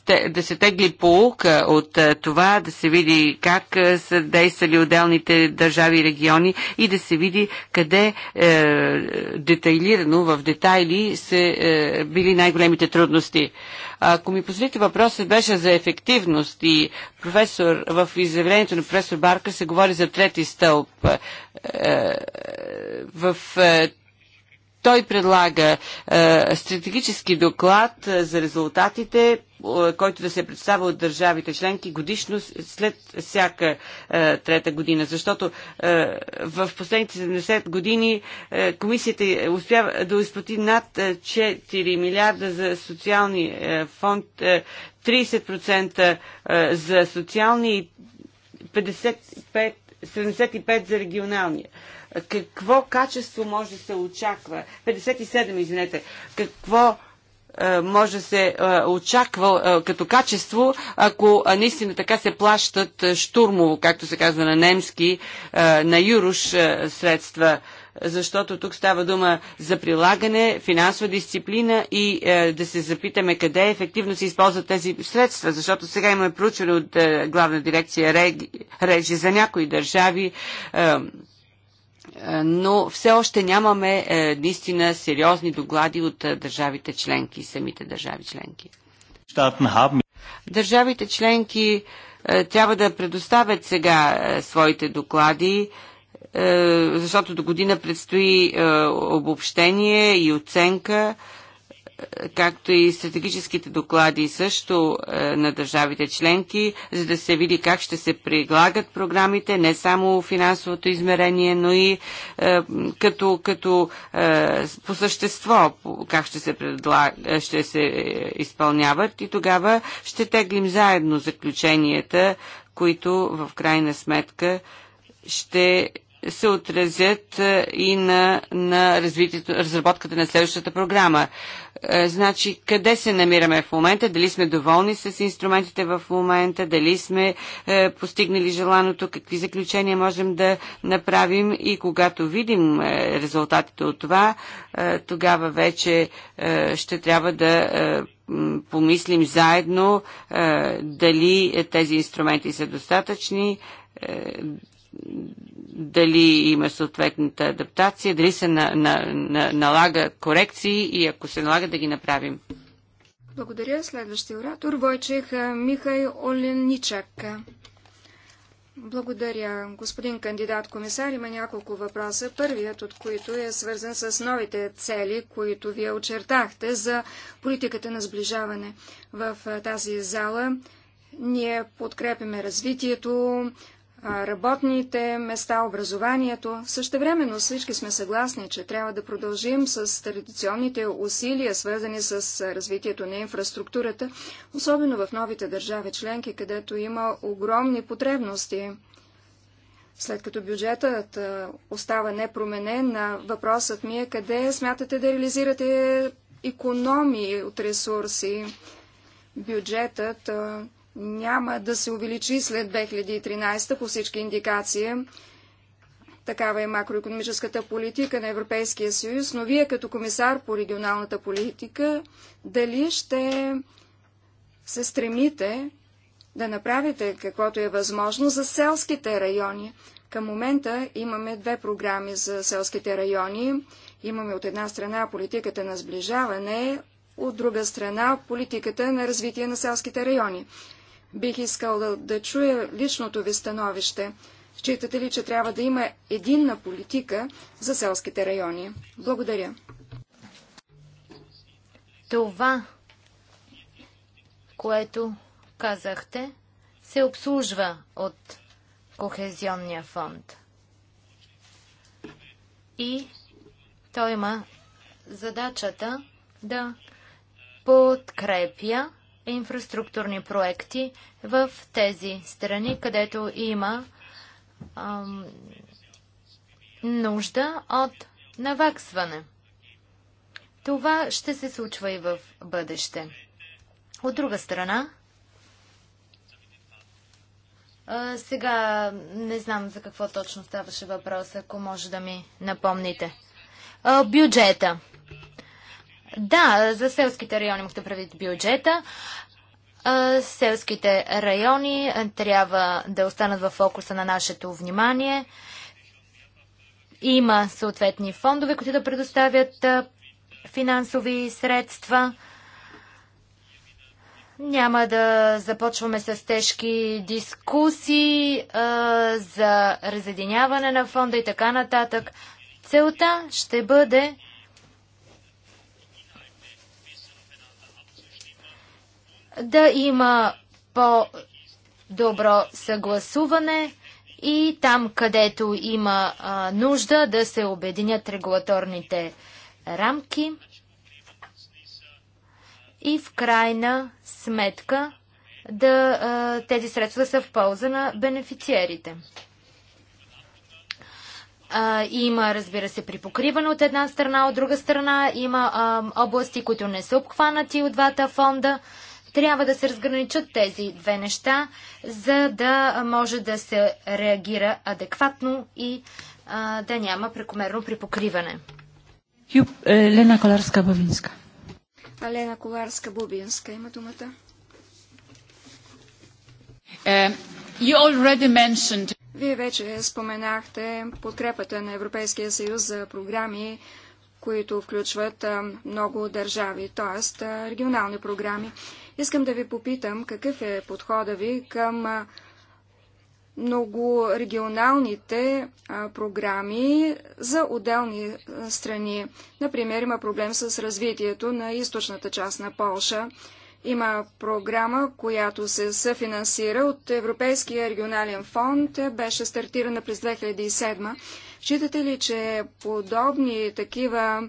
е, да се тегли полука от е, това, да се види как е, са действали отделните държави и региони и да се види къде е, детайлирано, в детайли са е, били най-големите трудности. Ако ми позволите, въпросът беше за ефективност и професор, в изявлението на професор Барка се говори за трети стълб. Е, в е, той предлага е, стратегически доклад е, за резултатите, е, който да се представя от държавите членки годишно след всяка е, трета година, защото е, в последните 70 години е, комисията успява да изплати над 4 е, милиарда за социални е, фонд, е, 30% е, за социални и 55, 75% за регионалния. Е, какво качество може да се очаква? 57, извинете. Какво е, може да се е, очаква е, като качество, ако наистина така се плащат штурмово, както се казва на немски, на юруш средства, защото тук става дума за прилагане, финансова дисциплина и да се запитаме къде ефективно се използват тези средства, защото сега имаме проучване от главна дирекция Режи за някои държави, е, но все още нямаме е, наистина сериозни доклади от е, държавите членки, самите държави членки. Държавите членки трябва да предоставят сега своите доклади, защото до година предстои обобщение и оценка както и стратегическите доклади също е, на държавите членки, за да се види как ще се прилагат програмите, не само финансовото измерение, но и е, като, като е, по същество как ще се, предлаг, ще се изпълняват и тогава ще теглим заедно заключенията, които в крайна сметка ще се отразят е, и на, на развитието, разработката на следващата програма. Е, значи, къде се намираме в момента, дали сме доволни с инструментите в момента, дали сме е, постигнали желаното, какви заключения можем да направим и когато видим резултатите от това, тогава вече ще трябва да помислим заедно дали тези инструменти са достатъчни, дали има съответната адаптация, дали се на, на, на, налага корекции и ако се налага да ги направим. Благодаря. Следващия оратор Войчех Михай Оленичак. Благодаря. Господин кандидат комисар, има няколко въпроса. Първият от които е свързан с новите цели, които вие очертахте за политиката на сближаване. В тази зала ние подкрепяме развитието, работните места, образованието. Същевременно всички сме съгласни, че трябва да продължим с традиционните усилия, свързани с развитието на инфраструктурата, особено в новите държави членки, където има огромни потребности. След като бюджетът остава непроменен, въпросът ми е къде смятате да реализирате економии от ресурси. Бюджетът няма да се увеличи след 2013 по всички индикации. Такава е макроекономическата политика на Европейския съюз, но вие като комисар по регионалната политика, дали ще се стремите да направите каквото е възможно за селските райони? Към момента имаме две програми за селските райони. Имаме от една страна политиката на сближаване, от друга страна политиката на развитие на селските райони. Бих искал да, да чуя личното ви становище. Считате ли, че трябва да има единна политика за селските райони? Благодаря. Това, което казахте, се обслужва от Кохезионния фонд. И той има задачата да подкрепя инфраструктурни проекти в тези страни, където има а, нужда от наваксване. Това ще се случва и в бъдеще. От друга страна, а, сега не знам за какво точно ставаше въпрос, ако може да ми напомните. А, бюджета. Да, за селските райони имахте правит бюджета. Селските райони трябва да останат в фокуса на нашето внимание. Има съответни фондове, които да предоставят финансови средства. Няма да започваме с тежки дискусии а, за разединяване на фонда и така нататък. Целта ще бъде да има по-добро съгласуване и там, където има а, нужда да се обединят регулаторните рамки. И в крайна сметка да, а, тези средства са в полза на бенефициерите. А, има, разбира се, припокриване от една страна, от друга страна има а, области, които не са обхванати от двата фонда. Трябва да се разграничат тези две неща, за да може да се реагира адекватно и а, да няма прекомерно припокриване. Юб, е, Лена Коларска-Бабинска. Лена Коларска-Бубинска има думата. Е, mentioned... Вие вече споменахте подкрепата на Европейския съюз за програми, които включват много държави, т.е. регионални програми. Искам да ви попитам какъв е подхода ви към многорегионалните програми за отделни страни. Например, има проблем с развитието на източната част на Полша. Има програма, която се съфинансира от Европейския регионален фонд, беше стартирана през 2007. Считате ли, че подобни такива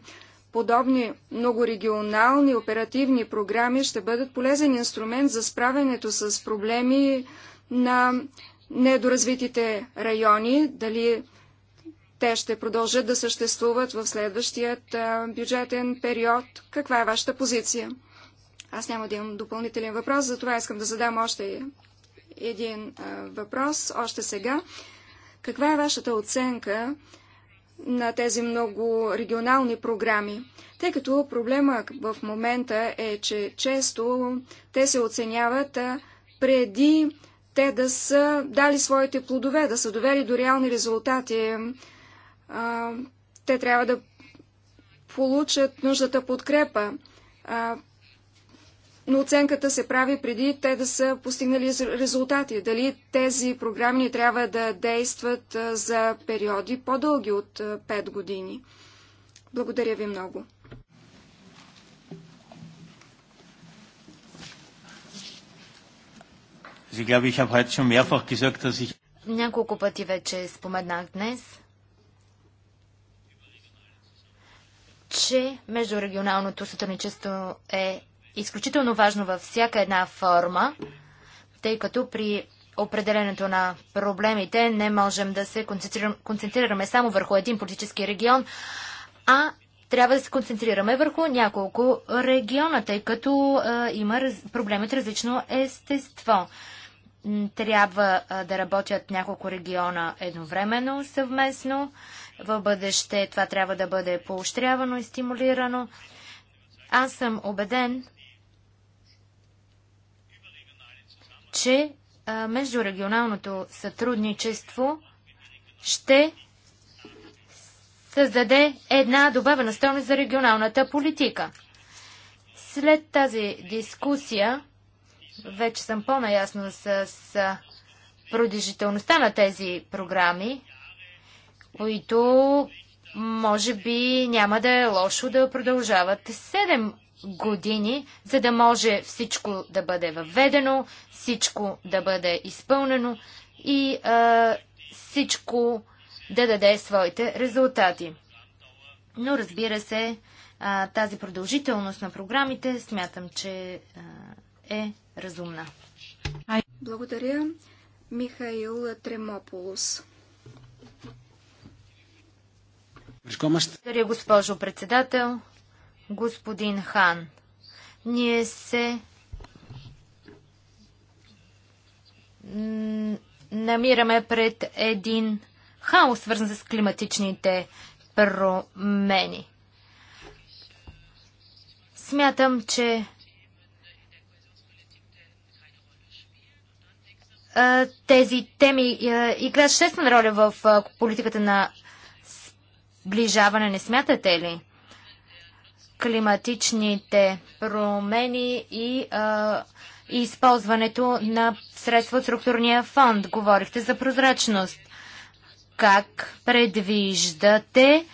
подобни многорегионални оперативни програми ще бъдат полезен инструмент за справянето с проблеми на недоразвитите райони, дали те ще продължат да съществуват в следващият бюджетен период. Каква е вашата позиция? Аз няма да имам допълнителен въпрос, затова искам да задам още един въпрос, още сега. Каква е вашата оценка на тези много регионални програми? Тъй като проблема в момента е, че често те се оценяват преди те да са дали своите плодове, да са довели до реални резултати. Те трябва да получат нуждата подкрепа но оценката се прави преди те да са постигнали резултати. Дали тези програми не трябва да действат за периоди по-дълги от 5 години. Благодаря ви много. Няколко пъти вече споменах днес, че междурегионалното сътрудничество е изключително важно във всяка една форма, тъй като при определенето на проблемите не можем да се концентрираме само върху един политически регион, а трябва да се концентрираме върху няколко региона, тъй като а, има раз... проблеми от различно естество. Трябва а, да работят няколко региона едновременно, съвместно. В бъдеще това трябва да бъде поощрявано и стимулирано. Аз съм убеден, че междурегионалното сътрудничество ще създаде една добавена стойност за регионалната политика. След тази дискусия, вече съм по-наясно с, с продължителността на тези програми, които може би няма да е лошо да продължават 7 години, за да може всичко да бъде въведено, всичко да бъде изпълнено и а, всичко да даде своите резултати. Но разбира се, а, тази продължителност на програмите смятам, че а, е разумна. Благодаря, Михаил Тремополос. Благодаря, госпожо председател господин Хан. Ние се намираме пред един хаос, свързан с климатичните промени. Смятам, че тези теми играят съществена роля в политиката на сближаване, не смятате ли? климатичните промени и а, използването на средства от структурния фонд. Говорихте за прозрачност. Как предвиждате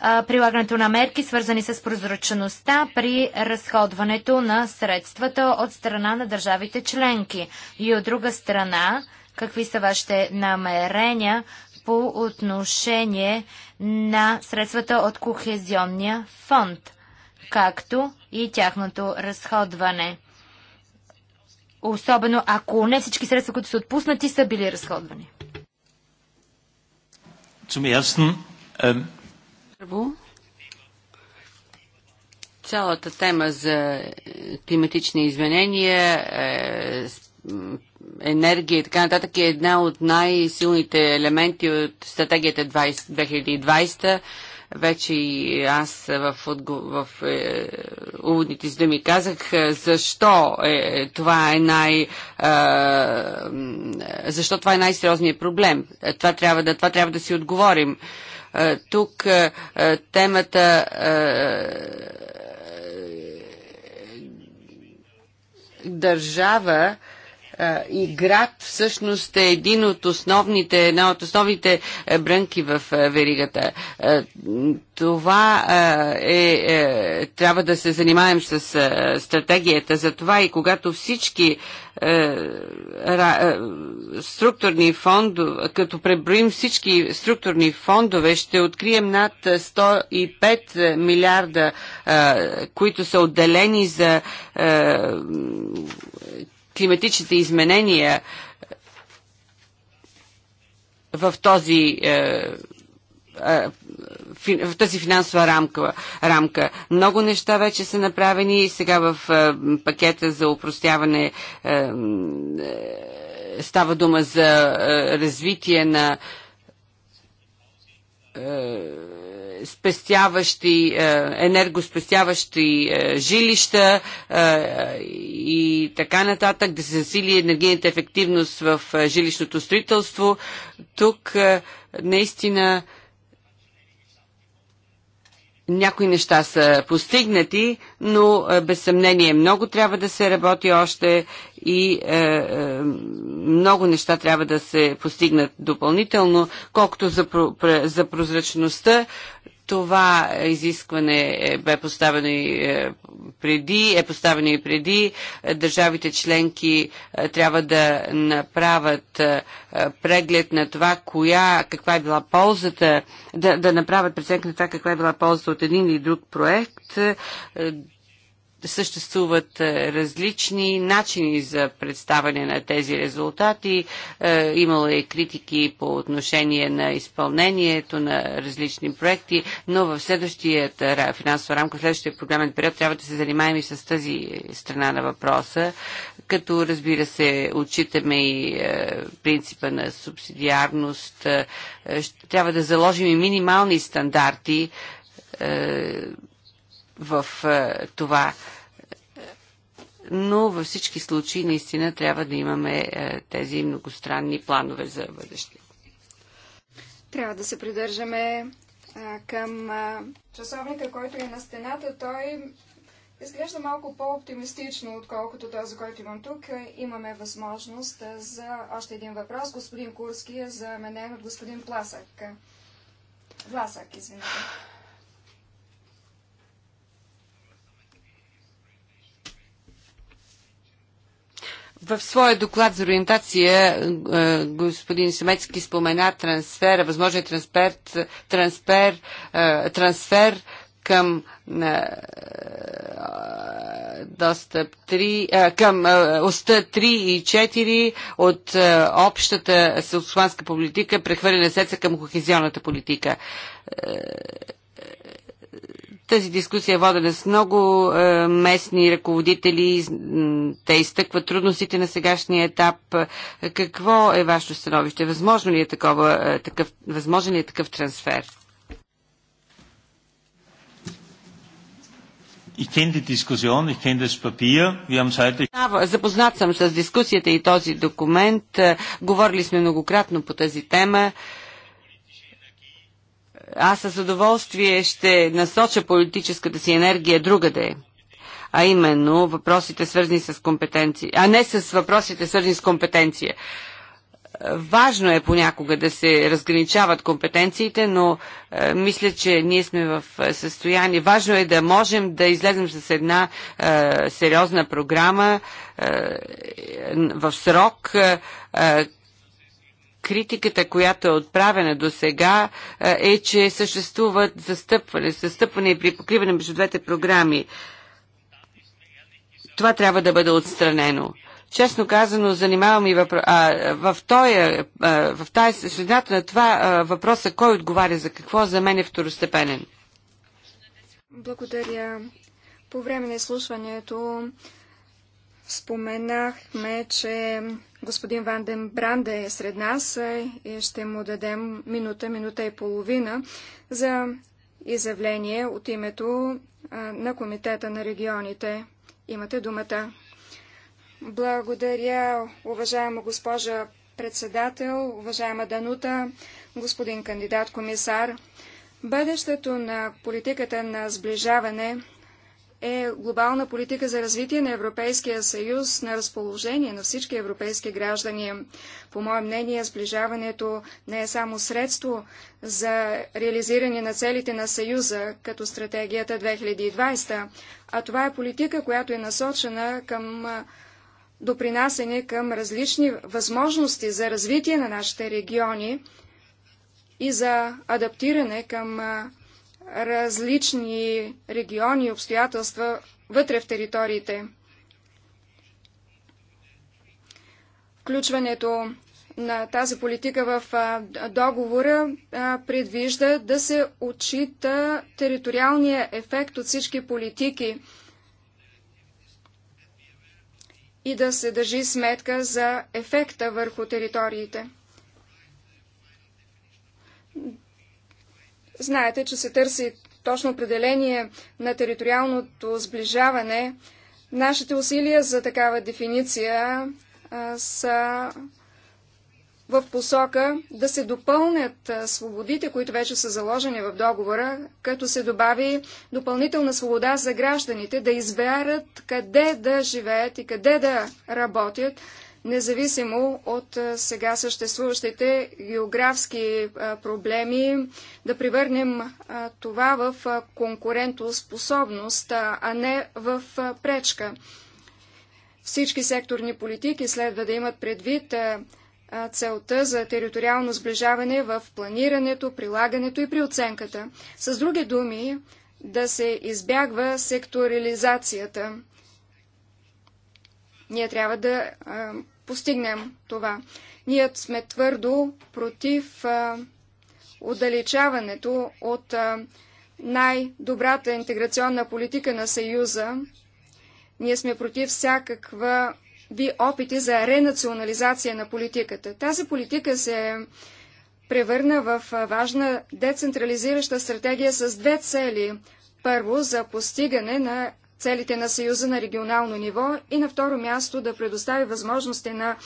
а, прилагането на мерки, свързани с прозрачността при разходването на средствата от страна на държавите членки? И от друга страна, какви са вашите намерения по отношение на средствата от Кохезионния фонд? както и тяхното разходване. Особено ако не всички средства, които са отпуснати, са били разходвани. Ähm, Първо, цялата тема за климатични изменения, е, енергия и така нататък е една от най-силните елементи от стратегията 2020 вече и аз в, отго... в е, уводните си думи казах, е, защо е, това е най... Е, защо това е най-сериозният проблем. Е, това трябва да, това трябва да си отговорим. Е, тук е, е темата... Е, държава и град всъщност е един от основните, една от основните е, брънки в е, веригата. Това е, е, трябва да се занимаем с стратегията за това и когато всички структурни фондове, като преброим всички структурни фондове, ще открием над 105 милиарда, които са отделени за климатичните изменения е, в този е, е, в тази финансова рамка, рамка. Много неща вече са направени и сега в пакета за упростяване става дума за развитие на спестяващи, е, енергоспестяващи е, жилища е, и така нататък, да се засили енергийната ефективност в жилищното строителство. Тук наистина някои неща са постигнати, но е, без съмнение много трябва да се работи още и е, е, много неща трябва да се постигнат допълнително, колкото за, про, за прозрачността. Това изискване е, бе поставено и е, преди, е поставено и преди. Държавите членки е, трябва да направят преглед на това, коя, каква е била ползата, да, да направят преценка на това, каква е била ползата от един или друг проект съществуват е, различни начини за представяне на тези резултати. Е, имало е критики по отношение на изпълнението на различни проекти, но в следващия е, финансова рамка, в следващия програмен период трябва да се занимаем и с тази страна на въпроса, като разбира се отчитаме и принципа на субсидиарност. Трябва да заложим и минимални стандарти, в е, това. Но във всички случаи наистина трябва да имаме е, тези многостранни планове за бъдеще. Трябва да се придържаме а, към а, часовника, който е на стената. Той изглежда малко по-оптимистично, отколкото този, който имам тук. Имаме възможност за още един въпрос. Господин Курски е заменен от господин Пласък. Власък, извинете. В своя доклад за ориентация е, господин Семецки спомена трансфер, възможен трансфер, трансфер, е, трансфер към е, достъп 3, към оста 3 и 4 от общата селскостопанска политика, прехвърлена сеца към кохезионната политика. Тази дискусия е водена с много е, местни ръководители. Те изтъкват трудностите на сегашния етап. Какво е вашето становище? Възможно ли е, такова, е, такъв, възможен ли е такъв трансфер? Запознат съм с дискусията и този документ. Е, говорили сме многократно по тази тема аз с удоволствие ще насоча политическата си енергия другаде а именно въпросите свързани с компетенция, а не с въпросите свързани с компетенция. Важно е понякога да се разграничават компетенциите, но е, мисля, че ние сме в е, състояние. Важно е да можем да излезем с една е, сериозна програма е, е в срок, е, е критиката, която е отправена до сега, е, е че съществуват застъпване, застъпване и припокриване между двете програми. Това трябва да бъде отстранено. Честно казано, занимавам и в, а, в тази следната на това а, въпроса, кой отговаря за какво, за мен е второстепенен. Благодаря. По време на изслушването Споменахме, че господин Ванден Бранде е сред нас и ще му дадем минута, минута и половина за изявление от името на Комитета на регионите. Имате думата. Благодаря, уважаема госпожа председател, уважаема Данута, господин кандидат комисар. Бъдещето на политиката на сближаване е глобална политика за развитие на Европейския съюз на разположение на всички европейски граждани. По мое мнение, сближаването не е само средство за реализиране на целите на Съюза, като стратегията 2020, а това е политика, която е насочена към допринасене към различни възможности за развитие на нашите региони и за адаптиране към различни региони и обстоятелства вътре в териториите. Включването на тази политика в договора предвижда да се отчита териториалния ефект от всички политики и да се държи сметка за ефекта върху териториите. Знаете, че се търси точно определение на териториалното сближаване. Нашите усилия за такава дефиниция са в посока да се допълнят свободите, които вече са заложени в договора, като се добави допълнителна свобода за гражданите да изберат къде да живеят и къде да работят, независимо от сега съществуващите географски проблеми, да привърнем това в конкурентоспособност, а не в пречка. Всички секторни политики следва да имат предвид целта за териториално сближаване в планирането, прилагането и при оценката. С други думи, да се избягва секторализацията – ние трябва да а, постигнем това. Ние сме твърдо против а, отдалечаването от най-добрата интеграционна политика на Съюза. Ние сме против всякаква би опити за ренационализация на политиката. Тази политика се превърна в важна децентрализираща стратегия с две цели. Първо, за постигане на целите на Съюза на регионално ниво и на второ място да предостави възможности на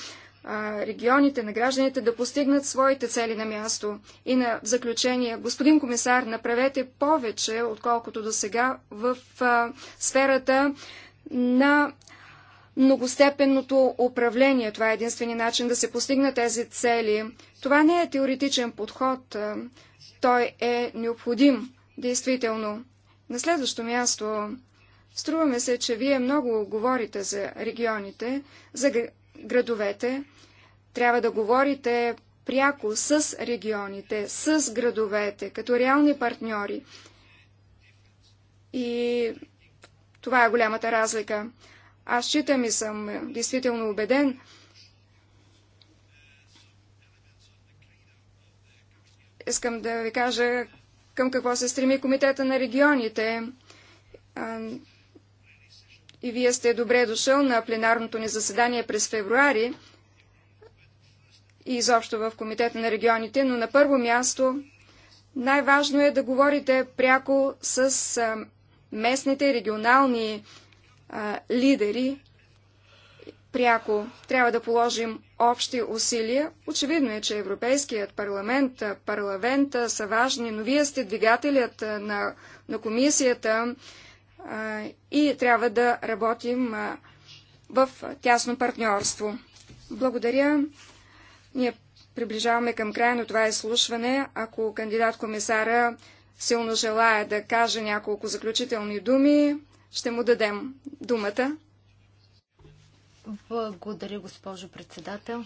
регионите, на гражданите да постигнат своите цели на място. И на заключение, господин комисар, направете повече, отколкото до сега, в сферата на многостепенното управление. Това е единствения начин да се постигнат тези цели. Това не е теоретичен подход. Той е необходим, действително. На следващо място Струваме се, че вие много говорите за регионите, за градовете. Трябва да говорите пряко с регионите, с градовете, като реални партньори. И това е голямата разлика. Аз считам и съм действително убеден, искам да ви кажа към какво се стреми Комитета на регионите и вие сте добре дошъл на пленарното ни заседание през февруари и изобщо в Комитета на регионите, но на първо място най-важно е да говорите пряко с местните регионални лидери. Пряко трябва да положим общи усилия. Очевидно е, че Европейският парламент, парламента са важни, но вие сте двигателят на, на комисията и трябва да работим в тясно партньорство. Благодаря. Ние приближаваме към края на това изслушване. Е Ако кандидат-комисара силно желая да каже няколко заключителни думи, ще му дадем думата. Благодаря, госпожо председател.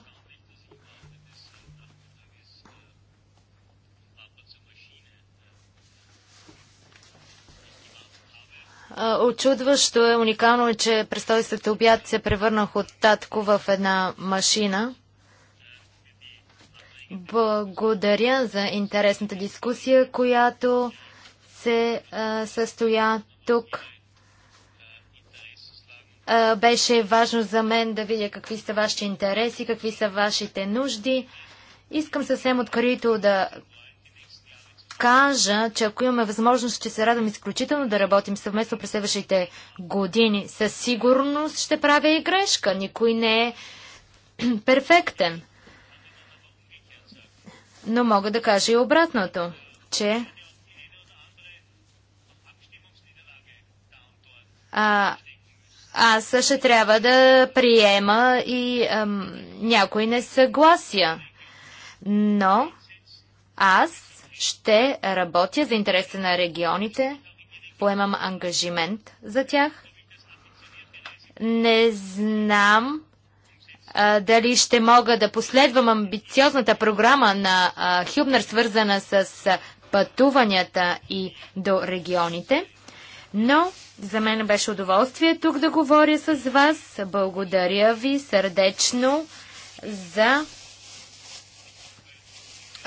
Очудващо е, уникално е, че през този обяд се превърнах от татко в една машина. Благодаря за интересната дискусия, която се а, състоя тук. А, беше важно за мен да видя какви са вашите интереси, какви са вашите нужди. Искам съвсем открито да кажа, че ако имаме възможност, ще се радвам изключително да работим съвместно през следващите години. Със сигурност ще правя и грешка. Никой не е перфектен. Но мога да кажа и обратното, че а, аз ще трябва да приема и ам, не съгласия. Но аз ще работя за интереса на регионите, поемам ангажимент за тях. Не знам а, дали ще мога да последвам амбициозната програма на а, Хюбнер, свързана с а, пътуванията и до регионите. Но за мен беше удоволствие тук да говоря с вас. Благодаря ви сърдечно за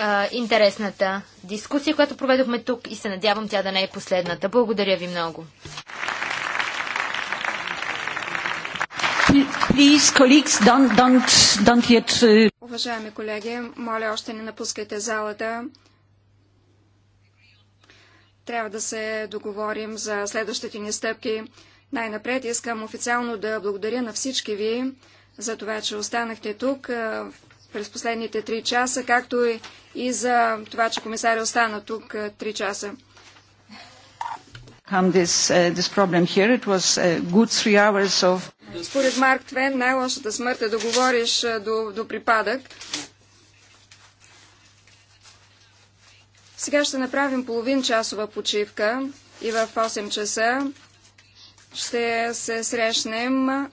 а, интересната дискусия, която проведохме тук и се надявам тя да не е последната. Благодаря ви много. Please, don't, don't, don't yet... Uh, Уважаеми колеги, моля още не напускайте залата. Трябва да се договорим за следващите ни стъпки. Най-напред искам официално да благодаря на всички ви за това, че останахте тук в през последните три часа, както и за това, че комисаря остана тук 3 е, часа. Е, е, Според Марк Твен, най-лошата смърт е да говориш до, до припадък. Сега ще направим половин часова почивка и в 8 часа ще се срещнем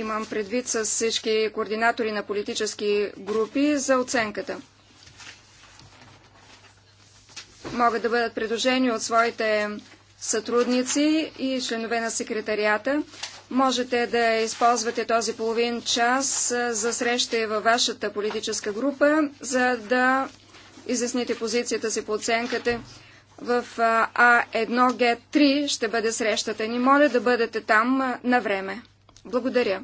имам предвид с всички координатори на политически групи за оценката. Могат да бъдат предложени от своите сътрудници и членове на секретарията. Можете да използвате този половин час за среща във вашата политическа група, за да изясните позицията си по оценката. В А1Г3 ще бъде срещата ни. Моля да бъдете там на време. Благодаря.